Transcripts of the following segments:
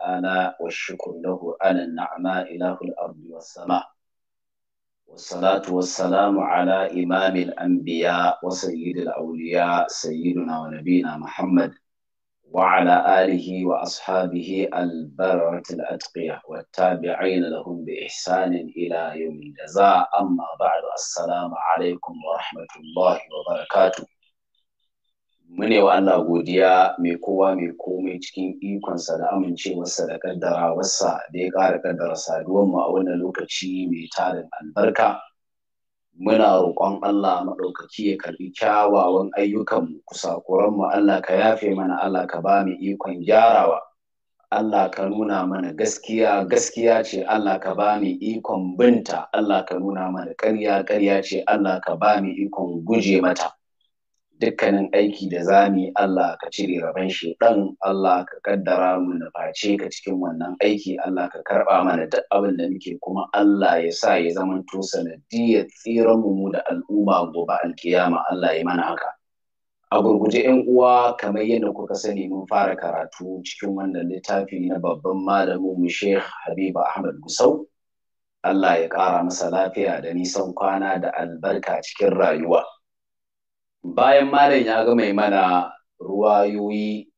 تعالى والشكر له على النعماء له الأرض والسماء والصلاة والسلام على إمام الأنبياء وسيد الأولياء سيدنا ونبينا محمد وعلى آله وأصحابه البررة الأتقية والتابعين لهم بإحسان إلى يوم الجزاء أما بعد السلام عليكم ورحمة الله وبركاته mune wa Allah godiya mai kowa mai komai cikin ikonsa da amincewarsa da ƙaddarawarsa da ya ƙara kaddara saduwar mu a wannan lokaci mai tarin albarka muna roƙon Allah maɗaukaki ya karbi kyawawan ayyukanmu kusakuran mu Allah ka yafe mana Allah ka ba mu ikon gyarawa Allah ka nuna mana gaskiya gaskiya ce Allah ka ba mu ikon binta Allah ka nuna mana ƙarya ƙarya ce Allah ka ba mu ikon guje mata dukkanin aiki da zami Allah ka cire rabon ɗan, Allah ka ƙaddara mu face ka cikin wannan aiki Allah ka karɓa mana duk abin da muke kuma Allah ya sa ya zama to sanadiyar tsiran mu da al'umma gobe alkiyama Allah ya mana haka a gurguje yan uwa kamar yadda kuka sani mun fara karatu cikin wannan littafi na babban malamin mu Sheikh Habiba Ahmad Gusau Allah ya ƙara masa lafiya da nisan kwana da albarka cikin rayuwa. bayan malam ya ga mai mana ruwayoyi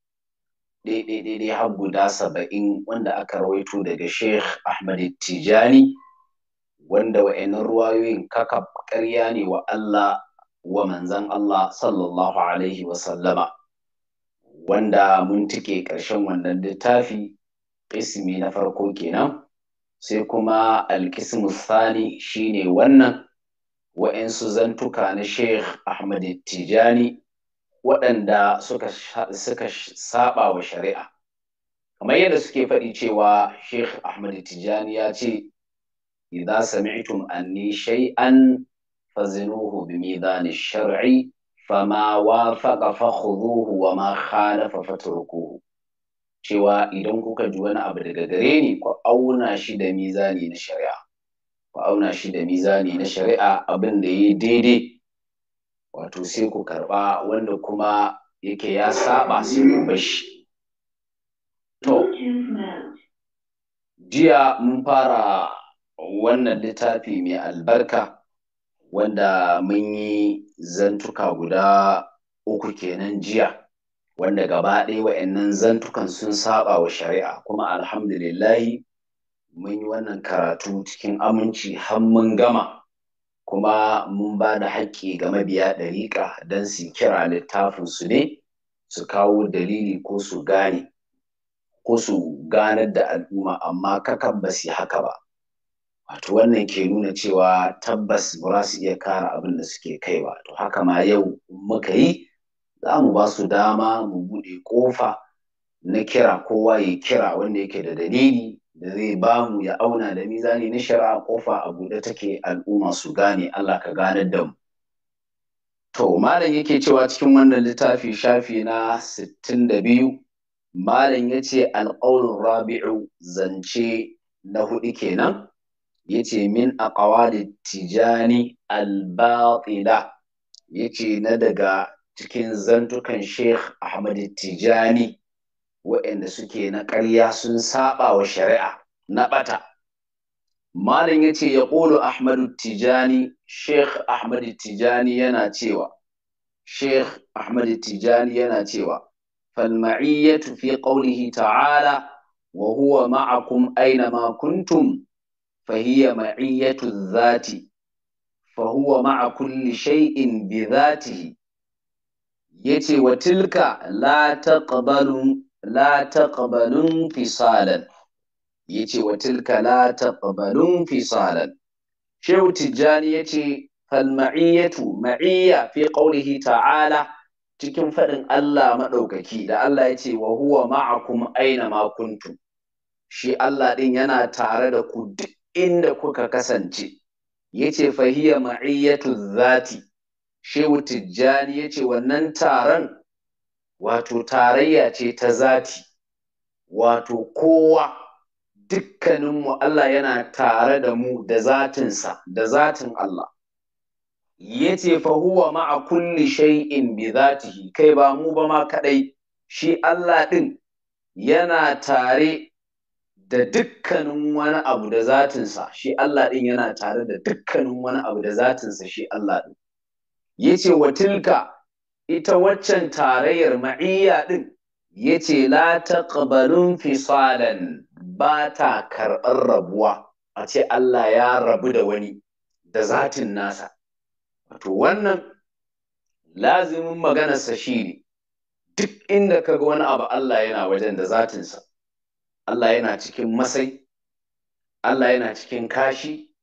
daidai har guda saba'in wanda aka rawaito daga sheikh ahmad tijani wanda wa'annan ruwayoyin kaka ƙarya ne wa allah wa manzan allah sallallahu alaihi wasallama wanda mun tike ƙarshen wannan littafi ƙismi na farko kenan sai kuma alkismu sani shine wannan wa'insu zantuka na Sheikh Ahmad Tijani waɗanda suka suka saba wa shari'a kamar yadda suke faɗi cewa Sheikh Ahmad Tijani ya ce idza sami'tum anni shay'an fazinuhu bi mizan shar'i fama wafaqa fakhudhuhu wa ma khalafa fatrukuhu cewa idan kuka ji wani abu daga gare ni ku auna shi da mizani na shari'a ku auna shi da mizani na shari'a abin da ya daidai wato sai ku karɓa wanda kuma yake ya saba sai ku bashi to jiya mun fara wannan littafi mai albarka wanda mun yi zantuka guda uku kenan jiya wanda gaba ɗaya wa'annan zantukan sun saba wa shari'a kuma alhamdulillahi mun yi wannan karatu cikin aminci har mun gama kuma mun ba da haƙƙi ga mabiya ɗariƙa don su kira littafin su ne su kawo dalili ko su gane ko su ganar da al'umma amma kakan ba su haka ba wato wannan ke nuna cewa tabbas ba su iya kara abin da suke kai ba to haka ma yau muka yi za mu ba su dama mu buɗe ƙofa na kira kowa ya kira wanda yake da dalili da zai bamu ya auna da mizani na shari'a kofa a buɗe take al'umma su gane Allah ka ganar da mu to malam yake cewa cikin wannan littafi shafi na 62 malam yace alqaulur rabi'u zance na hudu kenan yace min aqwali tijani al-batila yace na daga cikin zantukan Sheikh Ahmad Tijani waɗanda suke na ƙarya sun saba wa shari'a na ɓata malam ya ce ya ƙolo ahmadu tijani sheikh ahmadu tijani yana cewa sheikh ahmadu tijani yana cewa falma'iyyatu fi qawlihi ta'ala wa huwa ma'akum aina ma kuntum فهي معية الذات فهو مع كل شيء بذاته yace wa tilka la taqbalu la taqbalun fisalan yace wa tilka la taqbalun fisalan shehu tijjani yace fal ma'iyatu ma'iyya fi qawlihi ta'ala cikin faɗin Allah maɗaukaki da Allah yace wa huwa ma'akum aina ma shi Allah ɗin yana tare da ku duk inda kuka kasance yace fahiya ma'iyatu zati shehu tijjani yace wannan taron wato tarayya ce ta zati wato kowa dukkaninmu Allah yana tare da mu da zatinsa da zatin Allah yace fa huwa ma'a kulli shay'in bi zatihi kai ba mu ba ma kadai shi Allah ɗin yana tare da dukkanin wani abu da zatinsa shi Allah ɗin yana tare da dukkanin wani abu da zatinsa shi Allah ɗin. Ya ce wa tilka ita waccan tarayyar ma'iyya ɗin ya ce la taqbalun fisalan ba ta karɓar rabuwa a ce Allah ya rabu da wani da zatin nasa wato wannan lazimin maganarsa shi ne duk inda kaga wani abu Allah yana wajen da zatinsa Allah yana cikin masai Allah yana cikin kashi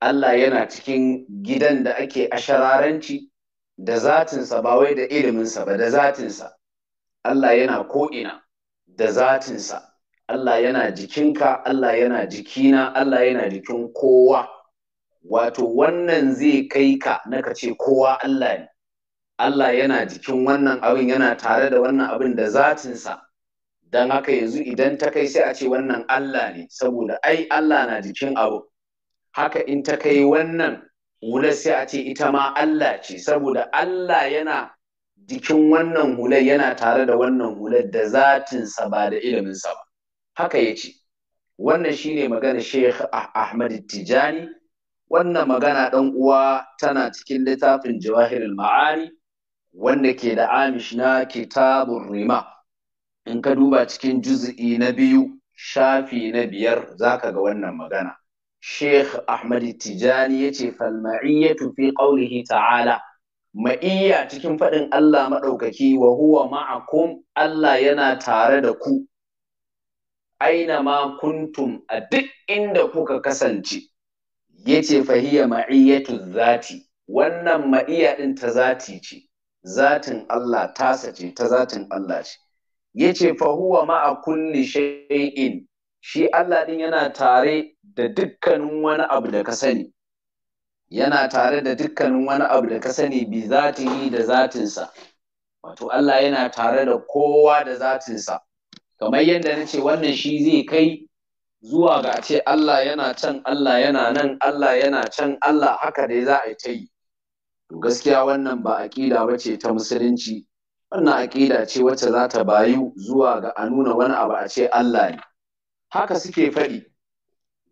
Allah yana cikin gidan da ake a shararanci da zatinsa ba wai da iliminsa ba da zatinsa Allah yana ko'ina da zatinsa Allah yana jikinka Allah yana jikina Allah yana jikin kowa wato wannan zai kai ka na ce kowa Allah ne Allah yana jikin wannan abin yana tare da wannan abin da zatinsa don haka yanzu idan ta kai sai a ce wannan Allah ne saboda ai Allah na jikin abu haka in ta kai wannan hular sai a ce ita ma Allah ce saboda Allah yana jikin wannan hular yana tare da wannan hular da zatinsa ba da iliminsa ba haka ya ce wannan shine magana Sheikh ah-, Ahmad Tijani wannan magana ɗan uwa tana cikin littafin Jawahirul Ma'ani wanda ke da Amish na kitabun Rima in ka duba cikin juz'i na biyu shafi na biyar za ka ga wannan magana Sheikh Ahmad Tijani yace ce Falma'iyyatu fi qawlihi ta'ala ma'iyya cikin faɗin Allah maɗaukaki wa huwa ma'akum Allah yana tare da ku aina ma kuntum a duk inda kuka kasance yace fahiya ma'iyyatu zati wannan ma'iyya din ta zati ce zatin Allah tasa ce ta zatin Allah ce yace fa huwa ma'a kulli shay'in shi Allah din yana tare da dukkanin wani abu da ka sani yana tare da dukkanin wani abu da ka sani bi zatihi da zatinsa wato Allah yana tare da kowa da zatinsa kamar yadda na ce wannan shi zai kai zuwa ga ce Allah yana can Allah yana nan Allah yana can Allah haka dai za a yi ta yi to gaskiya wannan ba aƙida ba ce ta musulunci wannan aƙida ce wacce za ta bayu zuwa ga a nuna wani abu a ce Allah ne haka suke faɗi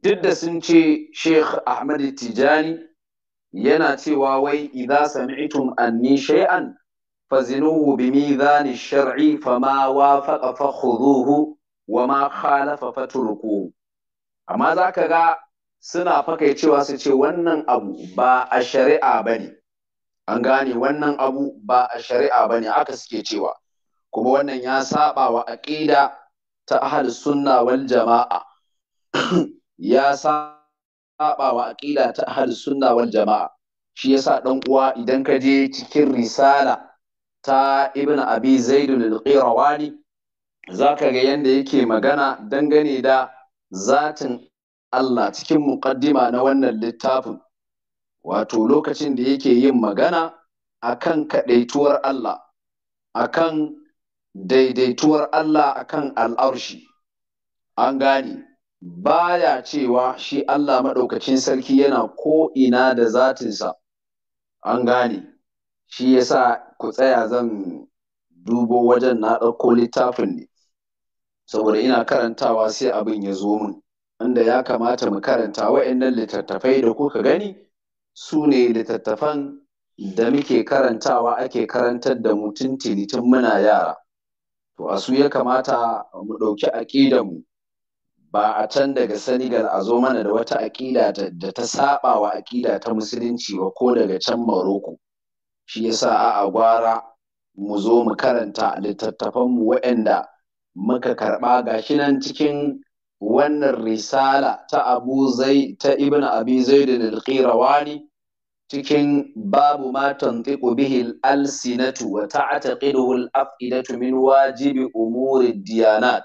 duk da sun ce Sheikh Ahmad Tijani yana cewa wai idza sami'tum anni shay'an fazinuhu bi mizani shar'i fama wafaqa fakhudhuhu wa ma khalafa fatrukuhu amma zaka ga suna fakai cewa su ce wannan abu ba a shari'a bane an gane wannan abu ba a shari'a bane aka suke cewa kuma wannan ya saba wa aqida ta ahlus sunna wal jama'a ya saba wa aƙida ta ahlus sunna wal jama'a shi yasa ɗan uwa idan ka je cikin risala ta ibn abi zaid al-qirawani zaka ga yanda yake magana dangane da zatin Allah cikin muqaddima na wannan littafin wato lokacin da yake yin magana akan kadaituwar Allah akan daidaituwar Allah akan al'arshi an gane baya cewa shi Allah maɗaukacin sarki yana ko'ina da zatinsa an gane shi yasa ku tsaya zan dubo wajen na ɗauko littafin ne saboda ina karantawa sai abin ya zo min inda ya kamata mu karanta wa'annan littattafai da kuka gani su ne littattafan da muke karantawa ake karantar da mu tuntuni tun muna yara to a su ya kamata mu ɗauki aƙidanmu mu ba a can daga Senegal a zo mana da wata aƙida da ta saba wa aƙida ta musulunci ba ko daga can Morocco shi yasa a gwara mu zo mu karanta littattafan mu waɗanda muka karɓa gashi nan cikin wannan risala ta Abu Zai ta Ibn Abi Zaid al-Qirawani cikin babu matan tantiqu bihi al Sinatu wa ta'taqiduhu al-afidatu min wajibi umuri diyanat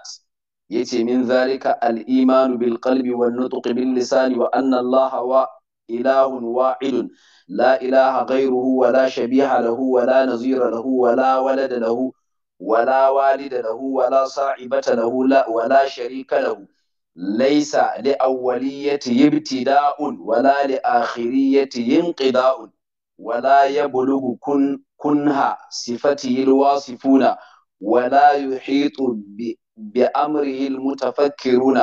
yace min zalika al-imanu bil qalbi wan nutqi bil lisani wa anna Allah wa ilahun wahidun la ilaha ghayruhu wa la shabiha lahu wa la nazira lahu wa la walada lahu wa la walida lahu wa la sa'ibata lahu wa la sharika lahu laysa li awwaliyati ibtida'un wa la li akhiriyati inqida'un wa la yablughu kun kunha sifatihi al wa la yuhitu bi بأمره المتفكرون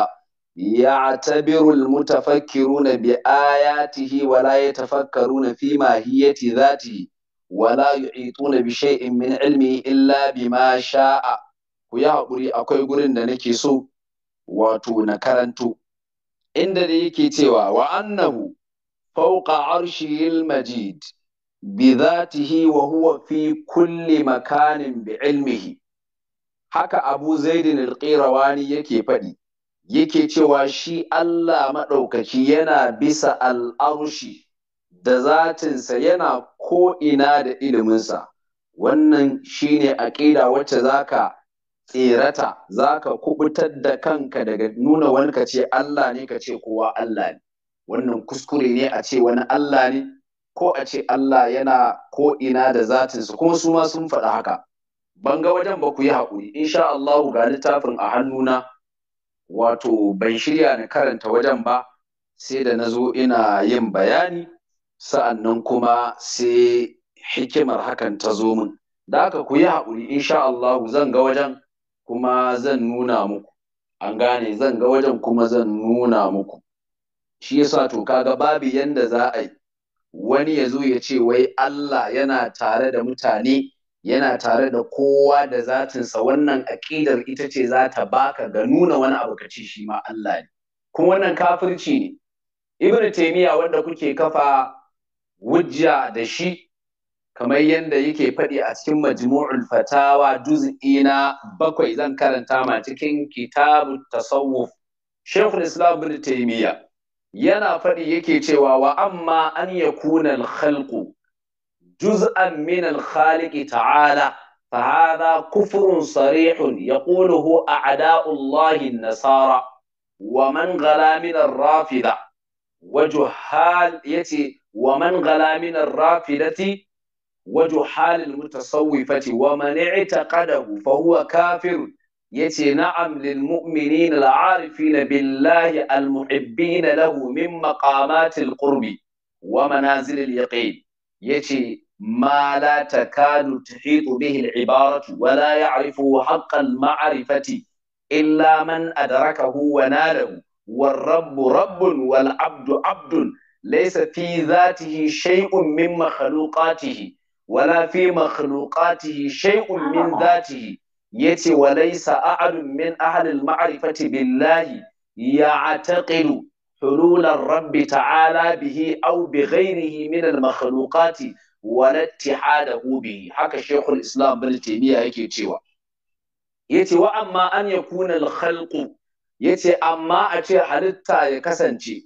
يعتبر المتفكرون بآياته ولا يتفكرون في ماهية ذاته ولا يحيطون بشيء من علمه إلا بما شاء ويا أقولي أكوي قرن نكيسو واتو نكرنتو إن ذلك تيوا وأنه فوق عرشه المجيد بذاته وهو في كل مكان بعلمه haka abu zaidin alƙirawani yake faɗi yake cewa shi Allah maɗaukaki yana bisa al'arushi da zatinsa yana ko'ina da iliminsa wannan shi shine aƙida wacce za zaka tserata ka kubutar da kanka daga nuna wani ka ce Allah ne ka ce kowa Allah ne wannan kuskure ne a ce wani Allah ne ko a ce Allah yana ko'ina da zatinsa kuma su ma sun faɗa haka ban ga wajen ba ku yi haƙuri insha Allahu ga littafin a hannuna wato ban shirya na karanta wajen ba sai da na zo ina yin bayani sa'annan kuma sai hikimar hakan ta zo min da aka ku yi haƙuri insha Allahu zan ga wajen kuma zan nuna muku an gane zan ga wajen kuma zan nuna muku shi yasa to kaga babu yanda za a yi wani ya zo ya ce wai Allah yana tare da mutane yana tare da kowa da zatinsa wannan aƙidar ita ce za ta baka ga nuna wani abu ka ce shi ma Allah ne kuma wannan kafirci ne Ibn taymiya wanda kuke kafa wujja da shi kamar yadda yake faɗi a cikin majmu'ul fatawa juz'i na bakwai zan karanta ma cikin kitabu tasawuf shaykhul islam Ibn taymiya yana faɗi yake cewa wa amma an yakuna al-khalqu juz'an min al-khaliqi ta'ala fa hadha kufrun sarihun yaquluhu a'da'u Allah an-nasara wa man ghala min rafida wa juhal yace wa man ghala min ar-rafidati wa juhal al-mutasawwifati wa man i'taqadahu fa huwa kafirun yace na'am lil mu'minin al-arifin billahi al-muhibbin lahu min maqamatil qurbi wa manazilil yaqin yace ما لا تكاد تحيط به العبارة ولا يعرفه حق المعرفة إلا من أدركه وناله والرب رب والعبد عبد ليس في ذاته شيء من مخلوقاته ولا في مخلوقاته شيء من ذاته يتي وليس أحد من أهل المعرفة بالله يعتقد حلول الرب تعالى به أو بغيره من المخلوقات wala ittihadahu bihi haka shaykhul islam bin taymiya yake cewa yace wa amma an yakuna al-khalqu yace amma a ce halitta ya kasance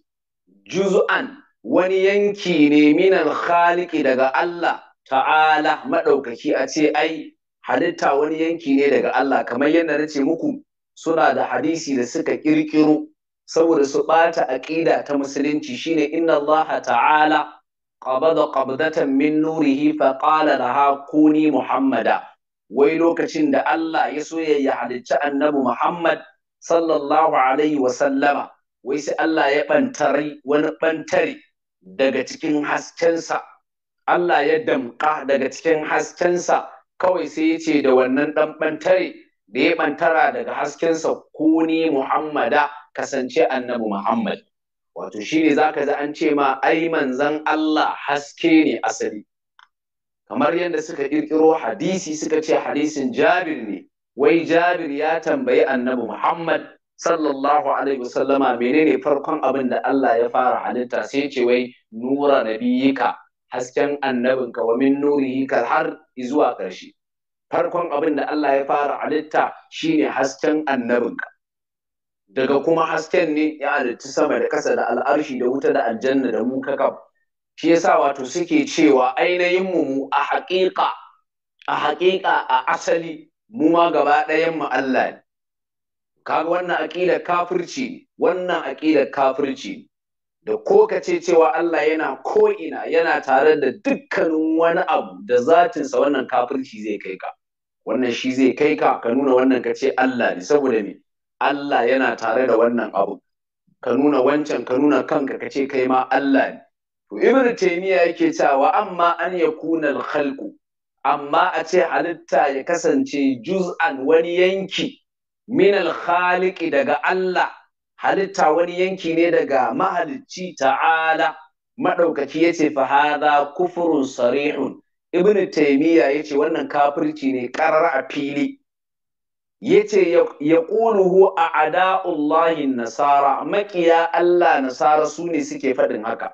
juz'an wani yanki ne minan Khaliƙi daga Allah ta'ala madaukaki a ce ai halitta wani yanki ne daga Allah kamar yadda nace muku suna da hadisi da suka kirkiro saboda su ɓata aƙida ta musulunci shine inna Allah ta'ala qabada qabdatan min nurihi fa qala laha kuni muhammada wai lokacin da Allah ya so ya halicci annabi Muhammad sallallahu alaihi wa wai sai Allah ya bantari wani bantare daga cikin haskensa Allah ya damƙa daga cikin haskensa kawai sai ya ce da wannan ɗan ɓantare da ya ɓantara daga haskensa ku ni Muhammada kasance annabi Muhammad. wato shine zaka ji an ce ma ai manzon Allah haske ne asali kamar yadda suka kirkiro hadisi suka ce hadisin Jabir ne wai Jabir ya tambayi Annabi Muhammad sallallahu alaihi wasallama menene farkon abin da Allah ya fara halitta sai ce wai nura nabiyika hasken annabinka wa min nurihi kal har zuwa ƙarshe farkon abin da Allah ya fara halitta shine hasken annabinka daga kuma hasken ne ya halitta sama da ƙasa da al'arshi da wuta da aljanna da mu kakab shi yasa wato suke cewa ainihin mu mu a haƙiƙa a haƙiƙa a asali mu ma gaba ɗayan mu Allah ne kaga wannan aƙida kafirci wannan aƙida kafirci da ko ka ce cewa Allah yana ko ina yana tare da dukkanin wani abu da zatinsa wannan kafirci zai kai ka wannan shi zai kai ka ka nuna wannan ka ce Allah ne saboda me Allah yana tare da wannan abu ka nuna wancan ka nuna kanka ka ce kai ma Allah ne to ibn taymiya yake cewa amma an yakuna al-khalqu amma a ce halitta ya kasance juz'an wani yanki min al-khaliqi daga Allah halitta wani yanki ne daga mahalicci ta'ala madaukaki yace fa hadha kufrun sarihun ibnu taymiya yace wannan kafirci ne karar a fili yace ya ƙuluhu a ada'ullahi nasara maƙiya Allah nasara su ne suke faɗin haka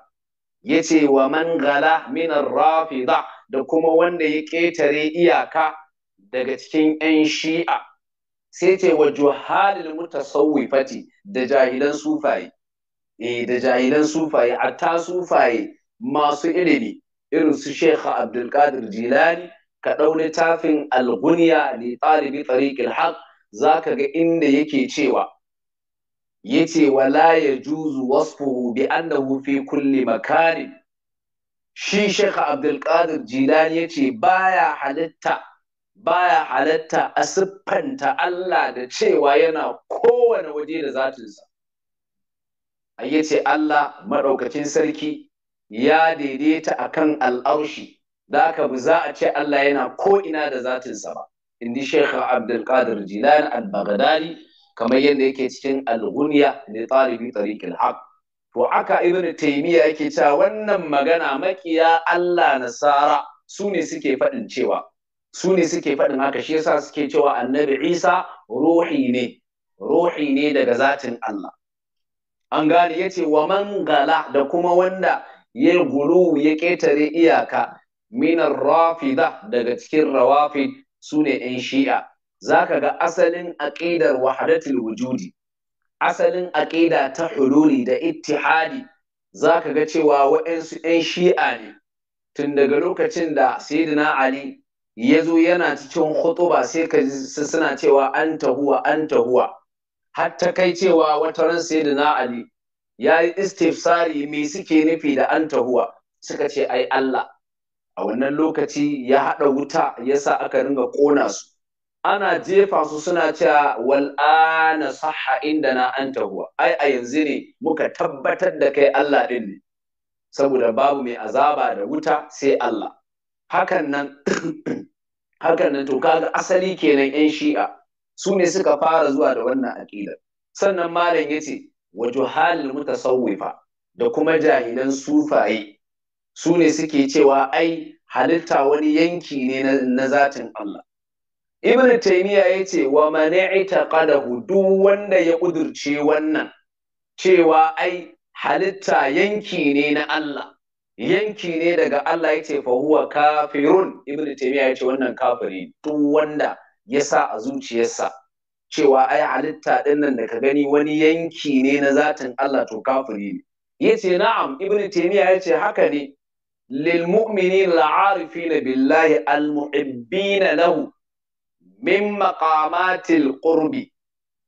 yace wa man gala minar rafida da kuma wanda ya ƙetare iyaka daga cikin 'yan shi'a sai ce wa juhalil mutasawwifati da jahilan sufaye eh da jahilan sufaye atta sufaye masu ilimi irin su Sheikh Abdul Qadir Jilani ka ɗau littafin algunya li talibi tariqil haq zaka ga inda yake cewa yace wala wasu wasfuhu bi annahu fi kulli makanin shi shekha Abdul Qadir Jilani yace baya halitta baya halitta a siffanta Allah da cewa yana kowane waje da zatinsa. A yace Allah maɗaukacin sarki ya daidaita kan al'arshi da haka ba za a ce Allah yana ko ina da zatinsa ba in ji Sheikh abdulkadir Jilani al-Baghdadi kamar yadda yake cikin al da li talibi tariqil to aka Ibn Taymiyyah yake cewa wannan magana makiya Allah nasara su ne suke faɗin cewa su ne suke faɗin haka shi yasa suke cewa annabi Isa ruhi ne ruhi ne daga zatin Allah an gane yace wa man da kuma wanda ya gulu ya ƙetare iyaka minar rafida daga cikin rawafi su ne ‘yan shi'a, za ka ga asalin aƙidar wahadatul wujudi, asalin aƙida ta hururi da ittihadi za ka ga cewa waɗansu ‘yan shi'a ne, tun daga lokacin da Sayyidina Ali ya zo yana cikin khutuba sai ka suna cewa an tahuwa an tahuwa, har ta kai cewa wata ran Sayyidina Ali ya yi istifsari me suke nufi da an tahuwa suka ce ai Allah. a wannan lokaci ya haɗa wuta ya sa aka ringa ƙona su ana jefa su suna cewa wal'ana saha inda na an tahuwa ai a yanzu ne muka tabbatar da kai Allah ɗin ne saboda babu mai azaba da wuta sai Allah hakan nan hakan nan to kaga asali kenan yan shi'a su ne suka fara zuwa da wannan aƙidar sannan malam yace wa juhalil mutasawwifa da kuma jahilan sufaye su ne suke cewa ai halitta wani yanki ne na zatin Allah Ibn Taymiyyah ya ce wa mani'ita qadahu duk wanda ya kudurce wannan cewa ai halitta yanki ne na Allah yanki ne daga Allah ya ce fahuwa kafirun Ibn Taymiyyah ya ce wannan kafiri duk wanda ya sa a zuciyarsa cewa ai halitta din nan da ka gani wani yanki ne na zatin Allah to kafiri ne Ya ce na'am Ibn Taymiyyah ya ce haka ne للمؤمنين العارفين بالله المحبين له من مقامات القرب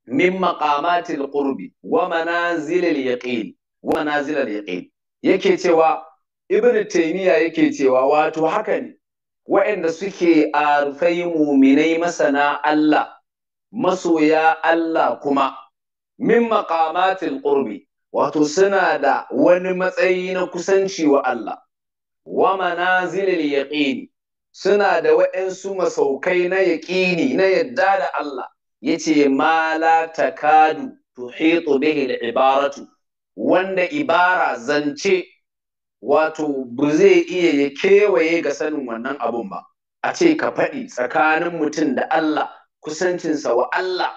من مقامات القرب ومنازل اليقين ومنازل اليقين yake cewa ibnu taymiya yake cewa wato haka ne waɗanda suke arfai muminai masana Allah masoya Allah kuma min maqamatil qurbi wato suna da wani matsayi na kusanci wa Allah wa manazilil yaqini suna da waɗansu masaukai na yaqini na yadda da Allah yace ma la takadu tuhitu bihi al-ibaratu wanda ibara zance wato ba iya ya kewaye ga sanin wannan abun ba a ce ka faɗi tsakanin mutum da Allah kusancinsa wa Allah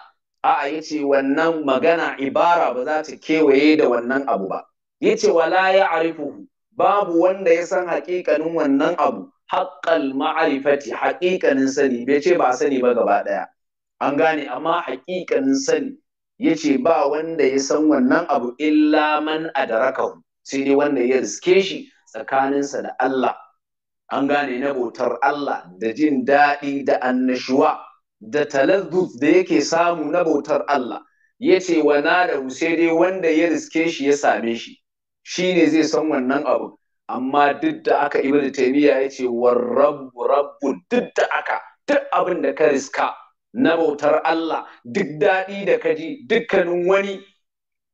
a ya ce wannan magana ibara ba za ta kewaye da wannan abu ba ya wala ya arifuhu babu wanda ya san hakikanin wannan abu haƙƙal ma'arifati haƙiƙanin sani bai ce ba sani ba gaba ɗaya an gane amma haƙiƙanin sani ya ce ba wanda ya san wannan abu illa man adarakahu sai dai wanda ya riske shi tsakaninsa da Allah an gane na bautar Allah da jin daɗi da annashuwa da talazzuz da yake samu na bautar Allah ya ce wana da sai dai wanda ya riske shi ya same shi shi ne zai san wannan abu amma duk da aka ibn taymiya ya ce war rabbu duk da aka duk abin da ka riska na bautar Allah duk daɗi da ka ji dukkanin wani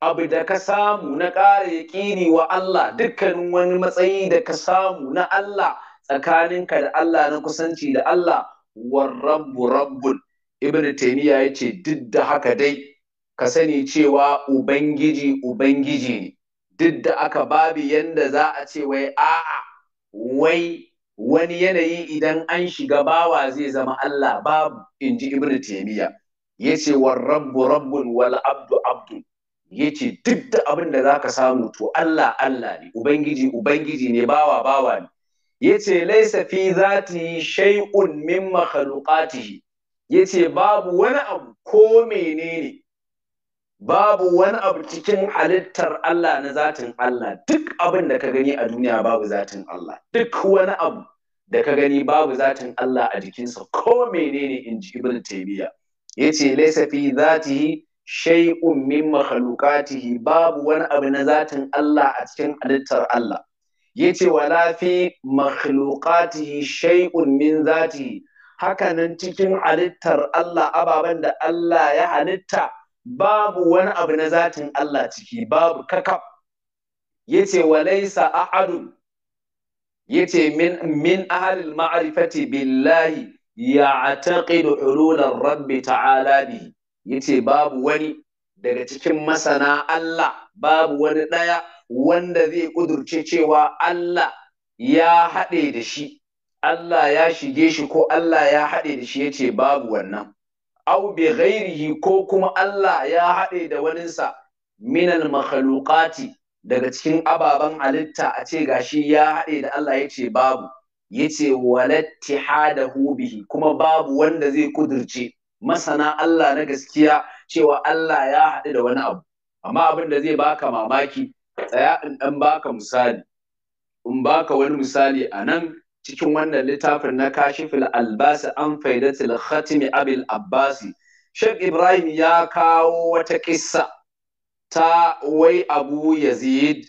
abu da ka samu na ƙara yaƙini wa Allah dukkanin wani matsayi da ka samu na Allah tsakaninka da Allah na kusanci da Allah war rabbu ibn taymiya ya ce duk da haka dai ka sani cewa ubangiji ubangiji ne duk da aka babu yanda za a ce wai a'a wai wani yanayi idan an shiga bawa zai zama Allah babu in ji ibn Ya yace war rabbu rabbun wal abdu abdu yace duk da abin da zaka samu to Allah Allah ne ubangiji ubangiji ne bawa bawa ne yace laisa fi zati shay'un min makhluqatihi yace babu wani abu ko menene babu wani abu cikin halittar Allah na zatin Allah duk abin da ka gani a duniya babu zatin Allah duk wani abu da ka gani babu zatin Allah a jikinsa ko menene in ji Ibn Taymiyyah yace laysa fi zatihi shay'un min makhluqatihi babu wani abu na zatin Allah a cikin halittar Allah yace wala fi makhluqatihi shay'un min zatihi hakanan cikin halittar Allah ababen da Allah ya halitta babu wani abu na zatin Allah ciki babu kakaf yace walaysa ahadun yace min min ahlil ma'rifati billahi ya'taqidu ulular rabbi ta'ala bi yace babu wani daga cikin masana Allah babu wani ɗaya wanda zai ƙudurce cewa Allah ya haɗe da shi, Allah ya shige shi ko Allah ya haɗe da shi yace babu wannan. au bi ghairihi ko kuma Allah ya haɗe da waninsa minal makhluqati daga cikin ababen alitta, a ce gashi ya haɗe da Allah yace babu yace, walattihadahu bihi kuma babu wanda zai kudirce masana Allah na gaskiya cewa Allah ya haɗu da wani abu amma abin da zai baka mamaki tsaya in ɗan baka misali in baka wani misali a nan cikin wannan littafin na kashifil albasi an faidatil khatimi abil abbasi Sheikh Ibrahim ya kawo wata kissa ta wai Abu Yazid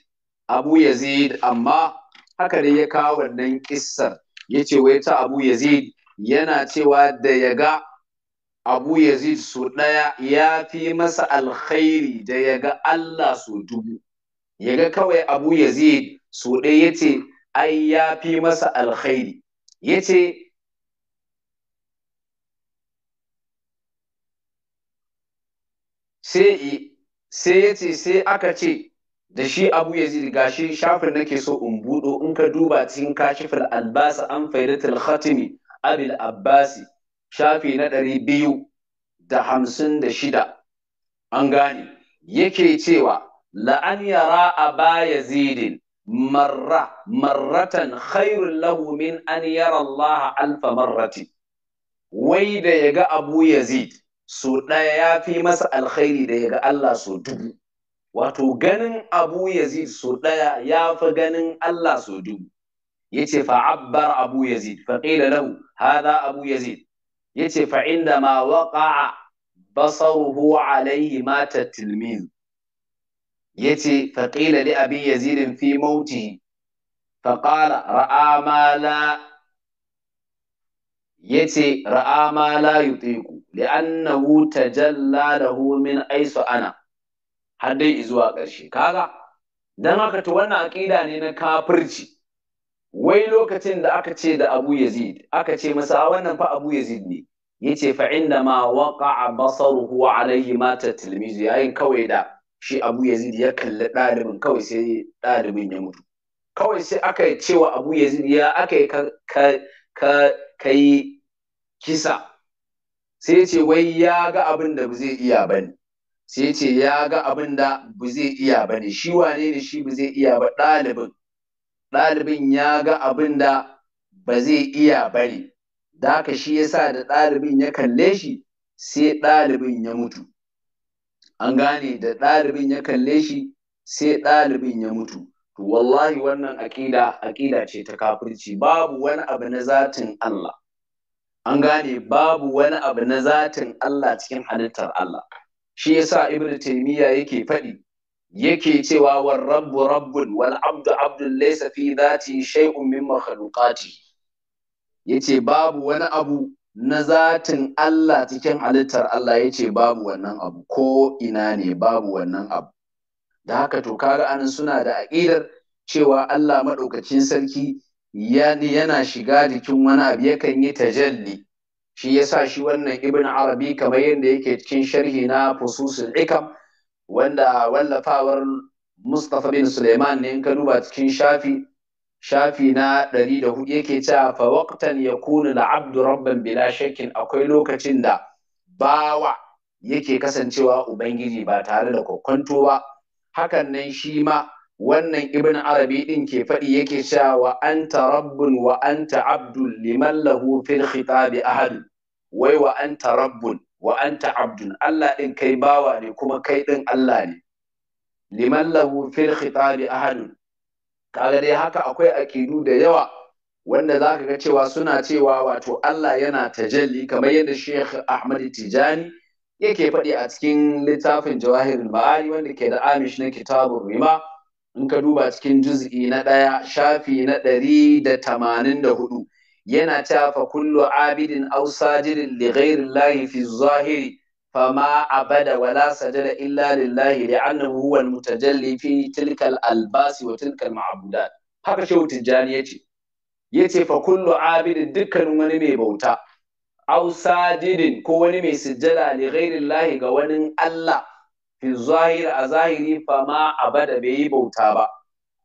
Abu Yazid amma haka dai ya kawo wannan kissar ce wai ta Abu Yazid yana cewa da ya ga Abu Yazid su ɗaya ya fi masa alkhairi da ya ga Allah su dubu ya ga kawai Abu Yazid su ɗaya ce. ai ya fi masa alkhairi ce sai ya ce sai aka ce da shi Abu Yazid shi shafin nake so in budo in ka duba cikin kashifin albasa an faidatul khatimi abil abbasi shafi na ɗari biyu da hamsin da shida an gane yake cewa la'an yara a baya zidin marra marratan khairul lahu min an yara Allah alfa marrati wai da ya ga Abu Yazid su ɗaya ya fi masa alkhairi da ya ga Allah so dubu wato ganin Abu Yazid su ɗaya ya fi ganin Allah so dubu ya fa abbar Abu Yazid fa qila lahu hadha Abu Yazid yace fa inda ma waqa'a basaruhu alaihi mata tilmizu yace fa qila li abi yazid fi mautihi fa qala ra'a ma la yace ra'a ma la yutiku li'annahu tajalla lahu min aisu ana har dai zuwa ƙarshe kaga dan haka to wannan aqida ne na kafirci wai lokacin da aka ce da Abu Yazid aka ce masa wannan fa Abu Yazid ne yace fa inda ma waqa'a basaruhu alayhi mata tilmizi yayin kawai da shi abu yazid ya kalli ɗalibin kawai sai ɗalibin ya mutu kawai sai aka yi cewa abu yazid ya aka yi ka yi kisa sai ce wai ya ga abin da ba zai iya ba ne sai ce ya ga abin da ba zai iya ba ne shi wane ne shi ba zai iya ba ɗalibin ɗalibin ya ga abin da ba zai iya ba ne da aka shi yasa da ɗalibin ya kalle shi sai ɗalibin ya mutu an gane da ɗalibin ya kalle shi sai ɗalibin ya mutu to wallahi wannan aƙida aƙida ce ta kafirci babu wani abu na zatin Allah an gane babu wani abu na zatin Allah cikin halittar Allah shi yasa ibn taymiya yake faɗi yake cewa war rabbu rabbun wal abdu abdun laysa fi dhati shay'un min makhluqati yace babu wani abu na zatin Allah cikin halittar Allah ya ce babu wannan abu ko ina ne babu wannan abu da haka to kaga anan suna da aƙidar cewa Allah maɗaukacin sarki yana shiga jikin wani abu yakan yi tajalli shi ya sa shi wannan Ibin arabi kamar yadda yake cikin sharhi na fususul ikam wanda wallafawar Mustapha bin Suleiman ne in ka duba cikin shafi shafi na ɗari da hudu yake cewa fa ya yakunu al-abdu rabban bila shakkin akwai lokacin da bawa yake kasancewa ubangiji ba tare da kokonto ba hakan nan shi ma wannan ibn arabi din ke faɗi yake cewa wa anta rabbun wa anta abdun liman lahu fil khitabi ahad wai wa anta rabbun wa anta abdun Allah din kai bawa ne kuma kai din Allah ne liman lahu fil khitabi kaga dai haka akwai akidu da yawa wanda za ka ga cewa suna cewa wato Allah yana tajalli kamar yadda Sheikh Ahmad Tijani yake faɗi a cikin littafin Jawahirul Ma'ani wanda ke da Amish na kitabun Rima in ka duba cikin juz'i na ɗaya shafi na ɗari da tamanin da hudu yana cewa fa kullu abidin aw sajidin li ghairi fi zahiri فما عبد ولا سجد إلا لله لأنه هو المتجلي في تلك الألباس وتلك المعبودات haka shehu tijjani ya ce ya ce fa kullu abidin dukkanin wani mai bauta aw sajidin ko wani mai sujjada li ghairillahi ga wani Allah fi zahiri a zahiri fa ma abada bai yi bauta ba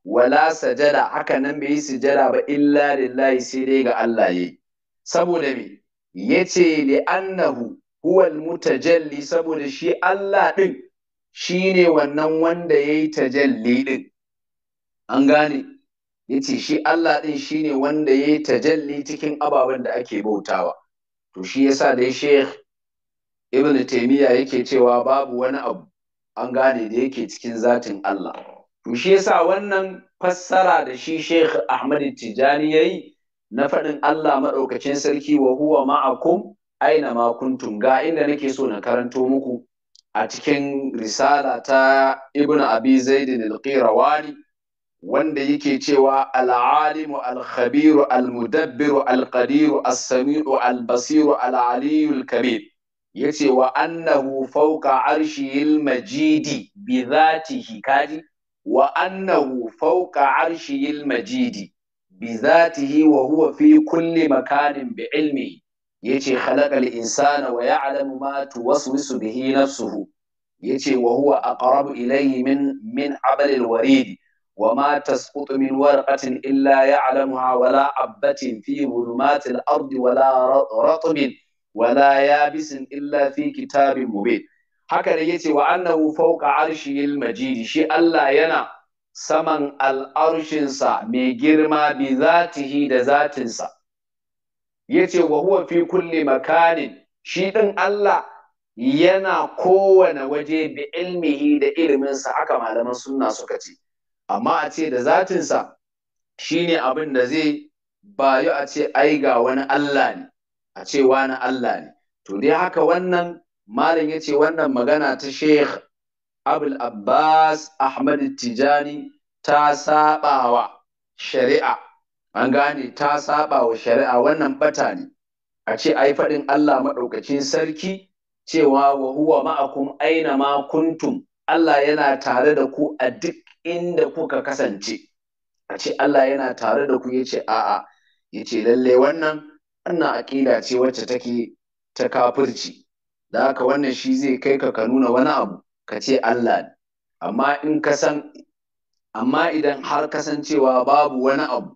wala sajada haka nan bai yi sujjada ba illa lillahi sai dai ga Allah yayi saboda me yace li annahu huwal mutajalli saboda shi Allah ɗin shi ne wannan wanda ya yi tajalli ɗin. An gane, ya ce shi Allah ɗin shi ne wanda ya yi tajalli cikin ababen da ake bautawa. To shi yasa dai Sheikh Ibn Taimiyya yake cewa babu wani abu an gane da yake cikin zatin Allah. To shi yasa wannan fassara da shi Sheikh Ahmad Tijani ya yi na faɗin Allah maɗaukacin sarki wa huwa ma'akum aina ma ga inda nake so na karanto muku a cikin risala ta ibn abi zaidin al-qirawani wanda yake cewa al-alimu al-khabiru al-mudabbiru al-qadiru as-sami'u al-basiru al-aliyu al-kabir yace wa annahu fawqa arshil majidi bi dhatihi kaji wa annahu fawqa arshil majidi bi dhatihi wa huwa fi kulli makanin bi ilmihi yace khalaqal insana wa ya'lamu ma tuwaswisu bihi nafsuhu yace wa huwa aqrabu ilayhi min min abalil warid wa ma tasqutu min warqatin illa ya'lamuha wa la abatin fi dhulumatil ardi wa la ratbin wa la yabisin illa fi kitabin mubin haka da yace wa annahu fawqa arshil majid shi Allah yana saman al'arshinsa mai girma bi zatihi da zatinsa yace wa huwa fi kulli makanin shi ɗin Allah yana kowane waje bi ilmihi da iliminsa aka malaman sunna suka ce amma a ce da zatinsa shine abin da zai bayu a ce ai ga wani Allah ne a ce wani Allah ne to dai haka wannan malam ya ce wannan magana ta Sheikh Abul Abbas Ahmad Tijani ta saɓawa shari'a an gane ta saba wa shari'a wannan bata ne a ce ai faɗin Allah maɗaukacin sarki cewa wa huwa ma'akum aina ma kuntum Allah yana tare da ku a duk inda kuka kasance a ce Allah yana tare da ku yace a'a yace lalle wannan wannan aƙida ce wacce take ta kafirci da haka wannan shi zai kai ka ka nuna wani abu ka ce Allah amma in ka san amma idan har kasancewa babu wani abu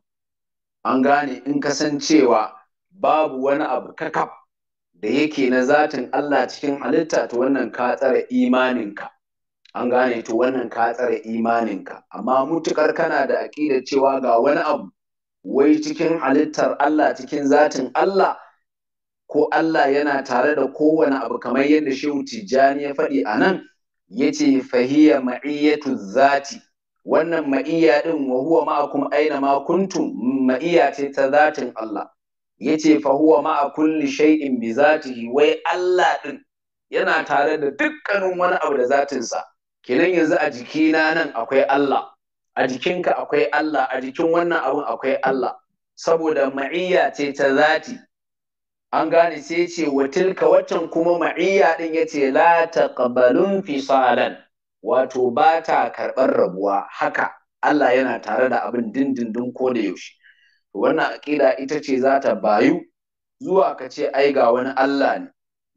an gane in kasancewa babu wani abu kakaf da yake na zatin Allah cikin halitta to wannan ka tsare imaninka an gane to wannan ka tsare imaninka amma mutukar kana da aqidar cewa ga wani abu wai cikin halittar Allah cikin zatin Allah ko Allah yana tare da kowane abu kamar yadda Shehu Tijjani ya faɗi anan yace fahiya ma'iyatu zati wannan ma'iyya ɗin wa huwa ma'akum aina ma kuntum ma'iyya ce ta zatin Allah Ya ce fa huwa ma'a kulli shay'in bi zatihi wai Allah ɗin. yana tare da dukkanin wani abu da zatinsa kenan yanzu a jikina nan akwai Allah a jikinka akwai Allah a jikin wannan abun akwai Allah saboda ma'iyya ce ta zati an gane sai ce wa tilka waccan kuma ma'iyya ya ce la taqbalun fisalan wato ba ta karɓar rabuwa haka Allah yana tare da abin dindindin ko da yaushe wannan aƙida ita ce za ta bayu zuwa ka ce ai ga wani Allah ne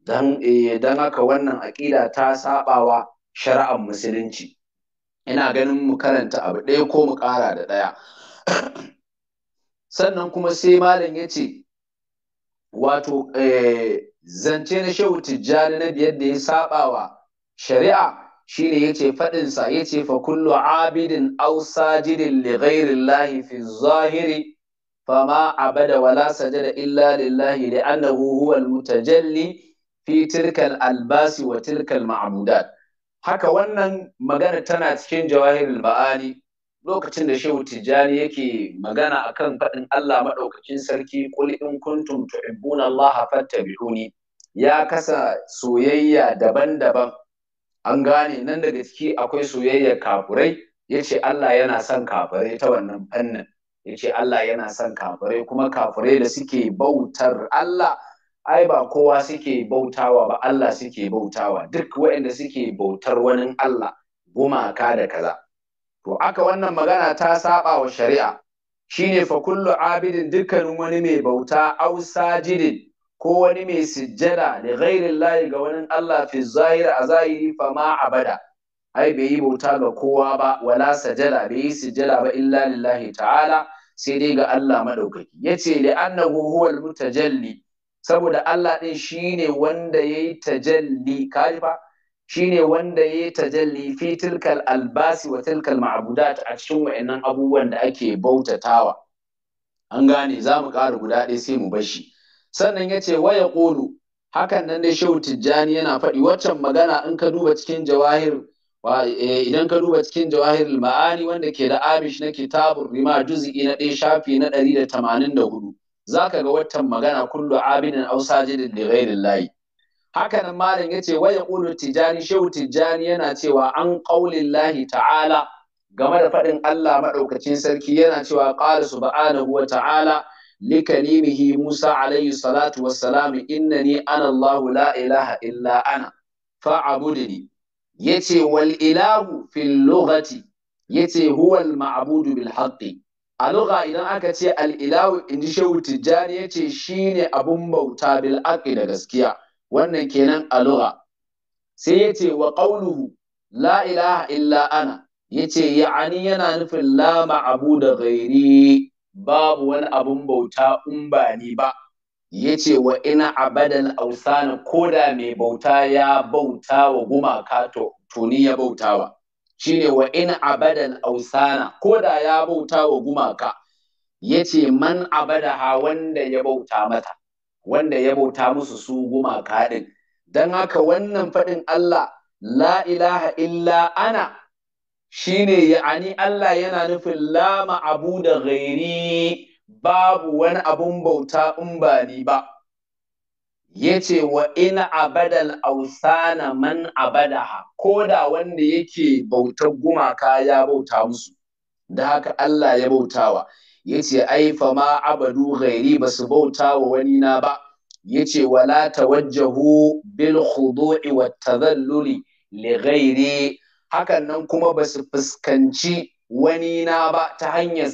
dan eh, haka wannan aƙida ta sabawa shari'ar musulunci ina ganin mu karanta abu ɗaya ko mu ƙara da ɗaya sannan kuma sai malam ya ce wato eh, zance na shehu tijjani na biyar da ya saɓawa shari'a ya yace faɗinsa, sa yace fa kullu abidin aw sajidin li ghairi llahi fi zahiri fama abada wala sajada illa lillahi li annahu huwa mutajalli fi tilkal albasi wa tilkal ma'budat haka wannan magana tana cikin jawahirul ba'ani. lokacin da shehu tijjani yake magana akan faɗin Allah Maɗaukacin sarki qul in kuntum tuhibbuna fattabi'uni ya kasa soyayya daban-daban an gane nan daga ciki akwai soyayyar kafurai yace Allah yana son kafurai ta wannan fannin yace Allah yana son kafurai kuma kafurai da suke bautar Allah ai ba kowa suke bautawa ba Allah suke bautawa duk waɗanda suke bautar wani Allah gumaka da kaza to aka wannan magana ta saba wa shari'a shine fa kullu abidin dukkanin wani mai bauta au sajidin ko wani mai sujjada da ghairin layi ga wani Allah fi zahiri a zahiri fa ma abada ai bai yi bauta ga kowa ba wala sajada bai yi sujjada ba illa lillahi ta'ala sai dai ga Allah madaukaki yace li annahu huwal mutajalli saboda Allah din shine wanda yayi tajalli kalifa shine wanda yayi tajalli fi tilkal albasi wa tilkal ma'budat a cikin wayannan abubuwan da ake bautatawa an gane za ƙara guda ɗaya sai mu bashi sannan ya ce waya ƙolu hakan nan dai shehu tijjani yana faɗi waccan magana in ka duba cikin jawahir eh, idan ka duba cikin jawahir ma'ani wanda ke da amish na kitabun rima juzi'i na ɗaya shafi na ɗari da tamanin da hudu za ka ga waccan magana kullu abinin ausa sajidin da ghairin layi haka nan malam yace waya ƙolu tijjani shehu Tijjani yana cewa an ƙaulin lahi ta'ala game da faɗin Allah maɗaukacin sarki yana cewa ƙara subhanahu wa ta'ala لكلمه موسى عليه الصلاة والسلام إنني أنا الله لا إله إلا أنا فاعبدني يتي والإله في اللغة يتي هو المعبود بالحق اللغة إذا أكت الإله إن شو تجاني يتي شيني أبن بوتا بالأقل غسكيا وأن كينان اللغة سيتي وقوله لا إله إلا أنا يتي يعني ينا في لا معبود غيري babu wani abun bauta in ba ni ba yace wa ina abadan ausana koda mai bauta ya bauta wa gumaka to tuni ya bautawa shine wa ina abadan ausana koda ya bauta wa gumaka yace man abada hawan wanda ya bauta mata wanda ya bauta musu su gumaka din dan haka wannan faɗin Allah la ilaha illa ana shine ya'ani Allah yana nufin lama abu da ghairi babu wani abun bauta in ba ni ba yace wa ina abadal ausana man abadaha ko da wanda yake bautar gumaka ya bauta musu da haka Allah ya bautawa yace ai fa ma abadu ghairi basu wa wani na ba yace wala tawajjahu bil khudu'i wat tadhalluli li ghairi hakan nan kuma ba su fuskanci wani na ba ta hanyar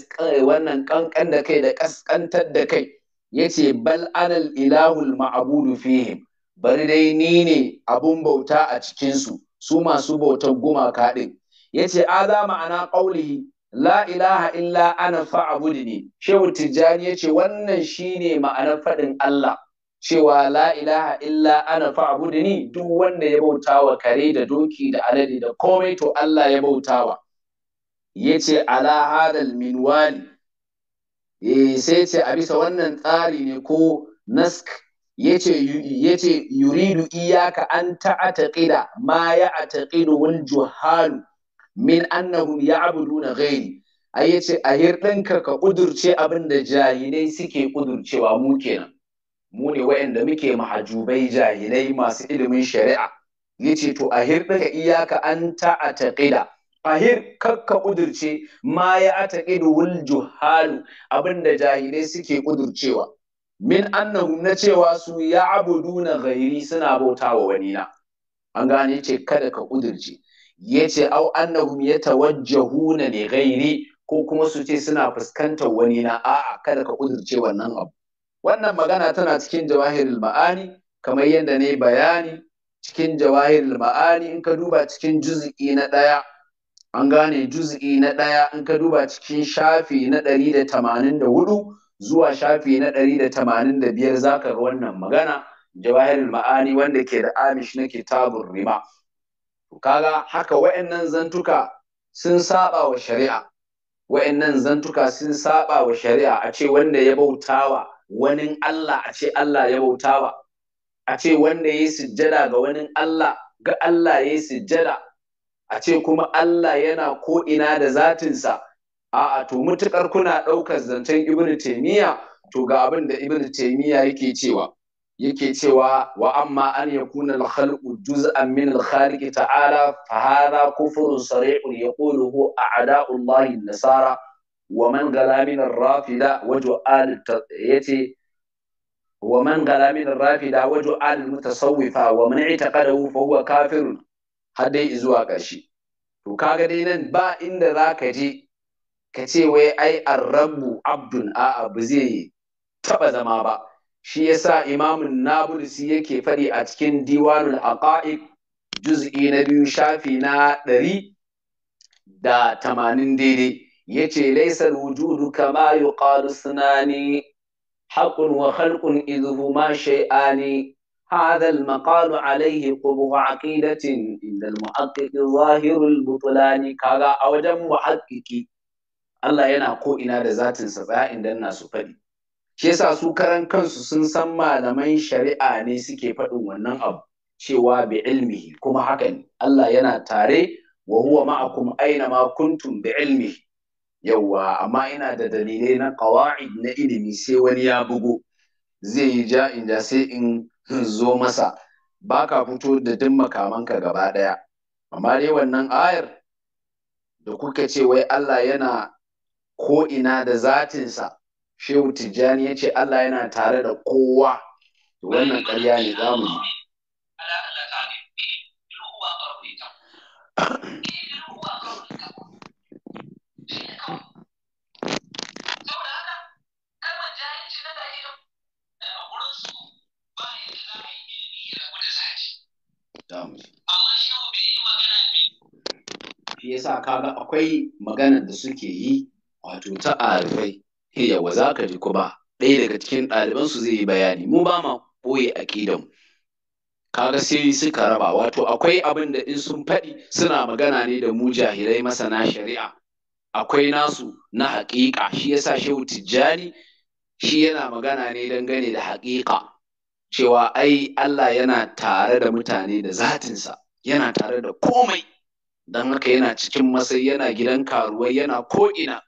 wannan kankan da kai da kaskantar da kai yace bal anal ilahul ma'budu fihim bari dai ni ne abun bauta a cikinsu su masu bautar gumaka ɗin yace aza ma'ana qaulihi la ilaha illa ana ne, shehu tijjani yace wannan shine ma'anar faɗin Allah cewa la ilaha illa ana ni duk wanda ya bautawa kare da doki da alade da komai to Allah ya bautawa yace ala hadal minwali eh sai ce a bisa wannan tsari ne ko nask yace yace yuridu iyaka an ta'taqida ma ya'taqidu wal juhalu min annahum ya'buduna ghairi ai yace a hirɗinka ka ƙudurce abin da jahilai suke ƙudurcewa mu kenan mu ne wa'anda muke mahajubai jahilai masu ilimin shari'a Ya ce to a daga iyaka an ta ataqida ahir kakka kudurce ma ya taƙida wal juhalu abinda jahilai suke ƙudurcewa min annahum na cewa su ya abudu na gairi suna bautawa wani na an gane ce kada ka kudurce yace au annahum yatawajjahuna ne gairi ko kuma su ce suna fuskantar wani na a'a kada ka ƙudurce wannan abu wannan magana tana cikin jawahirul ma'ani kamar yadda ne bayani cikin jawahirul ma'ani in ka duba cikin juz'i na ɗaya an gane juz'i na ɗaya in ka duba cikin shafi na ɗari da tamanin da hudu zuwa shafi na ɗari da tamanin da biyar za ka ga wannan magana jawahirul ma'ani wanda ke da amish na kitabun rima kaga haka wa'annan zantuka sun saba wa shari'a wa'annan zantuka sun saba wa shari'a a ce wanda ya bautawa wani Allah a ce Allah ya ba, a ce wanda ya yi sujjada ga wani Allah ga Allah ya yi sujjada a ce kuma Allah yana ko'ina da zatinsa a'a to mutukar kuna ɗaukar zancen ibn taimiyya to ga abin da ibn taimiyya yake cewa yake cewa wa amma an yakuna kuna khalqu juz'an min al ta'ala fa hadha kufrun sari'un yaquluhu a'da'u ada'ullahi nasara wa man gala min rafida wa ju'al yace wa man gala min rafida wa ju'al mutasawwifa har dai zuwa ƙarshe to kaga dai nan ba inda zaka je ka ce wai ai arrabu abdun a'a ba zai taba zama ba shi yasa imamun nabulsi yake faɗi a cikin diwanul aqaid juz'i na biyu shafi na ɗari da tamanin daidai Ya yace laysa alwujudu kama yuqalu sunani haqqun wa khalqun idhuma shay'ani هذا المقال عليه قبه عقيدة عند المحقق ظاهر البطلان kaga a wajen محققي Allah yana ko'ina da zatinsa tsaya inda na su faɗi shi yasa su karan kansu sun san malaman shari'a ne suke faɗin wannan abu cewa bi ilmihi kuma haka ne Allah yana tare wa huwa ma'akum aina ma kuntum bi ilmihi yawwa amma ina da dalilai na qawaid na ilimi sai wani ya bugo zai yi ja in ja sai in zo masa baka fito da duk makamanka gaba daya amma dai wannan ayar da kuka ce wai Allah yana ko ina da zatinsa shehu tijjani ya ce Allah yana tare da kowa wannan ƙarya ne za mu yi shi yasa kaga akwai maganar da suke yi wato ta ɗalibai eh, wa za ka ji kuma ɗaya daga cikin ɗaliban su zai yi bayani mu ba ma ɓoye aƙidan mu kaga sai suka raba wato akwai abin da in sun faɗi suna magana ne da mu jahirai masana shari'a akwai nasu na haƙiƙa shi yasa shehu tijjani shi yana magana ne dangane da haƙiƙa cewa ai Allah yana tare da mutane da zatinsa yana tare da komai don haka yana cikin masai yana gidan karuwai yana ko'ina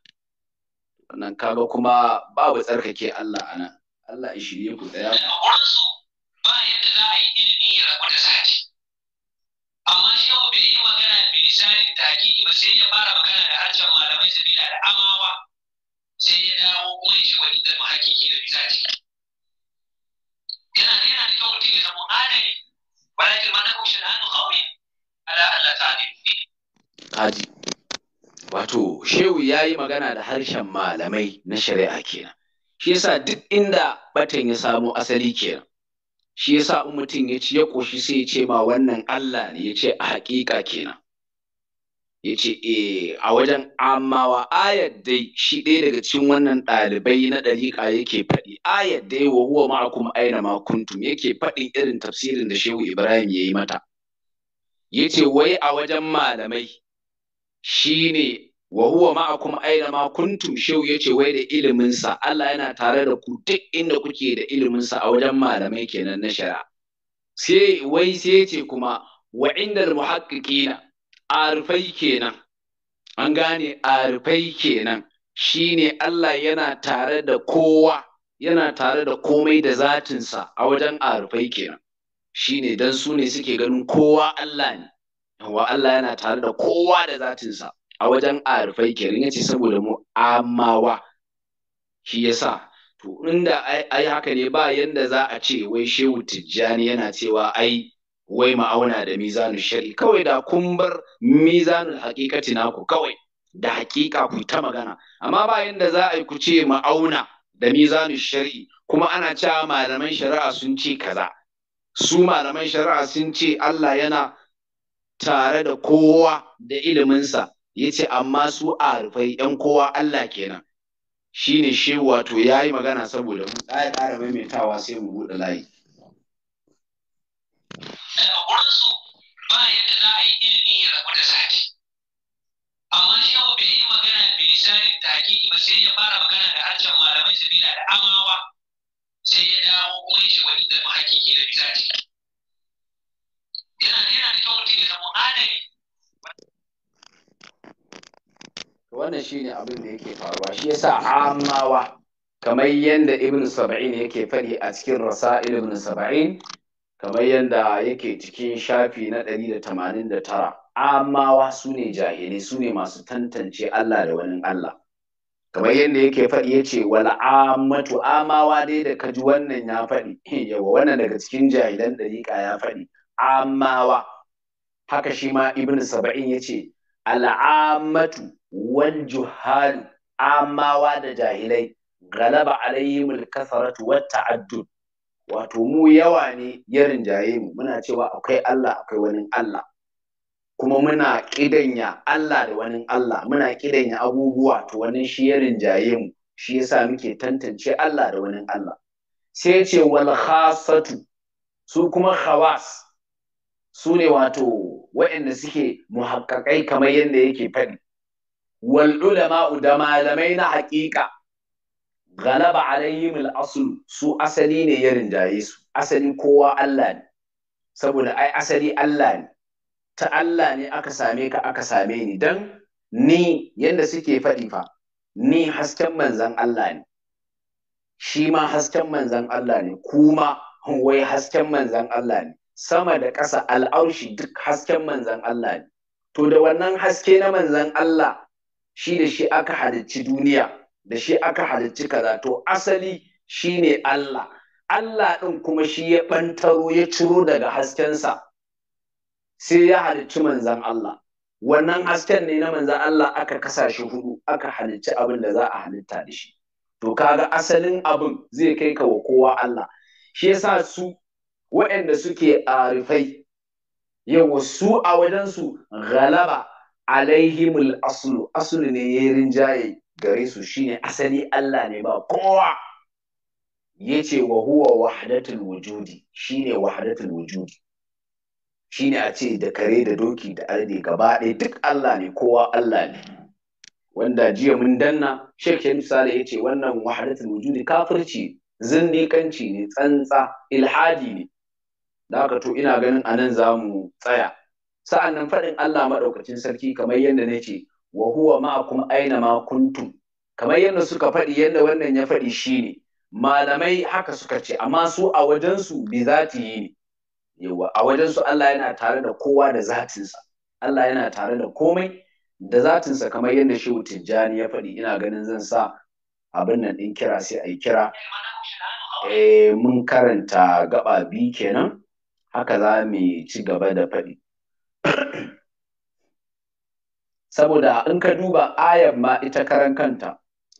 wannan kaga kuma babu tsarkake Allah a nan Allah ya shirye ku tsaya ba yadda za a yi ilimi ya rabu da sati amma shehu bai yi magana bilisari taki ba sai ya fara magana da harshen malamai sabila da amawa sai ya dawo kuma ya ce wa inda ke da bizaci yana da kyau mutum ya zama adali kushe da hannu kawai ala Allah wato shehu ya yi magana da harshen malamai na shari'a kenan shi yasa duk inda batan ya samo asali kenan shi yasa in mutum ya ci ya ƙoshi sai ya ce ma wannan Allah ne ya ce a haƙiƙa kenan ya ce e a wajen amawa ayat dai shi ɗaya daga cikin wannan ɗalibai na ɗariƙa yake faɗi ayat dai wa huwa ma'akum aina ma kuntum yake faɗin irin tafsirin da shehu Ibrahim ya yi mata yace wai a wajen malamai shine wa huwa ma'akum aina ma kuntum shau yace wai da iliminsa. Allah yana tare da ku duk inda kuke da iliminsa a wajen malamai kenan na shari'a sai wai sai yace kuma wa indal muhaqqiqina arifai kenan an gane arufai kenan shine Allah yana tare da kowa yana tare da komai da zatinsa a wajen arufai kenan Shi ne don su ne suke ganin kowa Allah ne kowa Allah yana tare da kowa da zatinsa a wajen arifai kenan yace saboda mu amawa shi ya sa to inda ai haka ne ba yanda za a ce wai shehu tijjani yana cewa ai wai ma'auna da mizanu shari kawai da kun bar hakikati na naku kawai da hakika ku ta magana amma ba yanda za a yi ku ce ma'auna da mizanu shari kuma ana cewa malaman shari'a sun ce kaza su malaman shari'a sun ce Allah yana tare da kowa da iliminsa ya ce amma su a rufai ‘yan kowa Allah kenan shi ne shi wato ya yi magana saboda mu ɗaya ƙara maimaitawa sai mu buɗe layi. Daga wurinsu ba yadda za a yi ilimi ya rabu da zafi. Amma shehu bai yi magana bilisari ta hakiki ba sai ya fara magana da harshen malamai sabila da amawa sai ya dawo kuma ya ce wa inda ma ake kira bisa ce yana da kyau mutum ya zama adali wannan ne abin da yake faruwa shi yasa amawa kamar yadda ibn saba'in yake faɗi a cikin Rasa ibn saba'in kamar yadda yake cikin shafi na ɗari da da tamanin tara amawa su ne jahilai su ne masu tantance Allah da wani Allah kamar yadda yake faɗi ya ce wal amatu amawa dai da kaji wannan ya faɗi yawa wannan daga cikin jahilan ɗariƙa ya faɗi amawa haka shi ma ibn saba'in ya ce al'amatu wal juhalu amawa da jahilai galaba alaihimul kasaratu wa ta'addud wato mu yawa ne ya rinjaye mu muna cewa akwai Allah akwai wani Allah kuma muna kidanya Allah da wani Allah muna kidanya abubuwa to wani shi ya rinjaye mu shi yasa muke tantance Allah da wani Allah sai ce wal khasatu su kuma khawas su ne wato waɗanda suke muhakkakai kamar yadda yake faɗi wal ulama da malamai na haƙiƙa galaba alayhim al asl su asali ne ya rinjaye su asali kowa Allah ne saboda ai asali Allah ne ta Allah ne aka same ka aka same ni don ni yadda suke faɗi fa ni hasken manzan Allah ne shi ma hasken manzan Allah ne kuma wai hasken manzan Allah ne sama da ƙasa al'aushi duk hasken manzan Allah ne to da wannan haske na manzan Allah shi da shi aka halicci duniya da shi aka halicci kaza to asali ne Allah Allah ɗin kuma shi ya ɓantaro ya ciro daga haskensa sai ya halicci manzan Allah wannan hasken ne na manzan Allah aka kasashe shi hudu aka halicci abin da za a halitta da shi to kaga asalin abin zai kai ka wa kowa Allah shi yasa su waɗanda suke rufai Yau su a wajensu galaba alaihimul aslu aslu ne ya rinjaye gare su shine asali Allah ne ba kowa Ya ce wa huwa wahdatul wujudi shine wahadatul wujudi shine a ce da kare da doki da arde gaba ɗaya duk Allah ne kowa Allah ne wanda jiya mun danna Sheikh Shamsu Saleh ya ce wannan wahadatul wujudi kafirci zindiƙanci ne tsantsa ilhadi ne da haka to ina ganin anan zamu tsaya sa'an nan faɗin Allah maɗaukacin sarki kamar yadda na ce wa huwa ma'akum aina ma kuntum kamar yadda suka faɗi yadda wannan ya faɗi shine malamai haka suka ce amma su a wajensu bi yi ne yawa a wajen su Allah yana tare da kowa da zatinsa Allah yana tare da komai da zatinsa kamar yadda shi Tijjani ya faɗi ina ganin zan sa abin nan ɗin kira sai a yi kira eh mun karanta gaba bi kenan haka za mu ci gaba da faɗi saboda in ka duba ayar ma ita karan kanta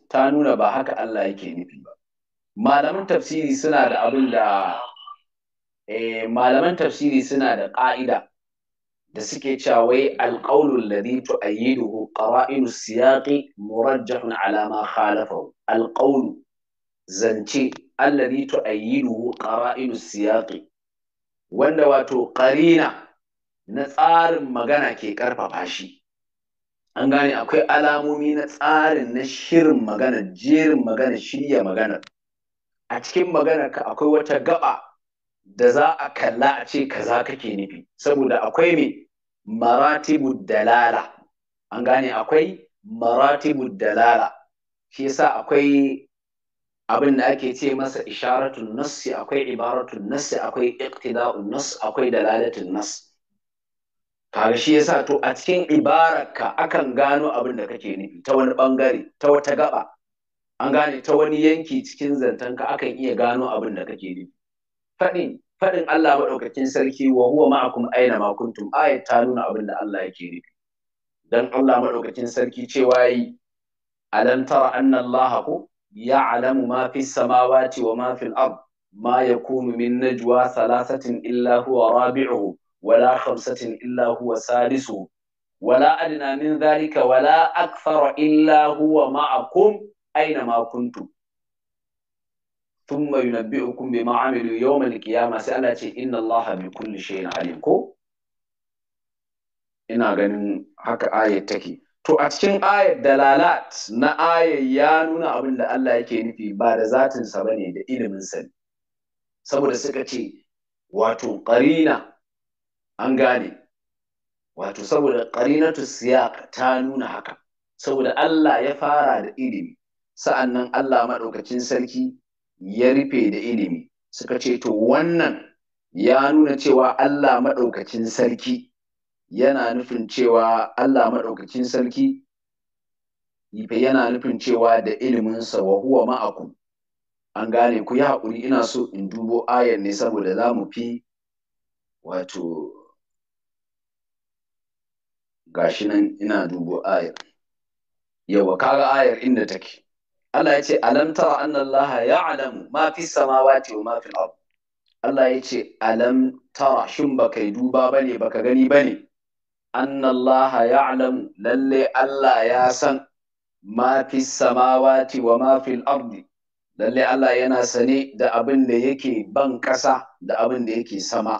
ta nuna ba haka Allah yake nufi ba malaman tafsiri suna da abin da eh, malaman tafsiri suna da ƙa'ida da suke cewa wai alƙaulul ladhi tu'ayyiduhu qara'inu siyaqi murajjahun ala ma khalafahu alƙaulu zance alladhi tu'ayyiduhu qara'inu siyaqi wanda wato ƙarina na tsarin magana ke ƙarfafa shi an gane akwai alamomi na tsarin na shirin magana jerin magana shirya magana a cikin magana ka akwai wata gaba da za a kalla a ce kaza kake nufi saboda akwai me maratibu dalala an gane akwai maratibu dalala shi yasa akwai abin da ake ce masa isharatun nassi akwai ibaratun nassi akwai iqtida'un nass akwai dalalatun nass kaga shi yasa to a cikin ibaraka akan gano abin da kake nufi ta wani bangare ta wata gaba an gane ta wani yanki cikin zantanka akan iya gano abin da kake nufi faɗin Allah maɗaukakin sarki wa huwa ma'akum aina ma kuntum ayat ta nuna abin da Allah yake nufi dan Allah maɗaukakin sarki cewa yi alam tara anna Allah ko ya'lamu ma fi samawati wa mafin ab ard ma yakunu min najwa thalathatin illa huwa Rabi'u wala khamsatin illa huwa sadisu wala adna min dhalika wala akthara illa huwa ma'akum aina ma thumma yunabbi'ukum bima amilu yawmal qiyamah sai Allah ce inna Allah bi kulli shay'in alim ko ina ganin haka ayat take to a cikin ayat dalalat na ayat ya nuna abin da Allah yake nufi ba da zatinsa ba ne da ilimin sa saboda suka ce wato qarina an gane wato saboda qarinatu siyaq ta nuna haka saboda Allah ya fara da ilimi sa'annan Allah maɗaukacin sarki ya rufe da ilimi suka ce to wannan ya nuna cewa Allah maɗaukacin sarki yana nufin cewa Allah maɗaukacin sarki yana nufin cewa da iliminsa wa huwa ma'akum an gane ku yi haƙuri ina so in dubo ayar ne saboda za mu fi wato gashi nan ina dubo ayar yawa kaga ayar inda take Allah ya ce alam tara anna Allah ya'lamu ma fi samawati wa ma fil Allah ya ce alam tara shin baka yi duba bane baka gani bane anna Allah ya'lamu lalle Allah ya san ma fi samawati wa mafi abu ard lalle Allah yana sane da abin da yake ban ƙasa da abin da yake sama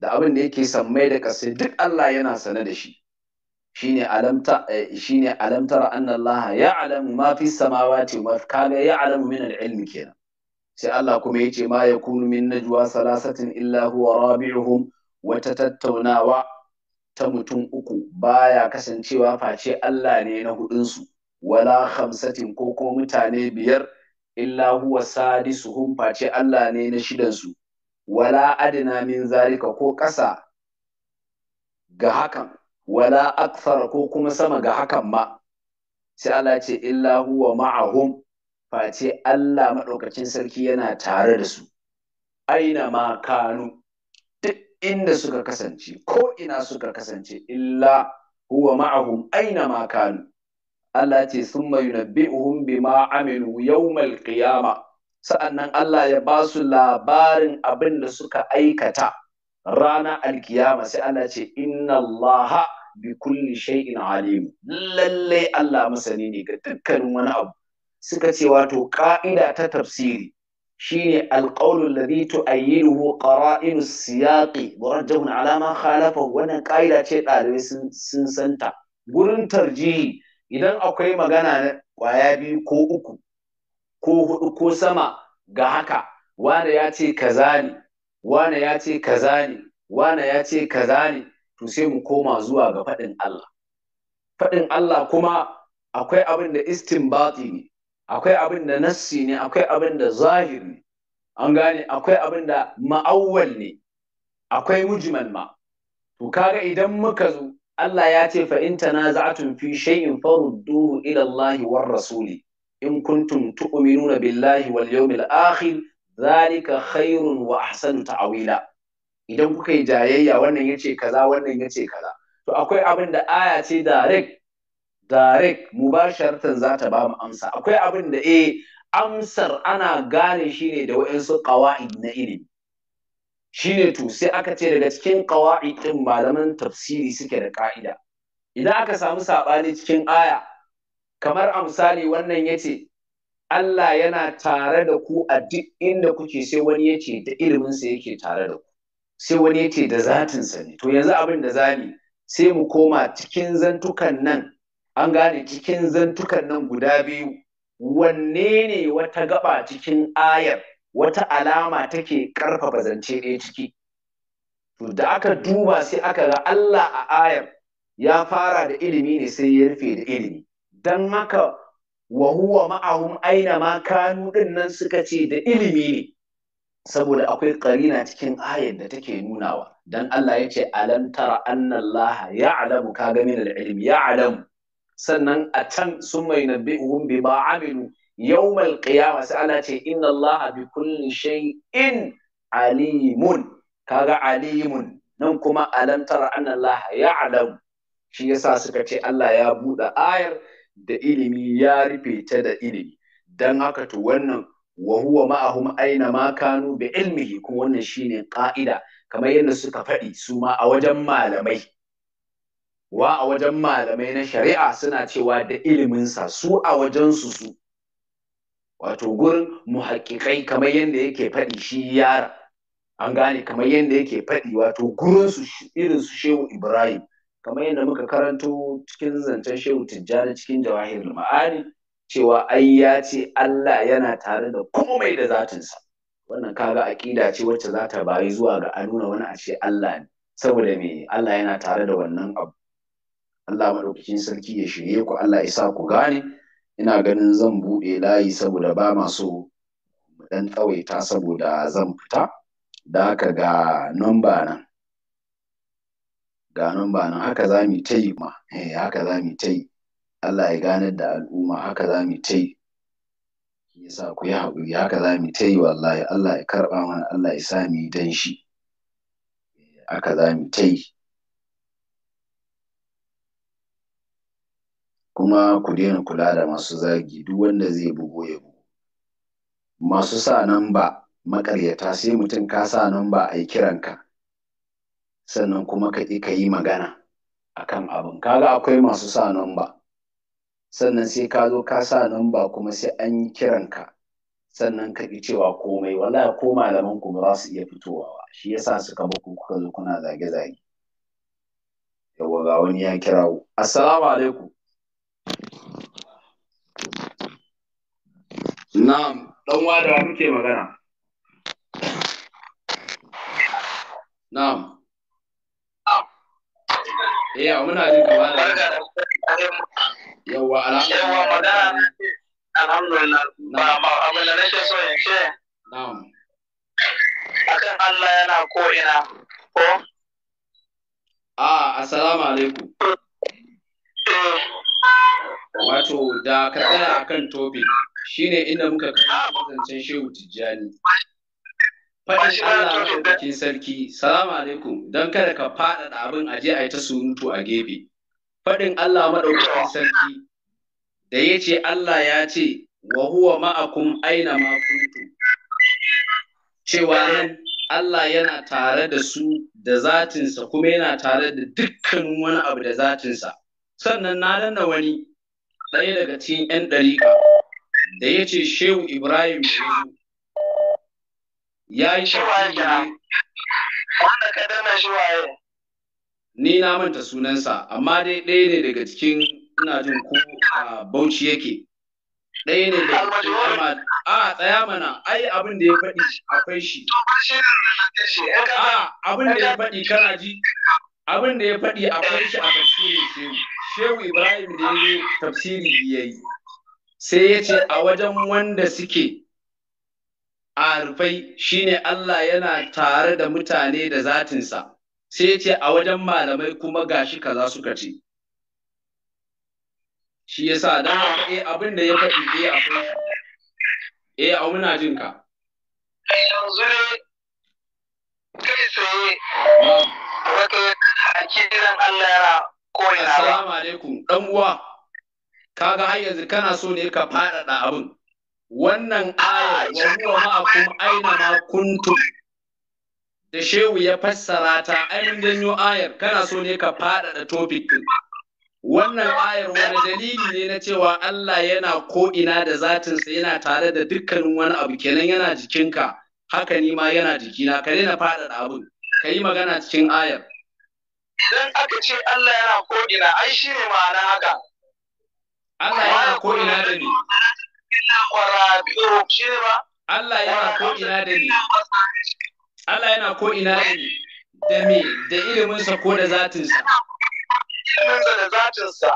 da abin da yake sammai da ƙasa duk Allah yana sane da shi Shi alamta shine alamtara eh, anna Allah alamu ma fi samawati wa kaga ya'lamu min al-ilmi kenan sai Allah kuma ce ma yakunu min najwa salasatin illa huwa rabi'uhum wata tattaunawa ta mutum uku baya kasancewa face Allah ne na hudunsu wala khamsatin ko ko mutane biyar illa huwa sadisuhum face Allah ne na shidansu wala adna min zalika ko ƙasa ga hakan wala akthar ko kuma sama ga hakan ma sai Allah ce illa huwa ma'ahum face Allah maɗaukacin sarki yana tare da su aina ma kanu duk inda suka kasance ko ina suka kasance illa huwa ma'ahum aina ma kanu Allah ce summa yunabbi'uhum bima amilu yawmal qiyama sa'annan Allah ya ba su labarin abin da suka aikata rana alkiyama sai Allah ce inna Allah bi kulli shay'in alim lalle Allah masani ne ga dukkanin wani abu suka ce wato ka'ida ta tafsiri shine alqawlu alladhi tu'ayyiduhu qara'inu siyaqi murajjahun ala ma khalafa wannan ka'ida ce ɗalibai sun santa gurin tarjihi idan akwai magana na kwaya biyu ko uku ko hudu ko sama ga haka wane ya ce kaza ne wane ya ce kaza ne wane ya ce kaza ne to sai mu koma zuwa ga faɗin Allah faɗin Allah kuma akwai abin da istinbati ne akwai abin da nassi ne akwai abin da zahir ne an gane akwai abin da ma'awwal ne akwai mujmal ma to kaga idan muka zo Allah ya ce fa in tun fi shay'in farudduhu ila Allah war rasuli in kuntum tu'minuna billahi wal yawmil akhir dhalika khairun wa ahsanu ta'wila idan kuka yi jayayya wannan ya ce kaza wannan ya ce kaza to akwai abin da aya ce direct direct mubasharatan za ta ba mu amsa akwai abin da eh amsar ana gane shi ne da waɗansu ƙawa'id na ilimi shi ne to sai aka ce daga cikin ƙawa'id ɗin malaman tafsiri suke da ƙa'ida idan aka samu saɓani cikin aya kamar a misali wannan ya ce Allah yana tare da ku a duk inda kuke sai wani ya ce da iliminsa yake tare da ku sai wani ya ce da zatinsa ne to yanzu abin da zami sai mu koma cikin zantukan nan an gane cikin zantukan nan guda biyu wanne ne wata gaba cikin ayar wata alama take ƙarfafa zance ɗaya ciki to da aka duba sai aka ga Allah a ayar ya fara da ilimi ne sai ya rufe da ilimi dan haka wa huwa ma'ahum aina ma kanu ɗin nan suka ce da ilimi ne saboda akwai karina cikin ayar da take nunawa dan Allah ya ce alam tara anna Allah ya'lamu ka gani da ilmi ya'lamu sannan a can sun mai nabi'uhum bi ma amilu yawmal qiyamah sai Allah ce inna Allah bi kulli shay'in alimun kaga alimun nan kuma alam tara anna Allah ya'lamu shi yasa suka ce Allah ya buɗe ayar da ilimi ya rufe ta da ilimi dan haka to wannan Wahuwa huwa ma'ahum aina ma kanu bi ilmihi kuma wannan shine ƙa'ida kamar yadda suka faɗi su ma a wajen malamai wa a wajen malamai na shari'a suna cewa da iliminsa su a wajensu su wato gurin muhaƙiƙai kamar yadda yake faɗi shi yara an gane kamar yadda yake faɗi wato su irin su shehu ibrahim kamar yadda muka karanto cikin zancen shehu tijjani cikin jawahirul ma'ani cewa ai ya ce Allah yana tare da komai da zatinsa wannan kaga aƙida ce wacce za ta bayi zuwa ga a nuna wani a ce Allah ne saboda me Allah yana tare da wannan abu Allah maɗaukakin sarki ya shirye ku Allah ya sa ku gane ina ganin zan buɗe layi saboda ba masu ɗan tsawaita saboda zan fita da haka ga namba nan ga namba nan haka za mu ta yi ma eh, haka za mu ta yi Allah ya ganar da al'umma haka za mu ta yi yasa ku yi haƙuri haka za mu ta yi wallahi Allah ya karɓa mana Allah ya sa mu yi dan shi haka za mu ta yi kuma ku daina kula da masu zagi duk wanda zai bugo ya bugo masu sa nan ba maƙaryata sai mutum ka sa nan ba a yi kiranka sannan kuma ka yi magana kan abin kaga akwai masu sa nan ba sannan sai ka zo ka sa nan ba kuma sai an yi kiranka sannan ka ƙi cewa komai wala ko malaman ku ba su iya fitowa ba shi yasa suka baku kuka zo kuna zage-zage yawa ga wani ya kirawo assalamu alaikum na'am dan wada muke magana na'am Iya, eh, muna jin kamar da yawa alhamdulillah ba ma abin da nake so in ce na'am akan Allah yana ko ina ko a assalamu alaikum wato da ka tsaya akan topic shine inda muka kai zancen shehu tijjani faɗin Allah maɗaukakin sarki salamu alaikum don kada ka faɗaɗa abin aje a yi ta surutu a gefe faɗin Allah maɗaukakin sarki da ya ce Allah ya ce wa huwa ma'akum aina ma kuntu, cewa nan Allah yana tare da su da zatinsa kuma yana tare da dukkanin wani abu da zatinsa sannan na danna wani ɗaya daga cikin 'yan ɗariƙa da ya ce Shehu Ibrahim ya yi shafi wanda ka dana shi ni na manta sunansa amma dai ɗaya ne daga cikin ina jin ko a bauchi yake ɗaya ne da a tsaya mana ai abin da ya faɗi akwai shi a abin da ya faɗi kana ji abin da ya faɗi akwai shi a tafsirin shehu shehu ibrahim da ya yi tafsiri biya yi sai ya ce a wajen wanda suke a rufai shine allah yana tare da mutane da zatinsa sai ce a wajen malamai kuma gashi kaza suka ce shi yasa da haka eh abin da ya faɗi eh akwai e eh, a muna jin ka yanzu ne kai tsaye ah. wato hakiran Allah yana koyi na Assalamu alaikum dan uwa kaga har yanzu kana so ne ka faɗaɗa abin wannan aya ah, wa huwa ma'akum aina ma kuntum da shehu ya fassara ta ainihin janyo ayar kana so ne ka faɗaɗa topic ɗin. Wannan ayar wani dalili ne na cewa Allah yana ko'ina da zatinsa yana tare da dukkanin wani abu kenan yana jikinka, haka ni ma yana jikina, ka daina faɗaɗa abin, ka yi magana cikin ayar. Idan aka ce Allah yana ko'ina, ai shi ne ma'ana haka. Allah yana ina da ni. Allah yana ko'ina da ni. Allah yana ko ina da me da iliminsa ko da zatinsa. Iliminsa da zatinsa.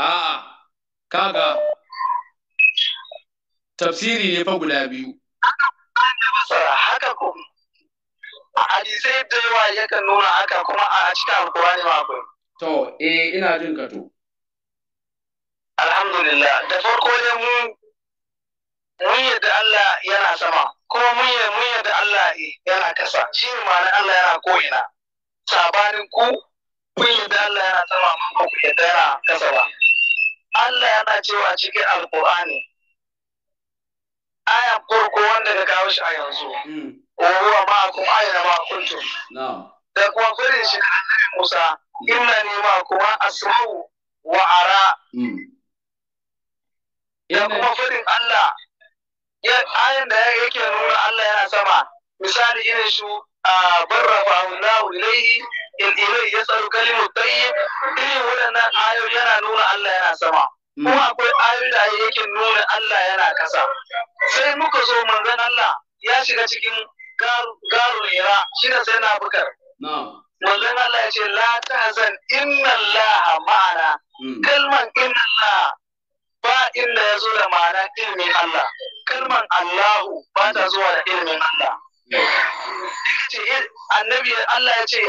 A'a, kaga tafsiri ne fa guda biyu. Haka ko a hadisai da yawa yakan nuna haka kuma a cikin alkuwani ma akwai. To, eh ina jin ka to. Alhamdulillah, da farko dai mun mun yadda Allah yana sama. Kuma mun mun da Allah yana kasa shi ne ma'ana Allah yana ko'ina sabanin ku kun da Allah yana sama amma ku yadda yana kasa ba Allah yana cewa cikin alqur'ani aya gurgu wanda ka kawo shi a yanzu hmm. wa ma ma'akum aina ma kuntum da kuma gurin shi da annabi Musa hmm. inna ni kuma asma'u wa ara hmm. da kuma farin Allah ayan da yake nuna Allah yana sama misali irin su barrafa Allahu ilaihi in ilai ya tsaro kalimu tayyib irin waɗannan ayoyi yana nuna Allah yana sama mm. kuma akwai ayoyi da yake nuna Allah yana kasa sai muka zo manzon Allah ya shiga cikin garu shida shi da sai na bukar manzon Allah ya ce la tahzan inna Allah ma'ana mm. kalman inna Allah ba inda ya zo da ma'ana ilimin Allah kalman Allahu ba ta zuwa da ilimin Allah ce eh, annabi Allah ya ce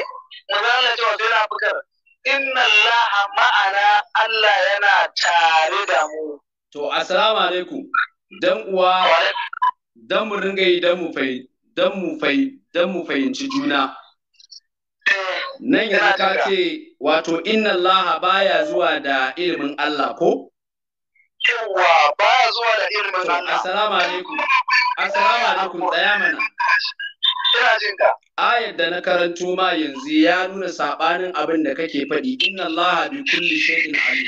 mazala ce wato yana fukar inna Allah ma'ana Allah yana tare da mu to assalamu alaikum dan uwa dan mu ringa yi dan mu fai dan mu fai dan mu fahimci juna eh, nan yanzu ka ce wato inna Allah baya zuwa da ilimin Allah ko yawa ya zuwa da irin Allah assalamu alaikum assalamu alaikum tsaya mana ina jin ka ayar da na karanto ma yanzu ya nuna sabanin abin da kake faɗi inna Allah bi kulli shay'in alim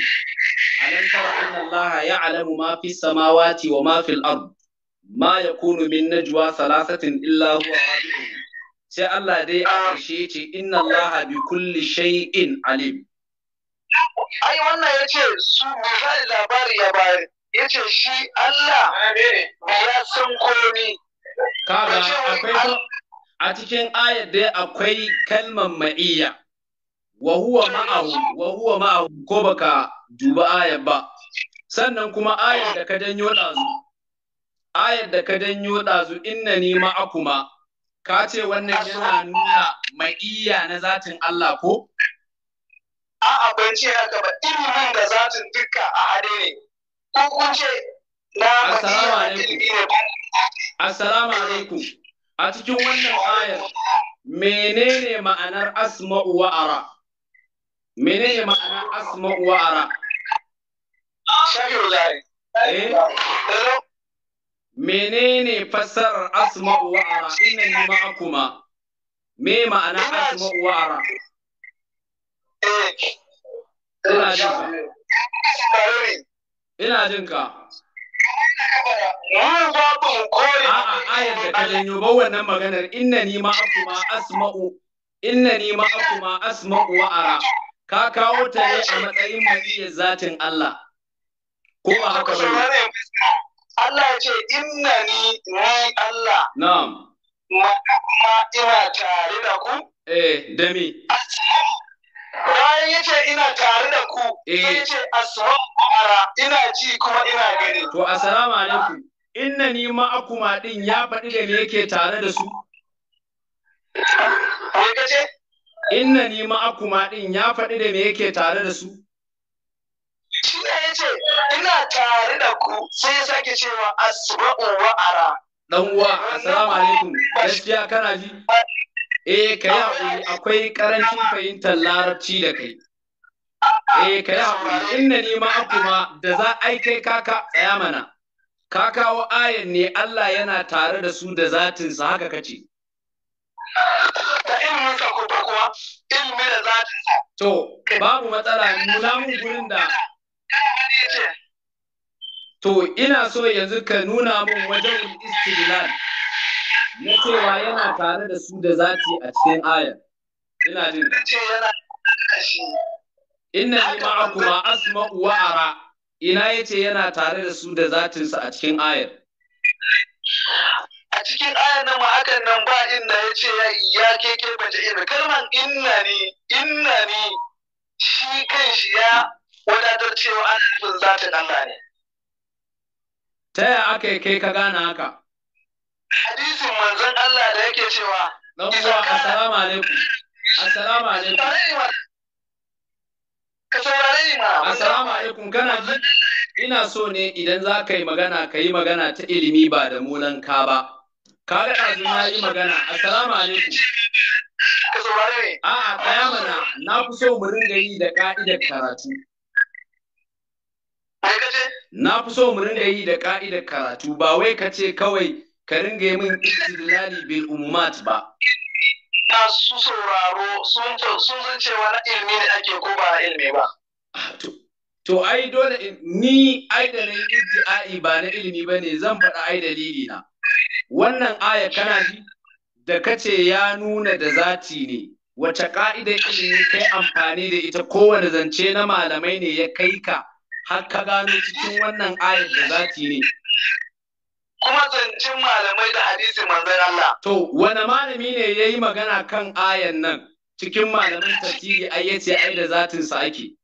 alam tara anna Allah ya'lamu ma fi samawati wa ma fil ard ma yakunu min najwa thalathatin illa huwa sai Allah dai a ƙarshe ce inna Allah bi kulli shay'in alim ai wannan ya ce su misali labari ya bayar ya ce shi Allah ya san komi kaga akwai a cikin ayar dai akwai kalmar ma'iyya wa huwa ma'ahu wa huwa ma'ahu ko baka duba ayar ba sannan kuma ayar da ka danyo ɗazu ayar da ka danyo ɗazu inna ni ma'akuma ka ce wannan yana nuna ma'iyya na zatin Allah ko a'a ban ce haka ba ilimin da zatin dukka a hade ne ko kun ce na ilimi ne ba assalamu alaikum a cikin wannan ayar menene ma'anar asma'u wa ara menene ma'anar asma'u wa ara eh? menene fassarar asma'u wa ara inna ni ma'akuma me ma'ana asma'u wa ara Ina jin Ina jin ka. A'a ayar da ka janyo ba wannan maganar inna ni ma akuma asma'u inna ni ma akuma asma'u wa ara. Ka kawo ta ne a matsayin mariyar zatin Allah. Ko ba haka ba Allah ya ce inna ni ni Allah. Na'am. Ma kuma ina tare da ku. Eh, da me? Asma'u bayan ya ce ina tare da ku eh. sai ya ce asma ara ina ji kuma ina gani to assalamu alaikum inna ni ma akuma din ya faɗi da me yake tare da su me inna ni ma akuma din ya faɗi da me yake tare da su shi ne ya ce ina tare da ku sai ya sake cewa asma'u wa ara dan uwa assalamu alaikum gaskiya kana ji eh ka yi akwai ƙarancin fahimtar larabci da kai eh ka yi haƙuri inna ni ma akuma da za a kai kaka tsaya mana ka kawo ayan ne Allah yana tare da su da zatinsa haka kace da ilimin sa ko kuma ilimin da zatinsa to babu matsala nuna mun gurin da to ina so yanzu ka nuna mun wajen istidlal na cewa yana tare da su da zati a cikin ayar ina jin ka ce yana inna ni ma'akuma asma'u wa ara ina yace yana tare da su da zatinsa a cikin ayar a cikin ayar nan ma hakan nan ba inna yace ya iya keke bace ina kalman inna ni inna ni shi kanshi ya wadatar cewa an zatin Allah ne ta yaya aka kai ka gane haka hadisin manzon Allah da yake cewa dan uwa assalamu alaikum assalamu alaikum ka saurare ni ma assalamu alaikum kana ji ina so ne idan za ka yi magana ka yi magana ta ilimi ba da ka ba ka ga ɗazu na yi magana assalamu alaikum ka saurare ni a'a kaya mana na fi so mu ringa yi da ka'idar karatu Na fi so mu ringa yi da ka'idar karatu ba wai ka ce kawai ka ringa yi min bil umumat ba na su sauraro sun sun cewa na ilmi ne ake ko ba ilmi ba ah, to ai dole ni ai da na ijti'ai ba na ilimi ba ne zan faɗa ai dalili na wannan aya kana ji da kace ya nuna da zati ne wace ka'idar ilimi kai amfani da ita kowane zance na malamai ne ya kai ka har ka gano cikin wannan ayar da zati ne kuma zancen malamai da hadisi manzon Allah. To, wani malami ne ya yi magana kan ayan nan cikin malamin tafsiri ai ya ce ai da zatinsa ake.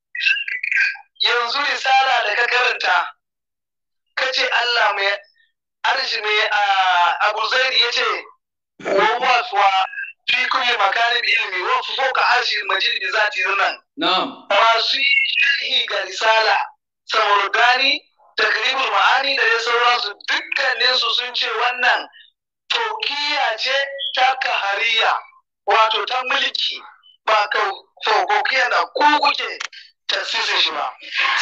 Yanzu risala da ka karanta, ka ce Allah mai arshi mai a Abu ya ce, Wawa suwa fi kulli makarin ilimi wa so ka arshi majid bi zati nan. Na'am. Masu yi ga risala, Samurgani takrimu ma'ani da dai sauransu dukkanin su sun ce wannan tokiya ce ta kahariya wato ta mulki ba taukiya da ku kuke shi ba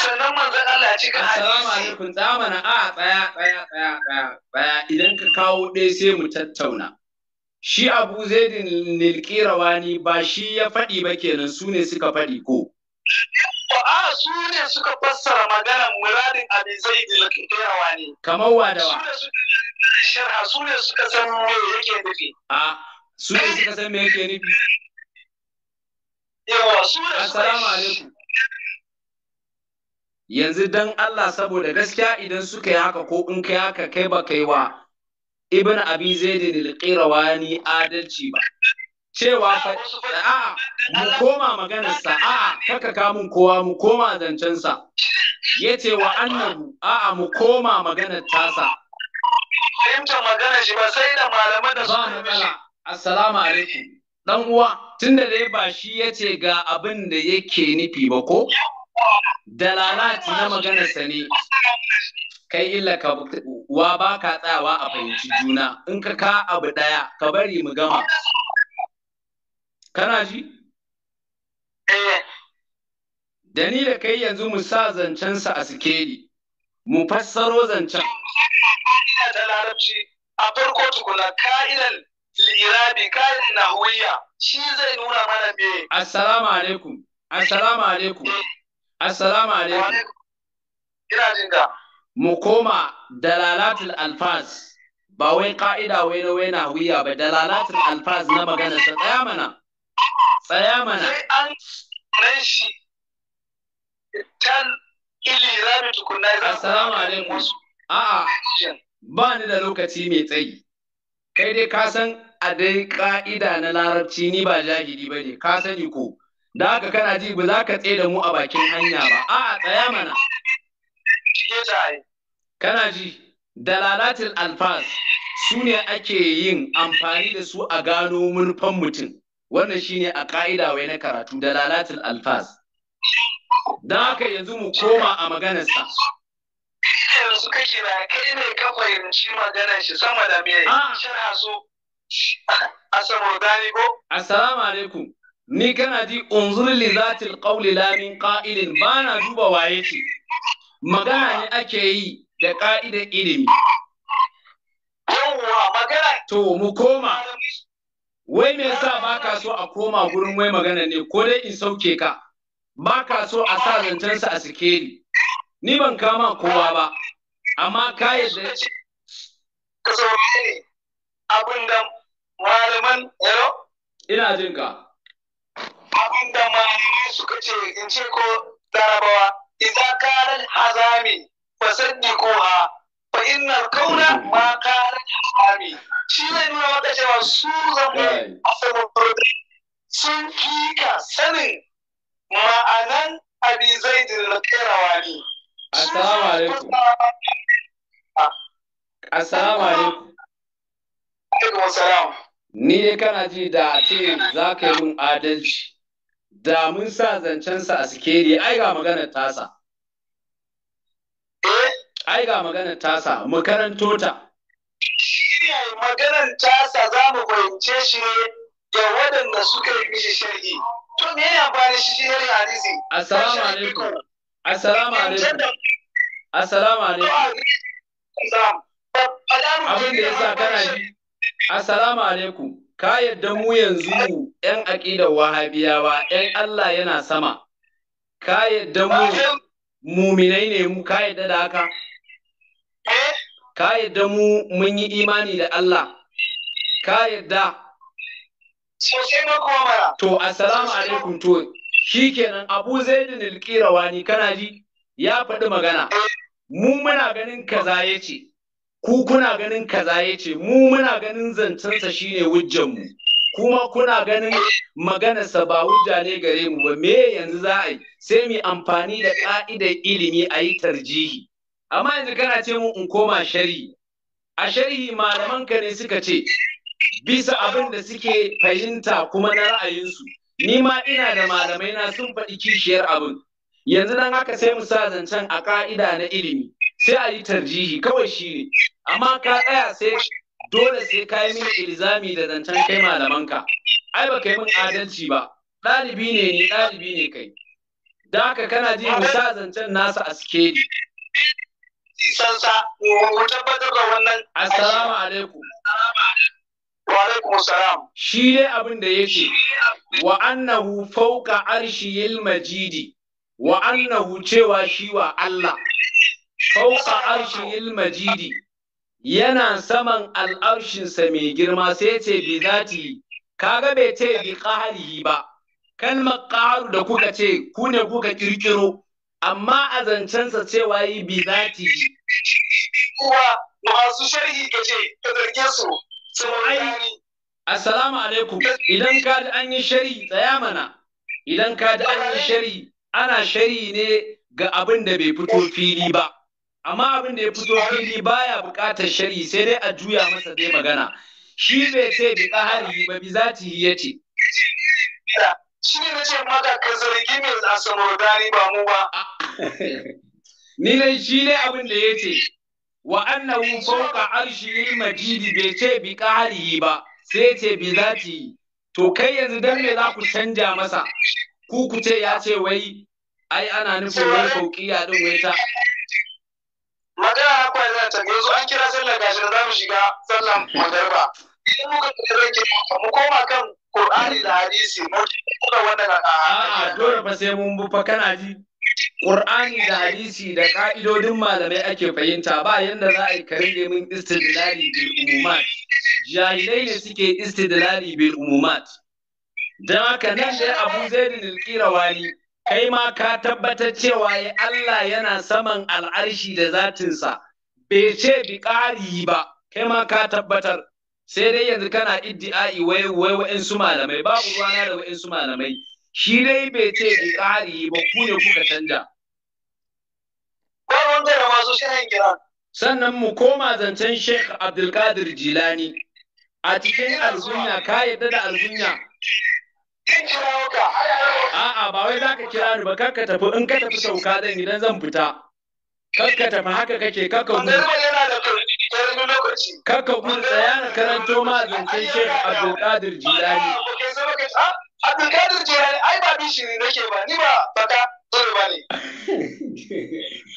sannan manzon Allah cikin hadisi assalamu alaikum zamana a tsaya tsaya tsaya tsaya idan ka kawo ɗaya sai mu tattauna shi abu zaidin nilkirawani ba shi ya faɗi ba kenan su ne suka faɗi ko a su ne suka fassara maganar muradin abin zai da dilkayawa ne. Kamar wadawa. Su ne suka su ne suka san me yake nufi. A su ne suka san me yake nufi. Yawa su ne Assalamu alaikum. Yanzu dan Allah saboda gaskiya idan suka yi haka ko in kai haka kai ba kai wa Ibn Abi Zaid al-Qirawani adalci ba. cewa a mu koma maganarsa a kaka kamun kowa mu koma zancensa ya ce wa annabu a mu koma maganar tasa fahimta magana shi ba sai da malamai da su matsala assalamu alaikum dan uwa tun da dai ba shi ya ce ga abin da yake nufi ba ko Da dalalati na maganarsa ne kai illa ka wa ba ka tsayawa a fahimci juna in ka ka abu daya ka bari mu gama kana ji eh da ni da kai yanzu mu sa zancensa a sikeli mu fassaro zancen ka'ida ta larabci a farko tukuna ka'idan li'irabi ka'idan nahwiya shi zai nuna mana me assalamu alaikum assalamu alaikum eh. assalamu alaikum ina jin ka mu koma dalalatul alfaz ba wai ka'ida wai na wai nahwiya ba dalalatul alfaz na magana sa tsaya mana Tsaya mana. Sai an nan shi tan ili rami tukunna za Assalamu alaikum. A'a ba ni da lokaci mai tsayi. Kai dai ka san a dai ƙa'ida na larabci ni ba jahili ba ne, ka sani ko. Da haka kana ji ba za ka tsaye da mu a bakin hanya ba. A'a tsaya mana. Kana ji dalalatul alfaz su ne ake yin amfani da su a gano manufan mutum. wannan shine a ƙa'ida wai na karatu da lalatul alfaz don haka yanzu mu koma a maganarsa yanzu kake na kai ne ka fahimci maganar shi sama da me ah. sharha so asamo dani ko assalamu alaikum ni kana ji unzur li zatil qawli la min qa'ilin bana duba waye ce magana ne ake yi da ka'idar ilimi yawwa magana to mu koma wai me yasa ba ka so a koma gurin wai magana ne ko dai in sauke ka ba ka so a sa zancen su a sike ni ban kama kowa ba amma ka yadda abin da malaman yaro ina jin ka abin da malaman suka ce in ce ko larabawa idza kana hazami fasaddiquha fa innal kauna ma kana hami shi ne nuna maka cewa su zamu sun kika sanin ma'anan abi zaidin da kairawani assalamu alaikum assalamu alaikum alaikum assalam ni dai kana ji da a ce za ka yi mun adalci da mun sa zancensa a sikeri ai ga maganar tasa ai ga maganar tasa mu karanto ta shirya maganar tasa za mu fahimce shi ne ga waɗanda suka yi mishi shirki. to me yana bani shi sharhi hadisi assalamu alaikum assalamu alaikum assalamu alaikum abin da sa kana ji assalamu alaikum ka yadda mu yanzu yan aƙidar wahabiyawa yan Allah yana sama ka yadda mu muminai ne mu ka yadda da haka ka yadda mu mun yi imani da Allah ka yadda sosai to assalamu alaikum to shikenan Abu Zaidin al kana ji ya faɗi magana mu muna ganin kaza yace ku kuna ganin kaza yace mu muna ganin zancensa shine hujjan mu kuma kuna ganin maganarsa ba hujja ne gare mu ba me yanzu za a yi sai mu amfani da ka'idar ilimi a yi tarjihi amma yanzu kana ce mu in koma shari'i a shari'i malaman ka ne suka ce bisa abin da suke fahimta kuma na ra'ayinsu ni ma ina da malamai na sun faɗi kishiyar abin yanzu nan haka sai mu sa zancen a ka'ida na ilimi sai a yi tarjihi kawai shi ne amma ka tsaya sai dole sai ka yi mini ilzami da zancen kai malamanka ai baka yi min adalci ba ɗalibi ne ni ɗalibi ne kai da haka kana ji mu sa zancen nasa a sikeli sansa mu tabbatar da wannan assalamu alaikum wa alaikum salam shi dai abin da yake wa annahu fawqa arshil majidi wa annahu cewa shi wa Allah fawqa arshil majidi yana saman al'arshinsa mai girma sai ce bi zati kaga bai ce bi qahrihi ba kalmar qaharu da kuka ce ku ne kuka kirkiro amma a zancensa cewa yi bi zati kuwa masu sharhi ka ce ka zarge su su ai assalamu alaikum idan ka da an yi shari tsaya mana idan ka da an yi shari ana shari ne ga abin da bai fito fili ba amma abin da ya fito fili baya buƙatar shari sai dai a juya masa dai magana shi bai ce bi tsahari ba bi zati ya ce shi ne na ce maka ka zargi mai asamurdani ba mu ba ni dai shi ne abin da ya ce wa annahu arshi arshil majidi bai ce bi yi ba sai ce bi yi.' to kai yanzu dan me za ku canja masa ku ku ce ya ce wai ai ana nufin wai a ɗin wai ta magana na kwai za ta yanzu an kira sallar gashi da za mu shiga sallar magarba. in muka kira kira mu koma kan Qur'ani da hadisi da wannan a'a dole fa sai mun bufa kana ji Qur'ani da hadisi da ka'idodin malamai ake fahimta ba yanda za a yi kare rage min istidlali bil umumat jahilai ne suke istidlali bil umumat dan haka nan dai Abu Zaid al-Qirawani kai ma ka tabbatar cewa ya eh, Allah yana saman al'arshi da zatinsa bai ce bi ƙari ba kai ma ka tabbatar sai dai yanzu kana iddi'ai wai wai su malamai babu ruwana da su malamai shi dai bai ce bi ƙari ba ku ne kuka canja sannan mu koma zancen Sheikh Abdulkadir Jilani a cikin alzunya ka yadda da alzunya A'a ba wai za ka kira ni ba kar ka tafi in ka tafi sauka zan idan zan fita. Kar ka tafi haka kake kaka mu. yana da lokaci kaka kun tsaya na karanto ma zancen Sheikh Abdulkadir Jilani Abdulkadir Jilani ai ba bishiri nake ba ni ba baka dole ba ne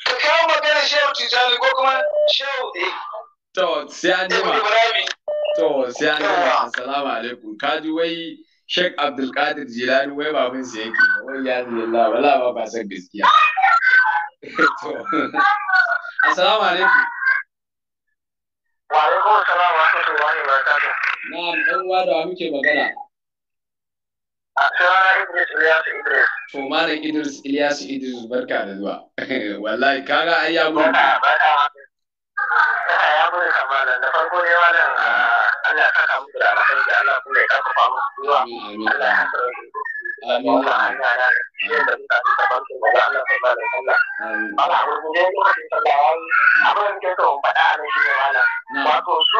ka kawo magana Shehu Tijani ko kuma Shehu eh to sai an jima to sai an jima assalamu alaikum kaji wai Sheikh Abdulkadir Jilani wai baban sa yake wai ya zalla wala ba ba san gaskiya to assalamu alaikum Wa alaikum salam wa rahmatullahi wa barakatuh. Na'am ɗan uwa da muke magana. Sunana Idris Ilyasu Idris. To Malam Idris Ilyasu Idris barka da zuwa. Wallahi kaga ai Aya bude kamalan da farko dai malam Allah ya saka muku da alheri da Allah kuma ya karfafa muku zuwa Allah ya hasara Amin. Amin. Amin. da yadda suka fi saban su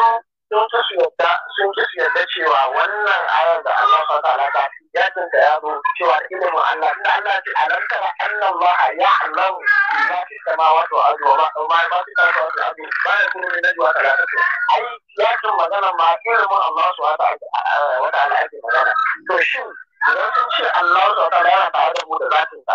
sun ta su yarda sun ta su cewa wannan ayar da Allah sa ta alaka ya tunta ya zo cewa ilimin Allah da Allah ce alanta wa Allah ma ya Allah ya fi sama wato azu ma ma ba su ka wato azu ba ya kuma ne ta talata ta ai ya tun magana ma ilimin Allah su wata eh, wata Allah magana to shin idan sun ce Allah su wata yana tare da mu da zatin sa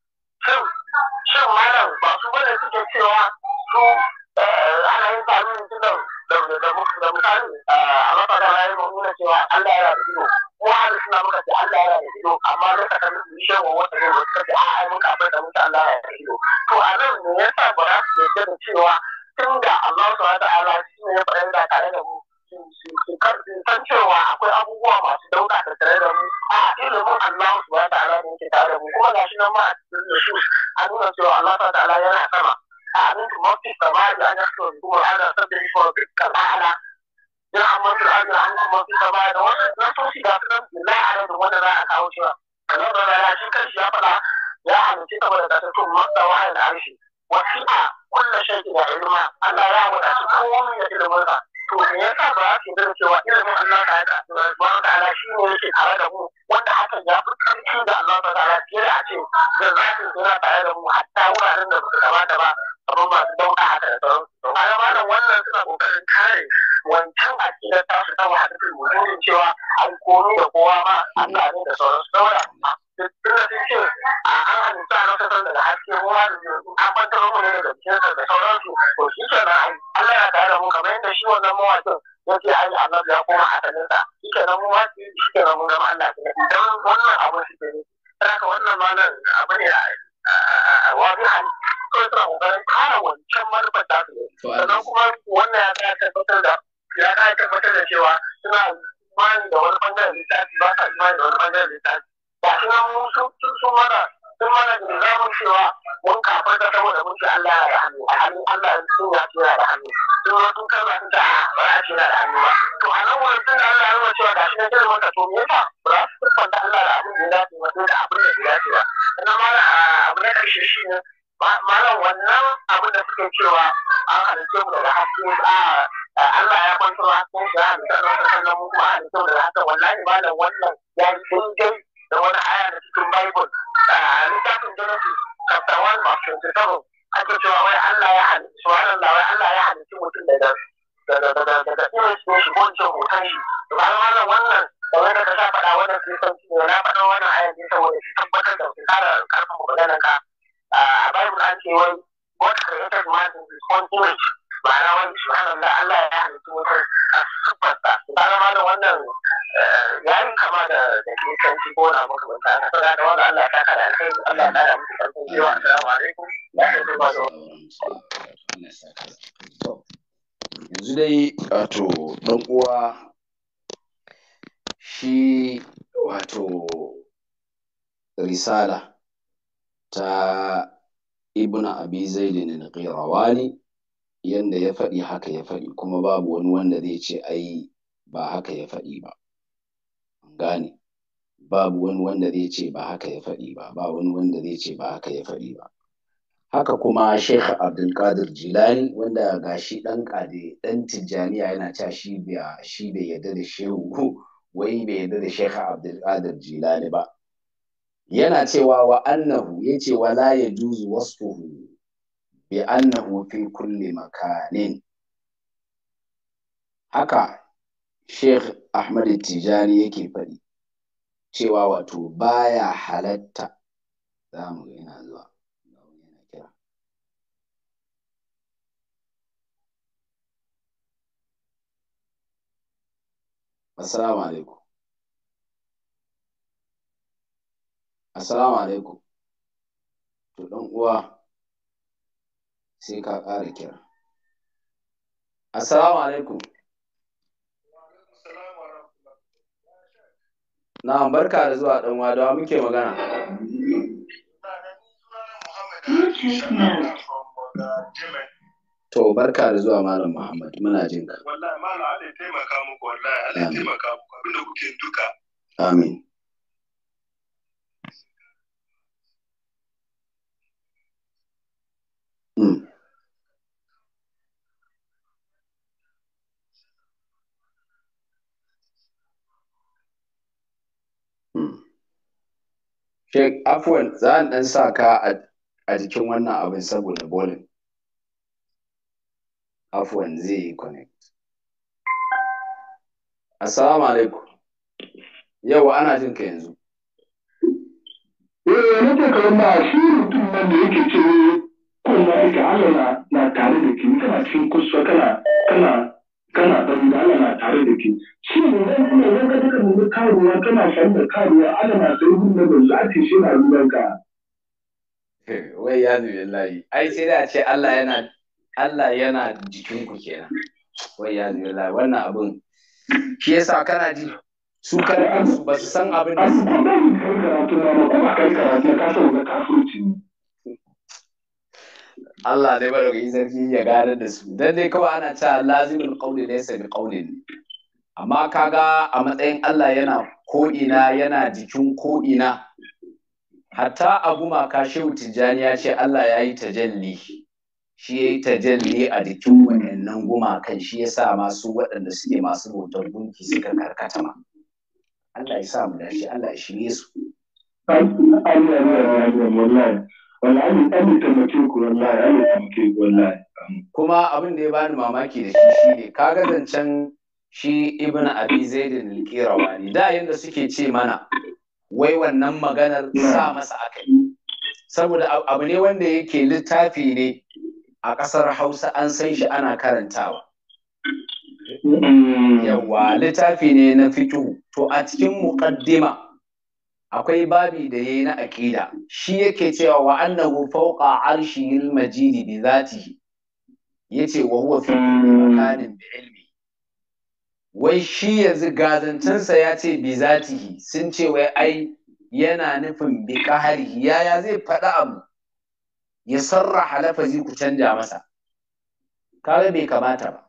shin shin malam ba su bane suke cewa su eh, ana yin tsarin jinan da da eh, a mafaka na yi nuna cewa Allah yana da ido Ko hali suna muka ce Allah yana da ido amma na saka na su shan wa wata ne suka ce a ai muka abin da muka Allah yana da ido to a nan ya sa ba za su yarda da cewa tun da Allah subhanahu wa ta'ala shi ne ya faɗa da tare da mu san cewa akwai abubuwa masu dauka da tare da mu a ilimin Allah su ba ta'ala da yake tare da mu kuma gashi nan ma a cikin Yesu a nuna cewa Allah ta ta'ala yana sama a abin da mafi samari a nasu kuma ana sabbin shi wa dukkan ta'ala yana mafi ajiye an kuma mafi samari da wannan nasoshi ga su nan billahi a nan da wanda za a kawo shi ba a nan da rana shi kanshi ya faɗa ya halitta saboda ta tafi masa wahayin arshi wasi'a kullum shaiki da ilima. Allah ya wadaci kowane ya ilimin sa to me yasa ba za ki cewa ilimin Allah ta da wa ta'ala shi ne yake tare da mu wanda hakan ya fi karfi da Allah ta ta'ala da a ce zazzafin yana tare da mu hatta wuraren da ba su kamata ba kamar masu dauka haka da sauransu. A gabanin wannan suna kokarin kare wancan akidar tasu ta wahadatul mujurin cewa an komi da kowa ma Allah ne da sauransu. Saboda suna sun ce a an daga haske ruwa mu ne daga jikinsa da sauransu to shi ke Allah ya yadda shi ya Allah ya koma nan mu wannan ke wannan ma nan abu ne a wani hali kawai suna kokarin kare wancan manufar da su ne kuma ya ya da cewa suna da wani bangaren littafi ba sa imani da wani bangaren littafi da kuma mun sun mana sun mana da zamun cewa mun kafar da saboda mun ce Allah ya da hannu a hannun Allah sun ya ce da hannu sun ma sun karba sun ta ba a ce da hannu ba to a nan wurin sun da Allah ya nuna cewa da shi ne zai maka to me yasa ba su kurfan da Allah da abin da ya dace da abin da ya dace ba sannan mala abu na karshe shi ne malam wannan abin da suke cewa an halice mu daga haske a Allah ya kwantar hasken shi a halitta na sannan mu kuma halitta daga haske wallahi malam wannan ya yi daidai da wani aya da cikin bible a littafin genesis chapter 1 verse 27 ake cewa wai Allah ya halitta subhanallah wai Allah ya mutum da daga irin shi shi ko ce hoton shi bayan wannan wannan kamar da ka sa faɗa wannan sai na faɗa wannan ayan ne saboda shi tabbatar da shi da karfin maganar ka a bible an ce wai what created man is his own image ba wani wani da Allah ya halittu wata sufarsa ba na malam wannan eh, ya yi kama da da kisanci ko na makamanta na saboda da wani Allah ya kaka da alkhairi Allah ya kara musu karfin jiwa assalamu alaikum ya shafi ba da yanzu dai wato ɗan uwa shi wato risala ta ibn abi zaidin al-qirawani yanda ya faɗi haka ya faɗi kuma babu wani wanda zai ce ai ba haka ya faɗi ba gane babu wani wanda zai ce ba haka ya faɗi ba ba wani wanda zai ce ba haka ya faɗi ba haka kuma Sheikh Abdulkadir Jilani wanda gashi ɗan kade ɗan Tijjaniya yana cewa shi bai shi bai yarda da Shehu wai bai yarda da Sheikh Abdulkadir Jilani ba yana cewa wa annahu yace wala yajuzu wasfuhu bi annahu fi kulli makanin haka Sheikh Ahmad Tijani yake faɗi cewa wato baya halatta zamu mu ga yana zuwa yana kira Assalamu alaikum Assalamu alaikum to dan uwa sai ka ƙara kira. Assalamu alaikum. Na barka da zuwa ɗan wadawa muke magana. To barka da zuwa Malam Muhammad muna jinka. Wallahi Malam Ali taimaka muku wallahi Ali taimaka muku abinda kuke duka. Amin. Shek, afuwan za a ɗan sa ka a jikin wannan abin saboda bolin. Afuwan zai yi connect. Assalamu alaikum. Yawa ana jin ka yanzu. Eh, nake karama shi mutum nan da yake ce kuma ita Allah na tare da ke kana cikin kusa kana kana kana ɗan Allah na tare da ke shi ne zan kuma zan ka duka mu karuwa kana san da karuwa ana na sai gun da ban zati shi na ruwan ka eh, wai ya zubi layi ai sai da ce Allah yana Allah yana jikin kenan wai ya zubi layi wannan abin shi yasa kana ji su kana su ba su san abin da su ba kai karatu ka san da kafirci Allah dai madaukakin sarki ya gane da su dan dai kawai ana cewa lazimul qawli laysa bi qawlin amma kaga a matsayin Allah yana ko'ina yana jikin ko'ina hatta abu maka shehu tijjani ya ce Allah ya yi tajalli shi ya yi tajalli a jikin wannan gumakan shi ya sa masu waɗanda suke masu bautar gunki suka karkata ma Allah ya sa mu shi, Allah ya shirye su an taimake ku wallahi an taimake ku wallahi kuma abin da ya bani mamaki da shi shine kaga zancen shi ibn abi zaidin al-qirawani da yanda suke ce mana wai wannan maganar sa masa akai saboda abu ne wanda yake littafi ne a ƙasar Hausa an san shi ana karantawa mm. yawa littafi ne na fito to a cikin muqaddima akwai babi da yayi na aqida shi yake cewa wa annahu fawqa al majid bi zati yace wa huwa fi makanin bi ilmi wai shi yanzu gazancinsa ya ce bi zati sun ce wai ai yana nufin bi kaharihi yaya zai faɗa abu ya sarraha lafazi ku canja masa kaga bai kamata ba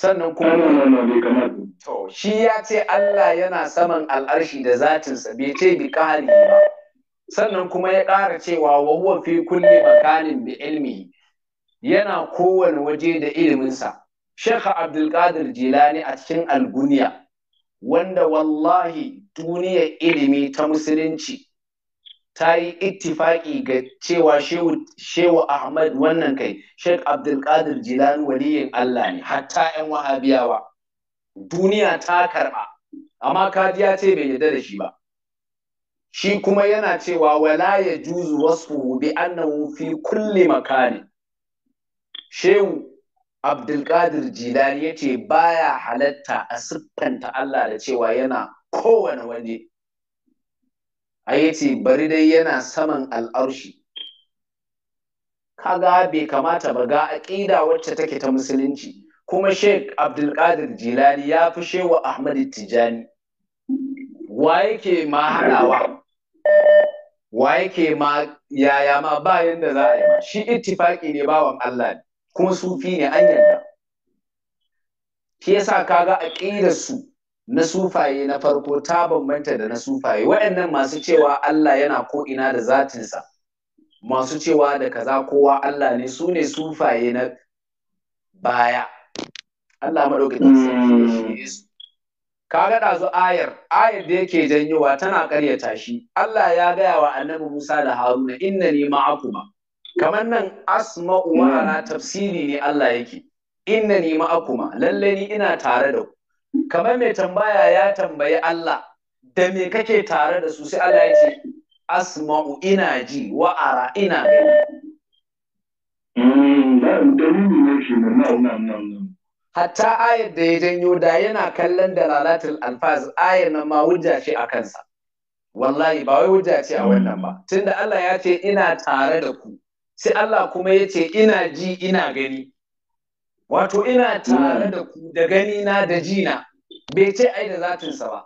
sannan kuma shi ya ce Allah yana saman al'arshi da zatinsa bai ce bi ƙari ba. Sannan kuma ya ƙara cewa wa huwa fi kulli makanin bi ilmi yana kowane waje da iliminsa. Sheikh Abdulkadir Jilani a cikin alguniya wanda wallahi duniyar ilimi ta musulunci ta yi ittifaƙi ga cewa shehu Ahmad wannan kai Sheikh Abdulkadir Jilani waliyin Allah ne hatta 'yan wahabiyawa. duniya ta karɓa amma kaji ya ce bai yarda da shi ba shi kuma yana cewa wala ya juzu wasu bi annahu fi kulli makani shehu abdulkadir jilani ya ce baya halatta a siffanta Allah da cewa yana kowane waje a yace bari dai yana saman al'arshi kaga bai kamata ba ga aƙida wacce take ta musulunci kuma Sheikh Abdulkadir Jilani ya fi shewa Ahmad Tijani wa yake ma haɗawa wa yake ma yaya ma ba yanda za a yi ma shi ittifaki ne bawan Allah ne kuma sufi ne an yarda yasa kaga aqidar su na sufaye na farko ta bambanta da na sufaye waɗannan masu cewa Allah yana ko ina da zatinsa masu cewa da kaza kowa Allah ne su ne sufaye na baya Allah maɗaukakin hmm. sarki shi ka ga ɗazu ayar ayar da yake janyowa tana ƙaryata shi Allah ya gaya wa annabi Musa da Haruna inna ni ma'akuma kamar nan asma'u wa hmm. tafsiri ne Allah yake inna ni ma'akuma lalle ni ina tare da ku kamar mai tambaya ya tambayi Allah da me kake tare da su sai Allah ya ce asma'u ina ji wa'ara ina hatta ayar da ya janyo da yana kallon da dalalatul alfaz ayar nan ma wujja ce a kansa wallahi ba wai wujja ce a wannan ba tunda Allah ya ce ina tare da ku sai Allah kuma ya ce ina ji ina gani wato ina tare da ku da gani na da ji na bai ce ai da zatinsa ba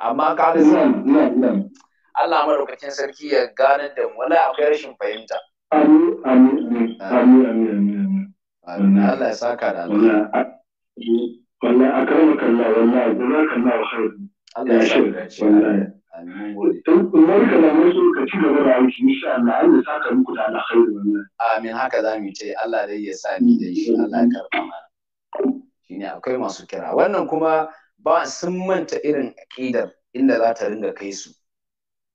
amma kada sai mm, mm, mm, Allah madaukakin sarki ya ganar da mu wala akwai rashin fahimta amin amin amin ah. amin Allah ya saka da Allah. Wannan a karama kalla wallahi na kalla wa khairu. Allah ya saka da shi. Umar kalamai sun ka ci gaba da aiki insha Allah Allah ya saka muku da alkhairi wannan. Amin haka za mu ce Allah dai ya sa ni da shi Allah ya karba mana. Shine akwai masu kira wannan kuma ba sun manta irin aqidar inda za ta ringa kai su.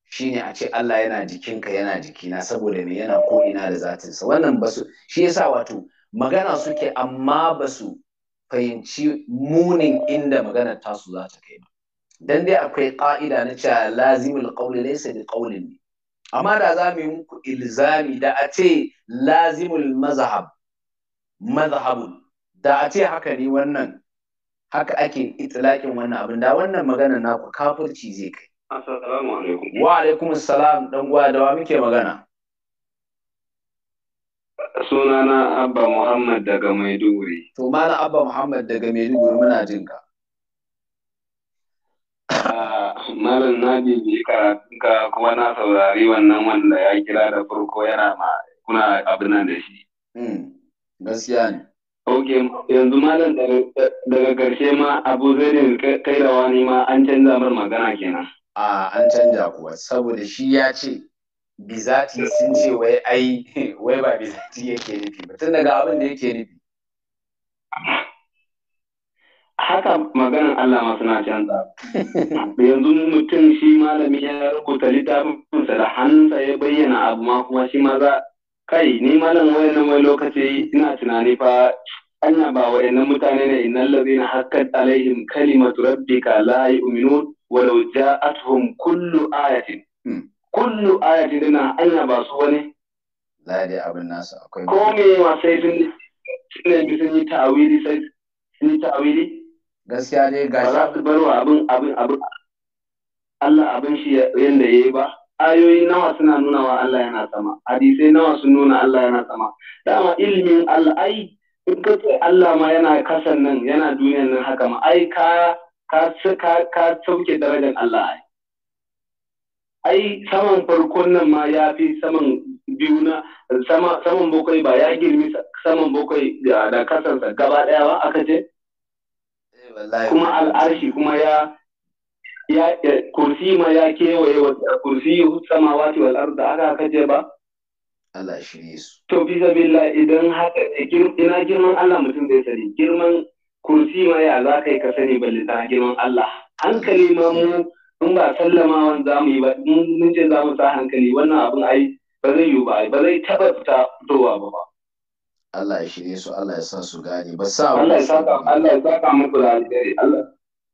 shine a ce Allah yana jikinka yana jikina saboda me yana ko ina da zatinsa wannan ba su shi yasa wato magana suke amma ba su fahimci munin inda magana tasu za ta kai ba dan dai akwai ƙa'ida na cewa lazimul qawli laysa bi qawlin ne amma da za mu yi muku ilzami da a ce lazimul mazhab mazhabun da a ce haka ne wannan haka ake itilakin wannan abin da wannan magana naku kafirci zai kai assalamu alaikum wa alaikum assalam dan gwa da wa muke magana Sunana Abba Muhammad daga Maiduguri. To mana Abba Muhammad daga Maiduguri muna jin ka. Ah, malam na bibi ka kuma na saurari wannan wanda ya kira da farko yana ma kuna abin nan da shi. Hmm, gaskiya ne. Ok, yanzu malam daga karshe ma Abu Zaidin kai da wani ma an canza mar magana kenan. A ah, an canja kuwa saboda shi ya ce bizati sun ce wai ai wai ba bizati yake nufi ba tun daga abin da yake nufi haka maganar Allah ma suna canza yanzu mutum shi malami ya rubuta littafinsa da hannunsa ya bayyana abu ma kuma shi ma za kai ni malam nan wai lokaci ina tunani fa anya ba nan mutane ne innal ladina hakkat alaihim kalimatu rabbika la yu'minun walau ja'atuhum kullu ayatin hmm. kullu ayatin dina Allah ba su wani lai dai abin nasu akwai ko me ma sai sun bi sun yi ta'awili sai sun yi ta'awili gaskiya dai ga ba za su bar wa abin abin abin Allah abin shi yanda yayi ba ayoyi nawa suna nuna wa Allah yana sama hadisai nawa sun nuna Allah yana sama dama ilimin Allah ai in ka ce Allah ma yana kasan nan yana duniyan nan haka ma ai ka ka ka sauke darajar Allah ai ai saman farkon nan ma ya fi saman biyu na saman bakwai ba ya girmi saman bakwai da kasansa gaba daya ba aka ce eh, kuma al'arshi kuma ya ya kursi ma ya kewaye wa kursi samawati wal arda aka aka ce ba Allah shirye su to bi sabilla idan haka ina girman Allah mutum zai sani girman kursi ma ya za ka yi ka sani balle ta girman Allah hankali ma mu in ba sallamawan za mu yi ba mun ce za mu sa hankali wannan abin ai ba zai yiwu ba ba zai taɓa fita fitowa ba ba. Allah ya shirye su Allah ya sa su gane ba sa Allah ya saka Allah ya saka muku da alheri Allah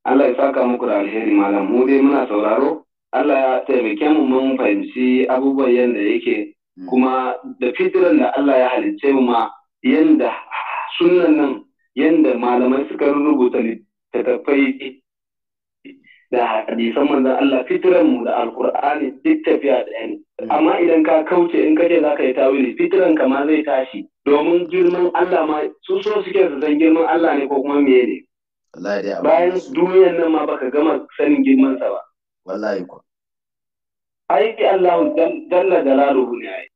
Allah ya saka muku da alheri malam mu dai muna sauraro Allah ya taimake mu mun fahimci abubuwan yadda yake hmm. kuma da fitiran da Allah ya halicce mu ma yanda sunan nan yanda malamai suka rubuta littattafai da hadisan manzan Allah fitiran mu da alkur'ani duk tafiya da yani amma idan ka kauce in kaje za ka yi tawili fitiran ka ma zai tashi domin girman Allah ma su so suke su san girman Allah ne ko kuma meye ne bayan duniyan nan ma baka gama sanin girman sa ba wallahi ko aiki Allah jalla jalaluhu ne ai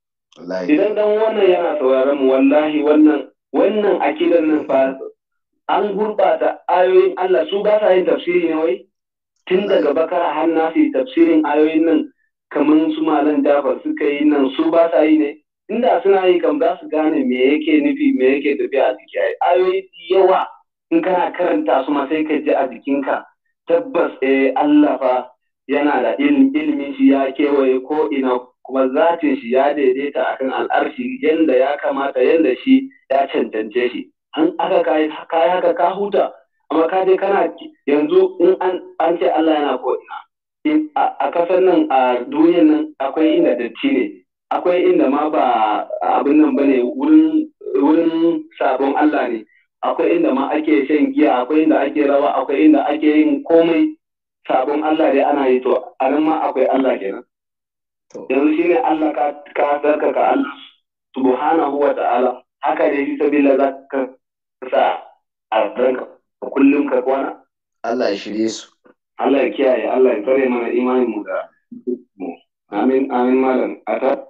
idan dan wannan yana sauraron mu wallahi wannan wannan akidan nan fa an gurbata ayoyin Allah su ba sa yin tafsiri ne wai tun daga bakara har nasi tafsirin ayoyin nan kamar su malam jafar suka yi nan su ba sa yi ne inda suna yi kam za su gane me yake nufi me yake tafiya a jiki ayoyi yawa in kana karanta su ma sai ka ji a jikinka tabbas eh Allah fa yana da ilimin shi ya kewaye ko ina kuma zatin shi ya daidaita akan al'arshi yanda ya kamata yanda shi ya cancance shi an aka kai haka ka huta amma ka je kana yanzu in an ce Allah yana ko ina a kasar nan a duniyar nan akwai inda datti ne akwai inda ma ba abin nan bane wurin wurin sabon Allah ne akwai inda ma ake shan giya akwai inda ake rawa akwai inda ake yin komai sabon Allah dai ana yi to a nan ma akwai Allah kenan yanzu shine Allah ka ka ka Allah subhanahu wa ta'ala haka ne fi sabila zaka sa a ranka kullum ka kwana Allah ya shirye su Allah ya kiyaye Allah ya tsare mana imanin mu da amin amin malam ata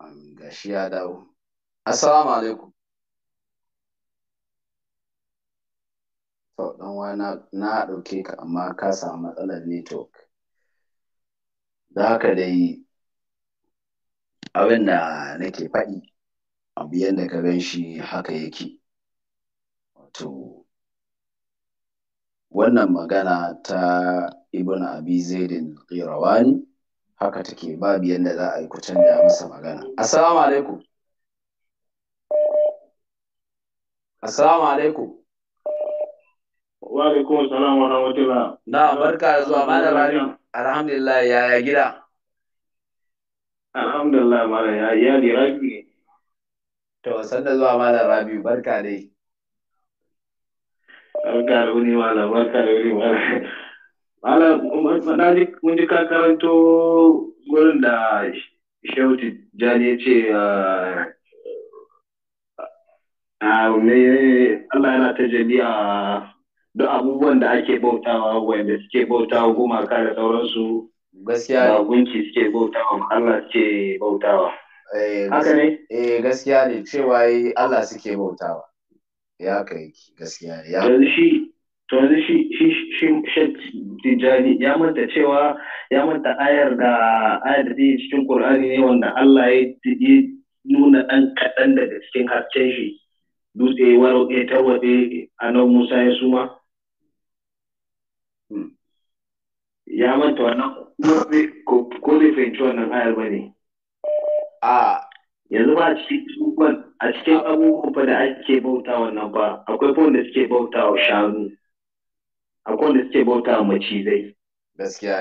amin gashi ya dawo assalamu alaikum to dan na dauke ka amma ka samu matsalar network da haka dai abin da nake faɗi abu yadda ka gan shi haka yake wato wannan magana ta ibn abi zaidin qirawani haka take babu yadda za a yi ku canja masa magana assalamu alaikum assalamu alaikum wa alaikum assalam wa rahmatullah na barka da zuwa malam rabi alhamdulillah yaya gida alhamdulillah malam ya ya rabi ne to sanda zuwa malam rabi barka dai barka da wuni malam barka da wuni malam malam na ji mun ji ka karanto gurin da shauti tijjani ya ce ah, ah, Allah yana ta jami a duk abubuwan da ake bautawa wanda suke bautawa gumaka da sauransu gaskiya ne gunki suke bautawa Allah suke bautawa eh, haka ne eh gaskiya ne cewa Allah suke bautawa ya kai gaskiya ya yanzu shi to yanzu shi shi shi ya manta cewa ya manta ayar da ayar da take cikin Qur'ani ne wanda Allah ya nuna ɗan kaɗan daga cikin hasken shi dutse waro ya tawaɗe a nan Musa ya suma hmm. ya manta wannan ko zai fahimci wannan ayar ba ne a ah. yanzu ba cikin a cikin abubuwan da ake bauta wannan ba akwai wanda suke bauta wa shanu akwai wanda suke bauta wa macizai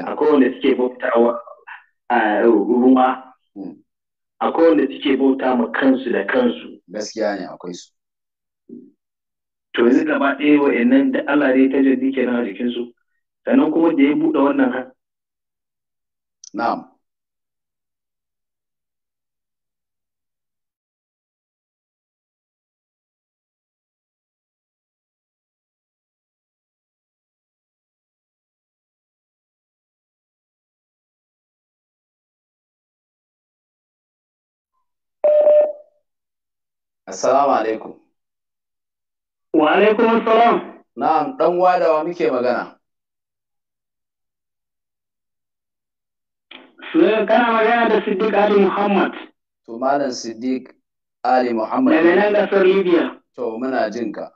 akwai wanda suke bauta wa ruma hmm. akwai wanda suke bauta ma kansu da kansu gaskiya ne akwai su to yanzu gaba ɗaya wa'annan da Allah dai ta jirgi kenan a jikinsu sannan kuma da ya buɗe wannan na'am Assalamu alaikum. Wa alaikum assalam. Na'am, dan wadawa muke magana. Kana magana da Siddiq Ali Muhammad. To Malam Siddiq Ali Muhammad. Daga nan kasar Libya. To muna jin ka.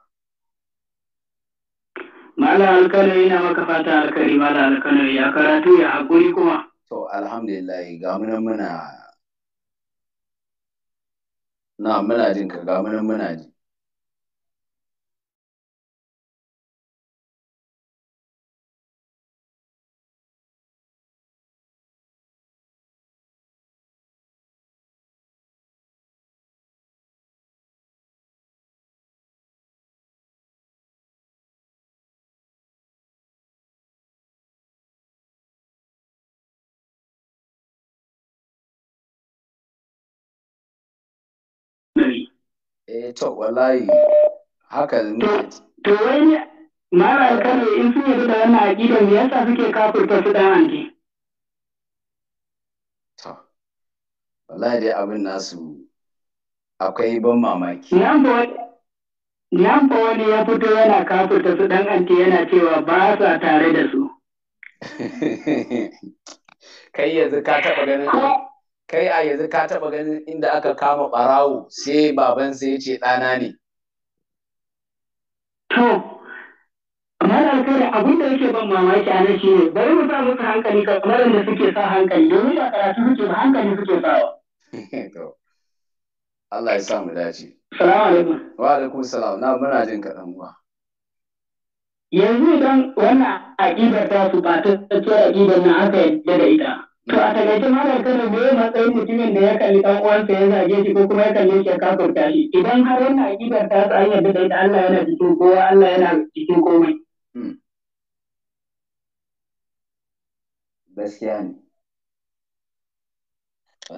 Malam Alkano yana maka fata alkari Malam Alkano ya karatu ya haƙuri kuma. To alhamdulillah ga muna muna na muna jin ka ga muna ji eh to wallahi haka ne to wai mara kano in sun yi da wannan aqidar me yasa suke kafirta su dan anti to wallahi dai abin nasu akwai ban mamaki nan ba Nan fa wani ya fito yana kafirta su dan anti yana cewa ba sa tare da su. Kai yanzu ka taɓa ganin kai a yanzu ka taɓa ganin inda aka kama ɓarawo sai baban sai ya ce ɗana ne. To, mara alkari abin da yake ban mamaki a nan shi ne bari mu sa muku hankali kamar da suke sa hankali domin ba karatu suke ba hankali suke sa sawa. Allah ya sa mu dace. Salamu alaikum. Wa alaikum salam. Na muna jin ka dan uwa. Yanzu idan wannan aqidar ta su ba ta tsaye aqidar na aka yadda da ita. To a takaice ma Kano me ya matsayin mutumin da ya kalli ɗan uwansa ya zage shi ko kuma ya kalli shi ya kafurta shi idan har yana aƙidar ta su an da ita Allah yana cikin kowa Allah yana cikin komai. Hmm. Gaskiya ne.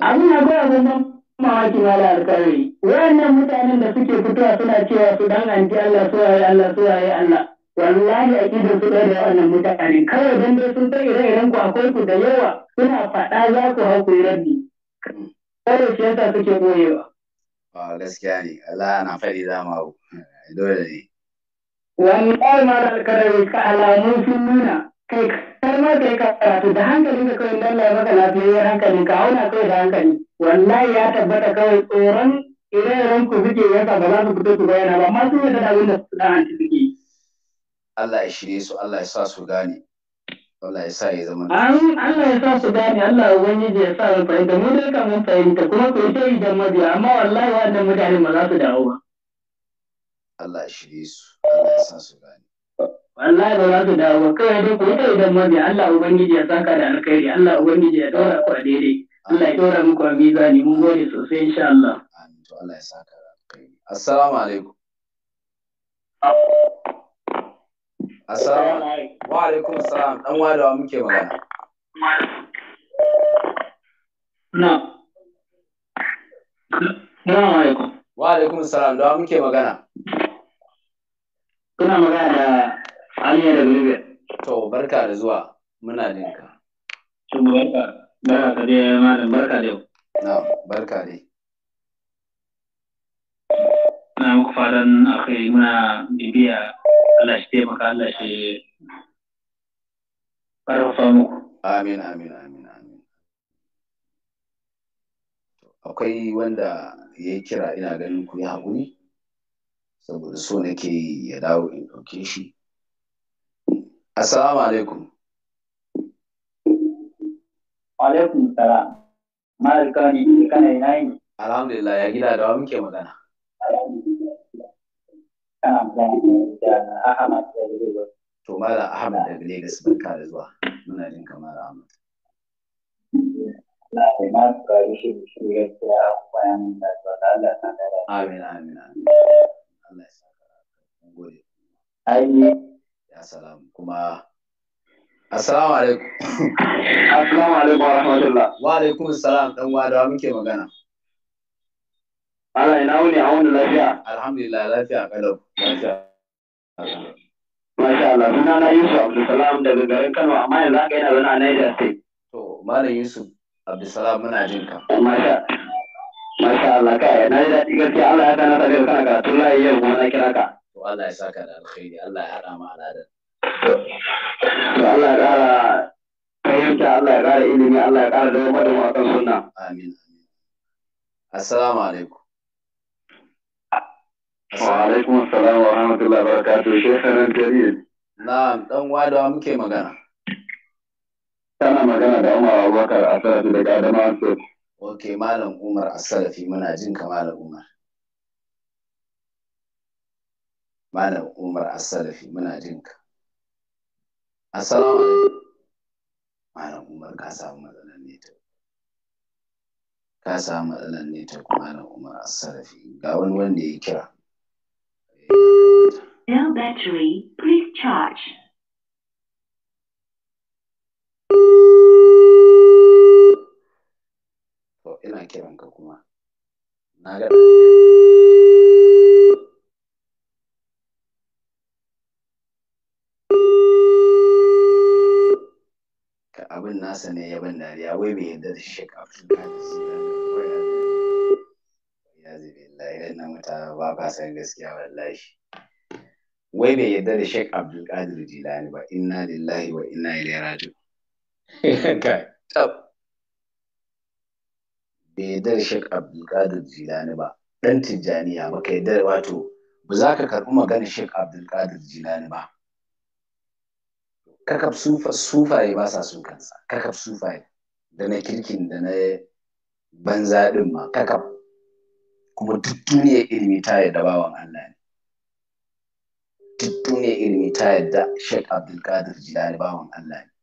Abin na gwada zama mamaki ma da alƙawari. Wayannan mutanen da suke fitowa suna cewa su dan anti Allah suwaye Allah suwaye Allah. wallahi a kidan su da wannan mutane kawai dan dai sun san ire-iren ku akwai ku da yawa suna faɗa za ku hau ku yi rabbi kawai shi yasa suke boyewa a gaskiya ne Allah na faɗi za ma hau dole ne wallahi ma da alkarari ka alamu sun nuna kai kar ma kai karatu da hankalin ka kawai dan lai maka lafiyayyar hankalin ka auna kawai da hankali wallahi ya tabbata kawai tsoron ire-iren ku suke yasa ba za su fito su bayyana ba amma sun yadda da abin da su da hanci suke yi Allah ya shirye su Allah ya sa su gane Allah ya sa ya zama an Allah ya sa su gane Allah ya gani da ya sa mu fahimta mu dai kan mun fahimta kuma ko ita idan mabiya amma wallahi wannan mutane ba za su dawo ba Allah ya shirye su Allah ya sa su gane wallahi ba za su dawo ba kai dai ko ita idan mabiya Allah ubangiji ya saka da alkhairi Allah ubangiji ya daura ku a daidai Allah ya daura muku a mizani mun gode sosai insha Allah amin to Allah ya saka da alkhairi assalamu alaikum Assalamu alaikum. Wa alaikum salam. Dan wadawa muke magana. Na. Assalamu alaikum. Wa alaikum salam. Da muke magana. Kuna magana da Aliya da Libya. To barka da zuwa. Muna dinka. Shin barka. Barka ka dai malam barka da yau. Na barka dai. Na muku fatan akai muna bibiya Allah shi taimaka Allah shi ƙarfafa muku. Amin amin amin amin. Akwai wanda ya yi kira ina ganin ku yi haƙuri saboda so nake ya dawo in ɗauke shi. Assalamu alaikum. alaikum salam malam kani kana ina ne alhamdulillah ya gida da wa muke magana Ahmad To Mala Ahmad daga Legas barka da zuwa. Muna jin kamar Ahmad. Amin amin amin. Allah ya saka. gode. ya kuma Assalamu alaikum. Assalamu alaikum wa rahmatullah. Wa alaikum salam dan wa da muke magana. Ala ina wuni a wani lafiya. Alhamdulillah lafiya kalau lafiya. Masha Allah suna na Yusuf Abdulsalam daga garin Kano amma yanzu haka yana zana a Niger State. To Malam Yusuf Abdulsalam muna jin ka. Masha Masha Allah kai na ji daɗi gaskiya Allah ya tana tafiyar kana karatu layi yau kuma na kira ka. To Allah ya saka da alkhairi Allah ya haɗa ma al'adar. To Allah ya ƙara fahimta Allah ya ƙara ilimi Allah ya ƙara dawo da mu akan sunna. Amin. Assalamu alaikum. وعليكم السلام ورحمة الله وبركاته شيخنا الكريم نعم دان وادو muke magana Tana magana da Umar Abubakar Asalafi daga Adamawa State Ok, Malam Umar Asalafi muna jin ka Malam Umar Malam Umar Asalafi muna jin ka Assalamu alaikum Malam Umar ka samu matsalar ne ta ka Malam Umar ga wani wanda ya kira battery, please charge. To ina kiran ka kuma. Na ga abin nasa ne ya ban dariya wai bai yarda da shek abdulkadir ya zube lahirar na mutane ba ka san gaskiya wallahi wai bai yadda da Sheikh Abdul Qadir Jilani ba inna lillahi wa inna ilaihi raji'un kai tab bai yadda da Sheikh Abdul Qadir Jilani ba dan Tijjaniya ba kai da wato ba za ka karɓi magana Sheikh Abdul Qadir Jilani ba kakab sufa sufaye ba sa son kansa kakab sufaye da na kirkin da na banza din ma kakab kuma duk duniyar ilimi ta yadda bawan Allah ne duk ilimi ta yadda Sheikh Abdulkadir Jilani bawon Allah ne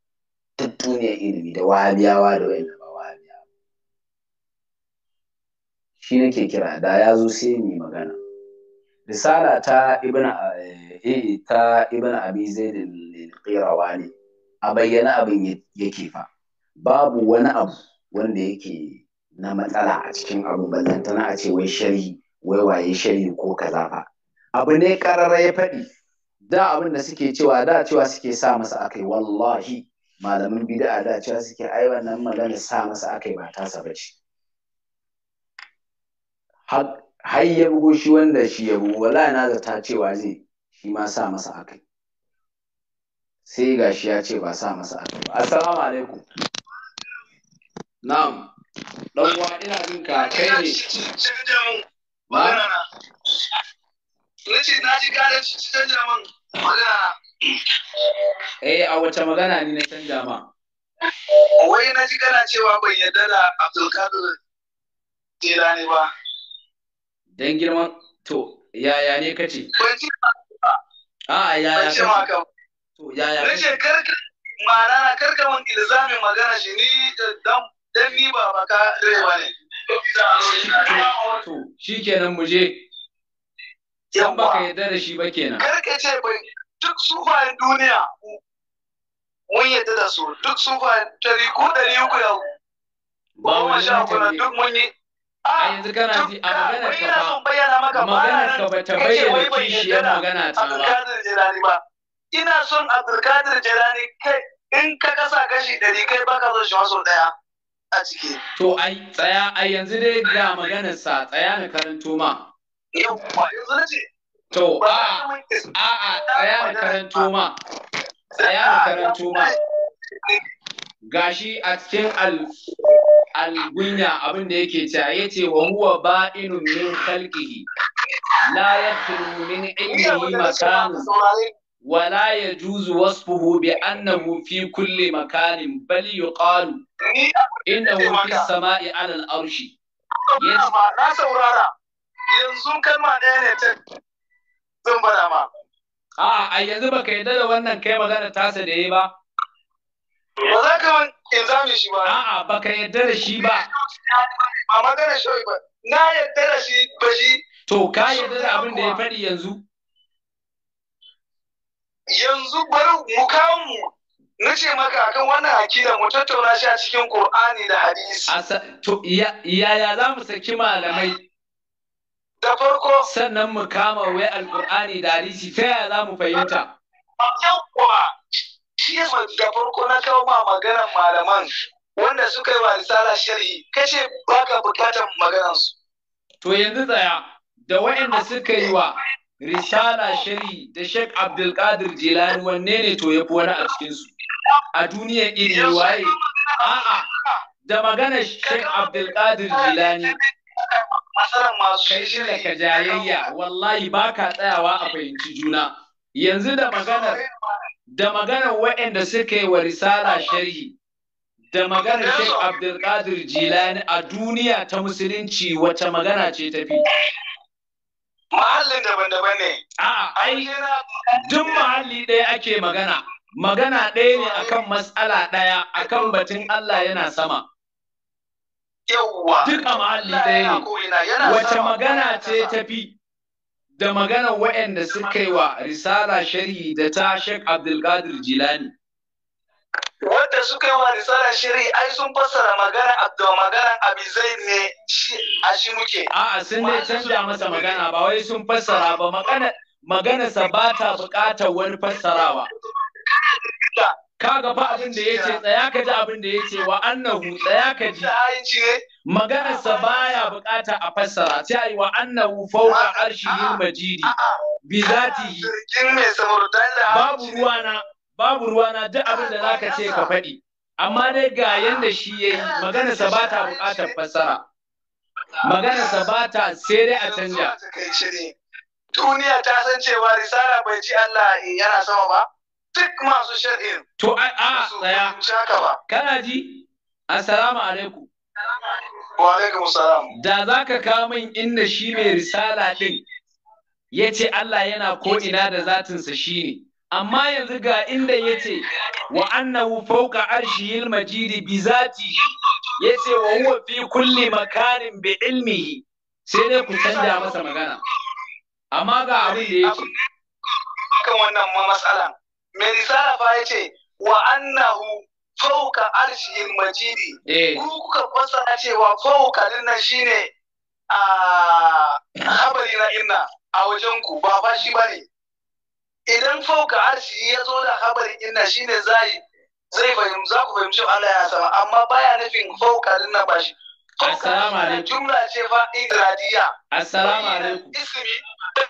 duk ilimi da wahabiyawa da wayan ba wahabiyawa shi nake kira da ya zo sai mu magana risala ta ibn eh, eh ta ibn abi zaid a bayyana abin yake fa babu wani abu wanda yake na matsala a cikin abu ballantana a ce wai sharhi wai waye sharhi ko kaza fa abu ne karara ya faɗi da abin da suke cewa da cewa suke sa masa akai wallahi malamin bid'a da cewa suke ai wannan magana sa masa akai ba tasa bace har ya bugo shi wanda shi ya bugo wallahi na zata cewa zai shi ma sa masa akai sai ga shi ya ce ba sa masa akai ba assalamu alaikum na'am dan uwa ina jin ka kai ne ba na ce na ji karar shi ci canja man magana eh a wace magana ne na canja ma wai na ji kana cewa ban yarda da abdulkadir jela ne ba dan girman to yaya ne kace ban ci A'a, yaya kace to yaya na ce karka ma'ana na karka man ilzamin magana shi ni dan ni ba baka rai ba ne to shikenan mu je Yan ba ka yarda da shi ba kenan. Kar ka ce bai duk sufayen duniya mun yarda da su duk sufayen tari ko dari uku yau. Ba wani sha kuna duk mun yi. A ah, yanzu kana ji a magana ka ba magana ka ba ta bayyana kishiyar magana ta ba. Ina son Abdulkadir Jelani kai in ka kasa kashi ɗari kai baka zo shi wasu ɗaya. a ciki. To ai tsaya a yanzu dai ga sa tsaya na karanto ma. yanzu to a a tsaya da karanto ma tsaya da karanto ma gashi a cikin algunya abin da yake cewa yace wa huwa ba'inun min khalqihi la yadkhulu min ilmihi makanun ولا يجوز وصفه بأنه في كل مكان بل يقال إنه في السماء على الأرش. يا yanzu kalma ɗaya ne ta zan bada ma. A'a, a yanzu baka yarda da wannan kai magana tasa da yi ba. Ba za ka man ilzami shi ba. A'a, ba ka yarda da shi ba. Ba magana shi ba. Na yadda da shi ba shi. To, ka yarda da abin da ya faɗi yanzu? Yanzu bari mu kawo mu. Na ce maka akan wannan akida mu tattauna shi a cikin ƙur'ani da hadisi. To, yaya za mu saki malamai? da farko sannan mu kama wai alqur'ani da hadisi ta yaya za mu fahimta yawwa shi da farko na kawo ma maganar malaman wanda suka yi wa risala sharhi kace baka bukatar maganar su to yanzu tsaya da waɗanda suka yi wa risala sharhi da Sheikh Abdulkadir Jilani wanne ne to yafi wani a cikin su a duniya iri waye a'a da maganar Sheikh Abdulkadir Jilani matsalar masu kai shi ne ka jayayya wallahi ba ka tsayawa a fahimci juna yanzu da maganar da maganar waɗanda suka yi wa risala sharhi da maganar Sheikh Abdulkadir Jilani a duniya ta musulunci wata magana ce ta fi mahallin daban-daban ne a'a duk mahalli ɗaya ake magana magana ɗaya ne akan matsala ɗaya akan batun Allah yana sama Duka a mahalli ɗaya ne wace magana ce ta fi da magana waɗanda suka yi wa risala sharhi da ta shek Abdulkadir Jilani wanda suka yi wa risala shari'i ai sun fassara magana abdul magana abizai ne a shi muke a'a sun ne canza masa magana ba wai sun fassara ba magana maganarsa ba ta buƙatar wani fassarawa kaga fa abin da yace tsaya ka ji abin da yace wa annahu tsaya ka ji maganarsa baya bukata a fassara sai ayi wa annahu fawqa arshihil majidi bi zatihi babu ruwana babu ruwana duk abin da zaka ce ka faɗi amma dai ga yanda shi yayi maganarsa ba ta bukatar fassara maganarsa ba ta sai dai a canja duniya ta san cewa risala bai ci Allah yana sama ba duk masu sharhin to a tsaya kana ji assalamu alaikum wa alaikum salam da zaka kawo min inda shi mai risala din yace Allah yana ko'ina da zatinsa shi ne amma yanzu ga inda yace wa annahu fawqa arshil majid bi zatihi yace wa huwa fi kulli makanin bi ilmihi sai dai ku canja masa magana amma ga abin da yake kan wannan ma matsalan mai risala ba ya ce wa annahu fauka arshihin majidi eh. ku kuka na cewa fauka dinnan shine a habari na inna a wajen ku ba ba shi bane idan fauka arshi ya zo da habari inna shine zai zai fahim za ku fahimci Allah ya sama amma baya nufin fauka dinnan ba shi Assalamu alaikum. Jumla ce fa idradiya. Assalamu alaikum. Ismi,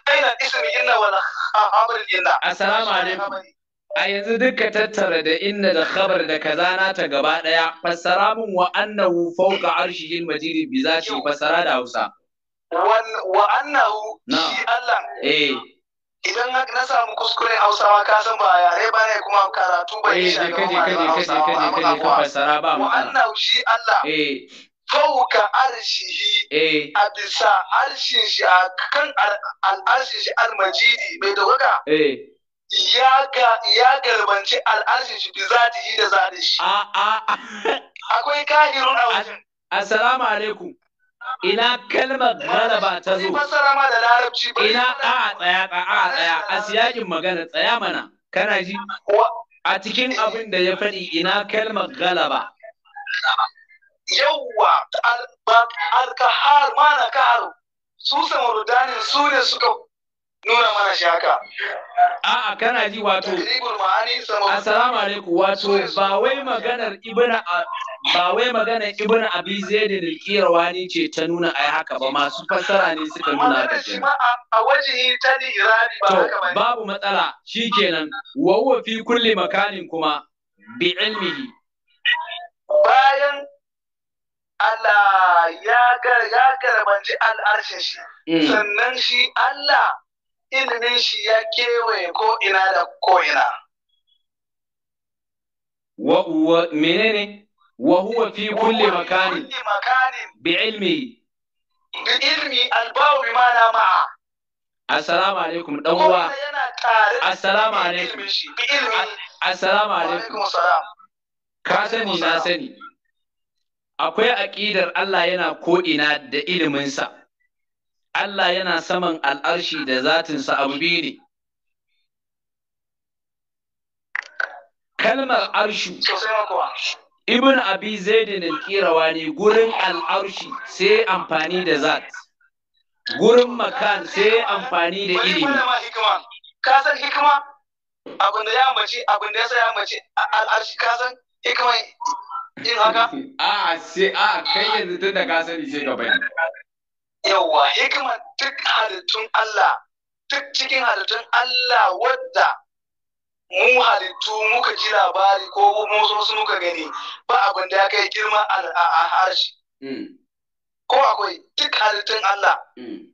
bainal ismi inna wala khabar inna. Assalamu alaikum. a yanzu duka tattara da inna da khabar da kaza na ta gaba daya fassara min wa annahu fawqa arshihil majid bi zati fassara da Hausa wa annahu shi Allah eh idan na samu kuskure Hausawa ka san ba yare ba ne kuma karatu ba yi shi kaje kaje kaje kaje kaje ka fassara ba mu annahu shi Allah eh fawqa arshihi eh a bisa arshin shi a kan al'arshin shi al-majidi mai dogara eh ya garbanci al'arshin shi yi da zaɗin shi. Akwai kahirun a wajen. Assalamu alaikum. Ina kalmar galaba ta zo. Ina a tsaya a tsaya a siyakin magana tsaya mana kana ji. A cikin abin da ya faɗi ina kalmar galaba. Yawwa alkahar mana kaharo su samarudanin su ne suka nuna mana shi haka a'a kana ji wato assalamu alaikum wato ba wai maganar Ibn ba wai maganar ibnu abi zaid da kirawani ce ta nuna ai haka ba masu fassara ne suka nuna haka ce a wajihi ta ni irani ba haka ba babu matsala shikenan wa huwa fi kulli makanin kuma bi ilmihi bayan Allah ya garbanci al'arshin shi mm. sannan shi Allah ilimin shi ya kewaye ko ina da ko ina wa huwa menene wa huwa fi kulle makani. bi ilmi bi ilmi albawu bi mana ma'a assalamu alaikum dan uwa assalamu alaikum bi ilmi assalamu alaikum ka sani na sani akwai aƙidar Allah yana ko'ina da iliminsa. Allah yana saman al'arshi da zatinsa abu biyu ne. Kalmar arshu, Ibn Abi Zaidin al-Qirawa ne gurin al'arshi sai amfani da zat, gurin makan sai amfani da ilimi. Ka san hikima? Abin da ya mace, abin da ya sa ya mace al'arshi ka san hikima yin haka? A'a sai a'a kai yanzu tun da ka sani sai ka bani. yawwa hikimar duk halittun Allah duk cikin halittun Allah wadda mu halittu muka ji labari ko mu so su muka gani ba abin da ya kai girma a harshe. Hmm. Ko akwai duk halittun Allah. Hmm.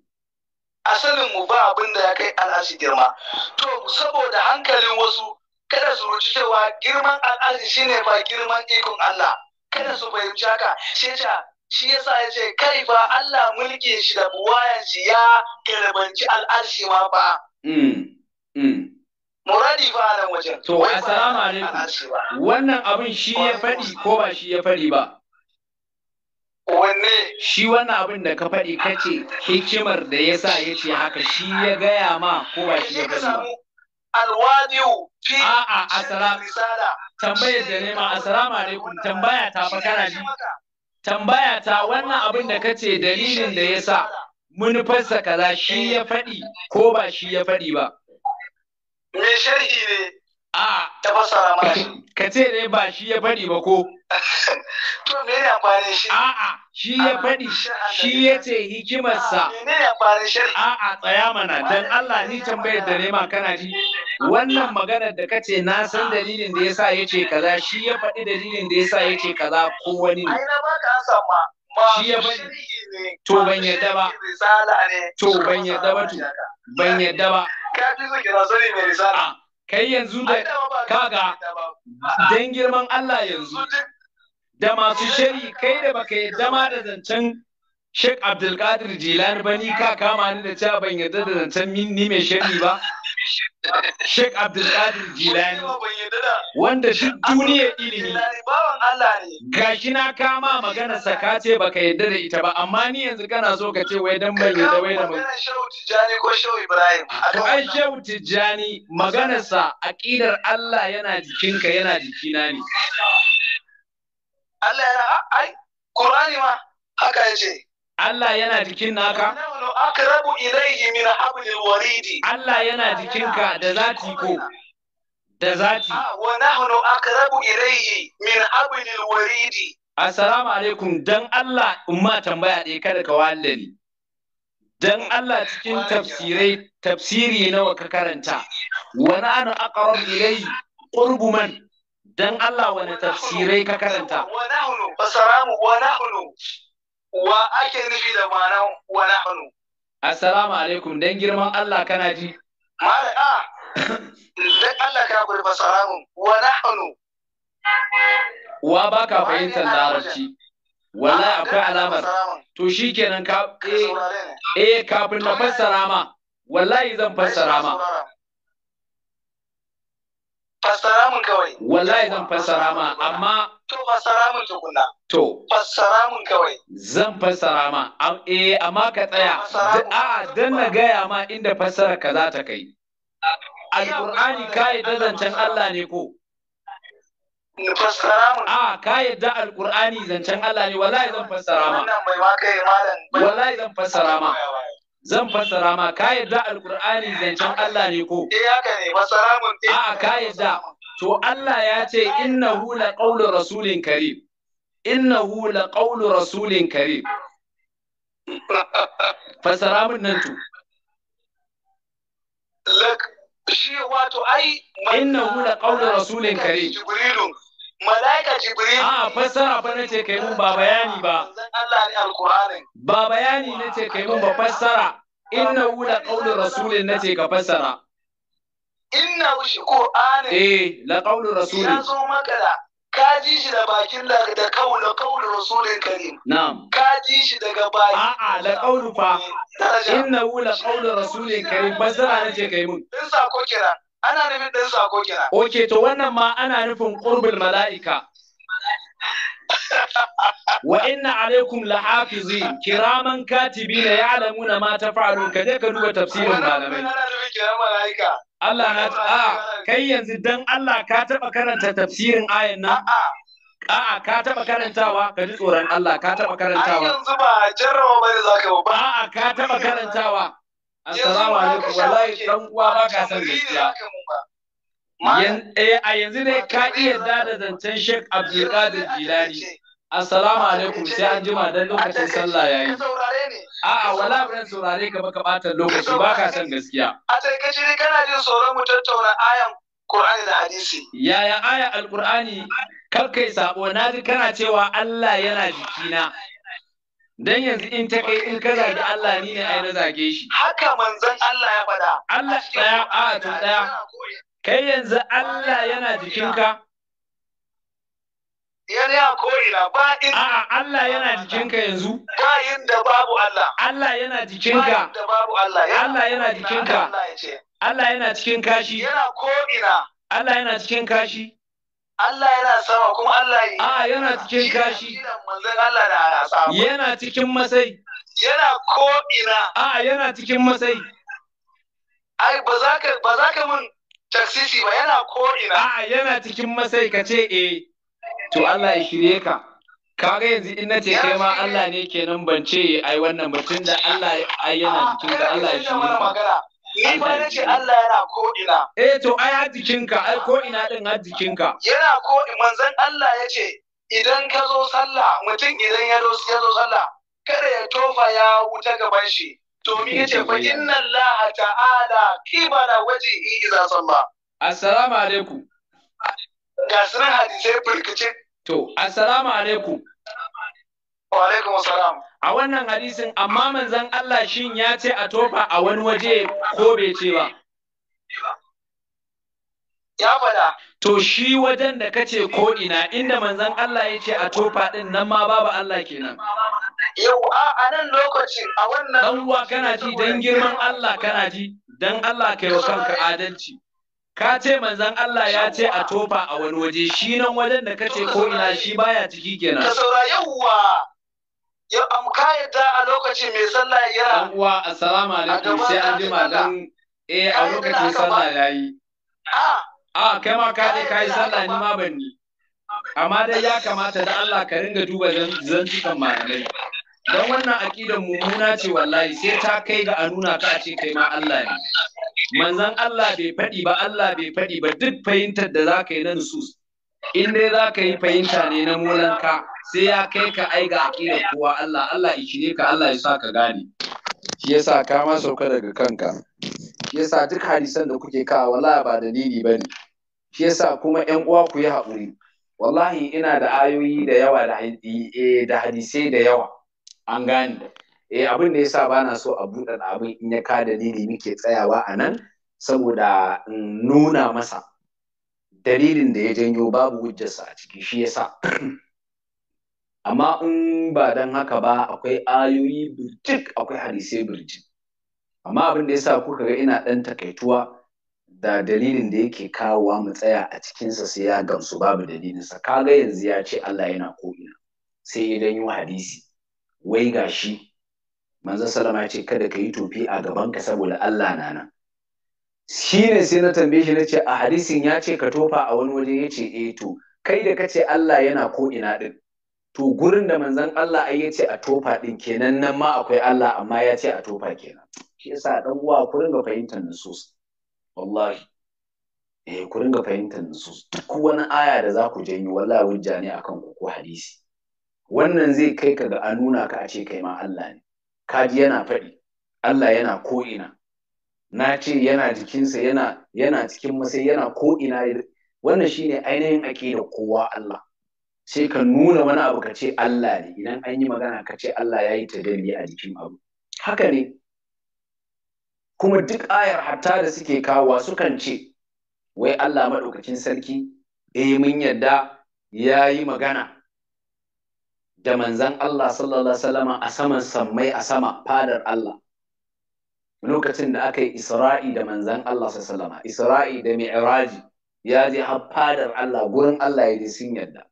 Asalin mu ba abin da ya kai al'ashi girma. To saboda hankalin wasu kada su ruci cewa girman al'ashi shine ba girman ikon Allah. Kada su fahimci haka, shi ta shi yasa ya ce kai ba Allah mulkin shi da buwayan shi ya karbanci al'arshi ma ba. Mm, mm. Muradi ba nan wajen. To, assalamu alaikum. Wannan abin shi ya faɗi ko ba shi ya faɗi ba? Wanne? Shi wannan abin da ka faɗi ka ce hikimar da ya sa ya ce haka shi ya gaya ma ko ba shi ya faɗi ba. Alwadiyu fi A'a, asala. Tambayar da nema, asalamu alaikum. Tambaya ta fa kana ji. tambaya ta wannan abin da kace dalilin da ya sa mun kaza shi ya faɗi ko ba shi ya faɗi ba me sharhi ne a ta fassara ka ce dai ba shi ya faɗi ba ko To me ya amfanin shi? A'a, shi ya faɗi, shi ya ce hikimarsa. Me ya amfanin shi? A'a, tsaya mana, dan Allah ni tambayar da nema kana ji. Wannan maganar da kace na san dalilin da yasa yace kaza, shi ya faɗi dalilin da yasa yace kaza ko wani ne. Ai na baka ansa ma. Shi ya faɗi. To ban yadda ba. To ban yadda ba to. Ban yadda ba. Ka fi so kira sani mai risala. Ah, kai yanzu da kaga dan girman Allah yanzu. da masu shari kai da baka yarda ma da zancen Sheikh Abdulkadir Jilani ba ni ka kama ni da cewa ban yarda da zancen ni mai shari ba Sheikh Abdulkadir Jilani wanda duk duniya ilimi gashi na kama magana saka ce baka yarda da ita ba amma ni yanzu kana so ka ce wai dan ban yarda wai da magana to ai Shehu Tijjani maganarsa aqidar Allah yana jikinka yana jikina ne Allah yana ai Qur'ani ma haka yace Allah yana jikin naka aqrabu ilayhi min hablil waridi Allah yana jikinka da zati ko da zati ah, wa nahnu aqrabu ilayhi min hablil waridi Assalamu alaikum dan Allah umma tambaya dai kada ka wallani dan Allah cikin tafsirai tafsiri nawa ka karanta wa nahnu aqrabu ilayhi qurbu man dan Allah wani tafsirai ka karanta wa nahnu basaramu wa nahnu wa ake nufi da ma'ana wana nahnu assalamu alaikum dan girman Allah kana ji mala a dan Allah ka gurbi basaramu wa nahnu wa baka fahimtar larabci wallahi akwai alamar to shikenan ka eh, eh kafin na fassara ma wallahi zan fassara ma Fassara mun kawai. Wallahi zan fassara ma amma. To fassara mun tukuna. To. Fassara mun kawai. Zan fassara ma eh amma ka tsaya. A'a dan na gaya ma inda fassara ka za ta kai. Alƙur'ani ka yadda zancen Allah ne ko? Fassara mun. A ka yadda Alƙur'ani zancen Allah ne wallahi zan fassara ma. Wallahi zan fassara ma. zan fassara ma ka yadda alkur'ani zancen Allah ne ko eh haka ne fassara mun a ka yadda to Allah ya ce innahu la qawlu rasulin karim innahu la qawlu rasulin karim fassara mun nan to lak shi wato ai innahu la qawlu rasulin karim Malaika Jibril. Ah, fassara fa nace kai mun ba bayani ba. Allah ne alƙur'anin. Ba bayani nace kai mun ba fassara. Inna wula qawlu rasulin nace ka fassara. Inna shi Qur'ani. Eh, la qawlu rasulin. Ya zo maka da ka ji shi da bakin da da kaula kaula rasulin karim na'am ka ji shi daga baki a'a la qawlu fa innahu la qawlu rasulin karim Fassara nace kai mun din sako kira ana nufin ɗinsu a kira. Ok, to wannan ma ana nufin ƙurbin mala'ika. wa inna alaikum lahafizi kiraman katibi na ya'lamuna ma tafa'alun ka je ka duba tafsirin malamai. Allah na a kai yanzu dan Allah ka taba karanta tafsirin ayan nan? A'a ka taba karantawa ka ji tsoron Allah ka taba karantawa. yanzu ba jarrawa bai zaka ba. A'a ka taba karantawa. Assalamu alaikum wallahi dan uwa ba ka san gaskiya. Eh, a yanzu ne ka iya da zancen Sheikh Abdulkadir Jilani. Assalamu alaikum sai an jima dan lokacin sallah yayi. A'a wala ban saurare ka baka bata lokaci ba ka san gaskiya. A taikace ne kana jin tsoron mu tattauna ayan Qur'ani da hadisi. Yaya aya Al-Qur'ani kar kai sabo na ji kana cewa Allah yana jikina. Dan yanzu in ta kai in ka zagi Allah ni ne ai na zage shi. Haka manzon Allah ya faɗa. Allah ɗaya a to ɗaya. Kai yanzu Allah yana jikinka. Yana ko'ina ba in. A'a Allah yana jikinka yanzu. Kayin da babu Allah. Allah yana jikinka. Kayin da babu Allah. Allah yana jikinka. Allah yana cikin kashi. Yana ko'ina. Allah yana cikin kashi. Allah yana sama kuma Allah yi. a yana ah, cikin kashi Allah da yana cikin masai yana ko ina a ah, yana cikin masai ai ba za ka ba za ka mun taksisi ba yana ko ina a ah, yana cikin masai ka ce eh to Allah ya shirye ka kaga yanzu in na ce kai ma Allah ne kenan ban ce ai wannan mutum da Allah ai yana cikin da Allah ya shirye ka Ni ba ce Allah yana ko ina. Eh to ai har jikinka, ai ko ina din har jikinka. Yana ko manzon Allah ya ce idan ka zo sallah mutum idan ya zo sallah kada ya tofa ya wuta gaban shi. domin ya ce fa inna Allah ta'ala kibara wajihi idza salla assalamu alaikum ga sunan hadisai burkice to assalamu alaikum wa alaikum assalam a wannan hadisin amma manzan Allah shin ya ce a tofa a wani waje ko bai ce ba ya faɗa to shi wajen da kace ko ina inda manzan Allah ya ce a tofa din nan ma babu Allah kenan yau a nan lokaci a wannan dan uwa kana ji dan girman Allah kana ji dan Allah kai wa kanka adalci ka ce manzan Allah ya ce a tofa a wani waje shi nan wajen da kace ko ina shi baya ciki kenan ka saura yawwa ya amka yadda a lokacin mai sallah yana uwa assalamu alaikum sai an jima dan eh a lokacin sallah yayi a a kai ma ka je kai sallah ni ma ban ni amma dai ya kamata da Allah ka ringa duba zantukan malamai dan wannan aqidar mummuna ce wallahi sai ta kai ga a nuna ka a ce kai ma Allah ne manzon Allah bai faɗi ba Allah bai faɗi ba duk fahimtar da za ka yi na nusus in dai za ka yi fahimta ne na ka sai ya kai ka ai ga aƙida kowa Allah Allah ya ka Allah ya sa ka gane shi yasa ka ma sauka daga kanka shi yasa duk hadisan da kuke kawo wallahi ba dalili bane shi yasa kuma ƴan uwa ku yi haƙuri wallahi ina da ayoyi da yawa da eh, hadisai da yawa an gane eh abin da yasa bana so a buɗe abin in ya ka dalili muke tsayawa a nan saboda in nuna masa dalilin da ya janyo babu hujjarsa a ciki shi yasa amma in ba dan haka ba akwai ayoyi birtik akwai hadisai birtik amma abin da yasa kuka ga ina ɗan takaituwa da dalilin da yake kawowa mu tsaya a cikinsa sai ya gamsu babu dalilinsa kaga yanzu ya ce Allah yana ko'ina sai ya danyo hadisi wai gashi shi salama ya ce kada ka yi tofi a gabanka saboda Allah na nan shi ne sai na tambaye shi na ce a hadisin ya ce ka tofa a wani waje ya ce eh to kai da kace Allah yana ko'ina din to gurin da manzan Allah ai yace a tofa din kenan nan ma akwai Allah amma ya ce a tofa kenan shi yasa dan uwa ku ringa fahimtar nusus wallahi eh ku ringa fahimtar nusus duk wani aya da za ku janyo wallahi hujja ne akan ku ko hadisi wannan zai kai ka ga a nuna ka a ce kai ma Allah ne kaji yana faɗi Allah yana ko ina na ce yana jikinsa yana yana cikin masai yana ko ina wannan shine ainihin aqidar kowa Allah sai ka nuna wani abu ka ce Allah ne idan an yi magana ka ce Allah ya yi tadalli a jikin abu haka ne kuma duk ayar hatta da suke kawowa sukan ce wai Allah maɗaukacin sarki eh mun yadda ya yi magana da manzan Allah sallallahu alaihi a saman sammai a sama fadar Allah lokacin da aka yi Isra'i da manzan Allah sallallahu alaihi Isra'i da Mi'raji ya je har fadar Allah gurin Allah ya je sun yadda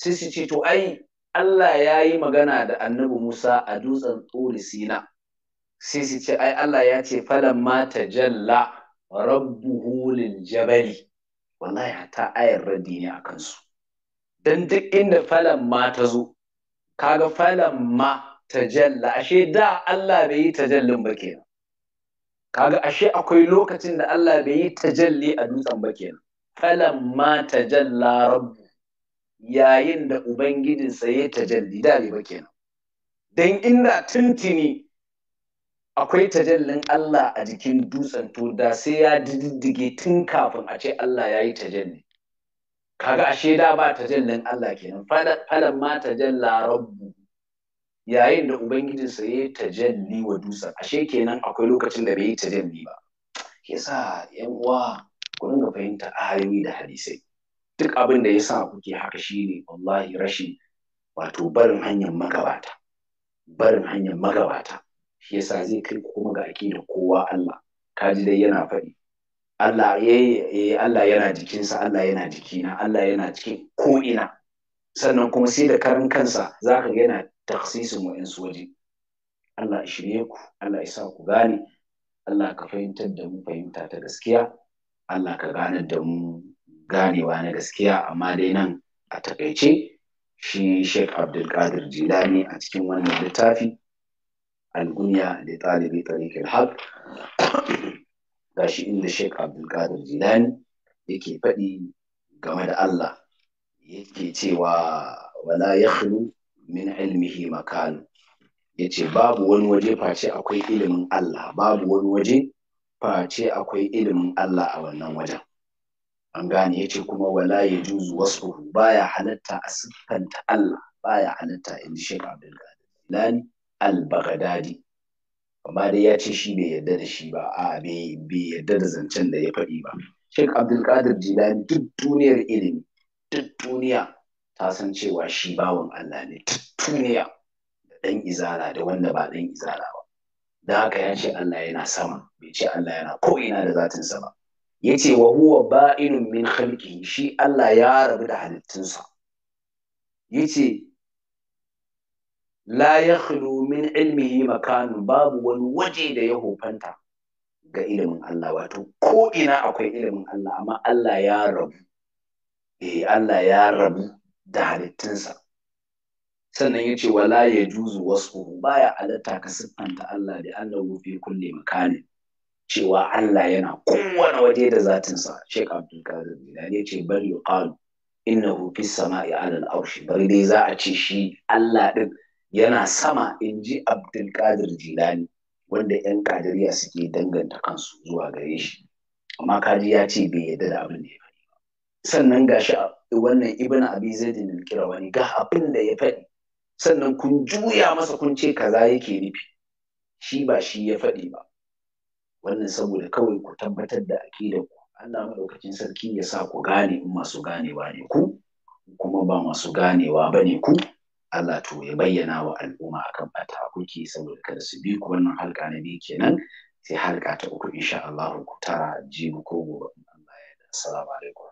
sai su ce to ai Allah ya yi magana da annabi Musa a dutsen Turi Sina sai su ce ai Allah ya ce ma tajalla rabbuhu lil jabali wallahi ta ayar raddi ne a kansu dan duk inda ma ta zo kaga ma tajalla ashe da Allah bai yi tajallin ba kenan kaga ashe akwai lokacin da Allah bai yi tajalli a dutsen ba kenan ma tajalla rabbu yayin da ubangijinsa ya tajalli da ba kenan dan inda tuntuni akwai tajallin Allah a jikin dutsen to da sai ya diddige tun kafin a ce Allah ya yi tajalli kaga ashe da ba tajallin Allah kenan falan ma tajalla rabbu yayin da ubangijinsa ya tajalli wa dutsen ashe kenan akwai lokacin da bai yi tajalli ba yasa yan uwa ku dinga fahimta ayoyi da hadisai duk abin da ya sa kuke haka shi ne wallahi rashin wato barin hanyar magabata barin hanyar magabata shi yasa zai kai kuma ga da kowa Allah kaji dai yana faɗi Allah eh, eh, Allah yana jikinsa Allah yana jikina Allah yana cikin ko ina sannan kuma sai da karin kansa zaka ga yana taksisin wa'insu waje Allah shirye ku Allah isa ku gane Allah ka fahimtar da mu fahimta ta gaskiya Allah ka ganar da mu ganewa na gaskiya amma dai nan a takaice shi Sheikh Abdulkadir Jilani a cikin wannan littafi Al-Gunya li Talibi Tariqil Haq shi inda Sheikh Abdulkadir Jilani yake faɗi game da Allah yake cewa wala yakhlu min ilmihi makan yace babu wani waje face akwai ilimin Allah babu wani waje face akwai ilimin Allah a wannan wajen an gane ya ce kuma wala ya ji wasu baya halatta a siffanta Allah baya halatta in ji Sheikh Abdul Jilani al-Baghdadi amma dai ya ce shi bai yarda da shi ba a bai yarda da zancen da ya faɗi ba Sheikh Abdul Qadir Jilani duk duniyar ilimi duk duniya ta san cewa shi bawan Allah ne duk duniya da ɗan izara da wanda ba ɗan izara ba da haka ya ce Allah yana sama bai ce Allah yana ko ina da zatin sama ya ce wa huwa ba'inun min khalqi shi Allah ya rabu da halittunsa ya ce la ya min ilmihi makanu babu wani waje da ya hofanta ga ilimin Allah wato ko ina akwai ilimin Allah amma Allah ya rabu eh Allah ya rabu da halittunsa sannan ya ce wala ya juzu wasu baya alatta ka siffanta Allah da Allah fi kulle makani cewa Allah yana kowane waje da zatinsa Sheikh Abdul Qadir ya ce bal yuqalu innahu fis sama'i 'ala al-arsh bari dai za a ce shi Allah din yana sama inji Abdul Qadir Jilani wanda yan kadiriya suke danganta kansu zuwa gare shi amma kaji ya ce bai yadda da abin da ya faɗi ba sannan gashi wannan Ibn Abi Zaid al wani ga abin da ya faɗi sannan kun juya masa kun ce kaza yake nufi shi ba shi ya faɗi ba wannan saboda kawai ku tabbatar da da ku Allah maɗaukacin sarki ya sa ku gane in masu ganewa ne ku kuma ba masu ganewa ba ne ku Allah to ya bayyana wa al'umma akan bata kuke saboda kada su bi ku wannan halka na biyu kenan sai halka ta uku insha Allah ku tara jibi ko gobe Allah ya da assalamu alaikum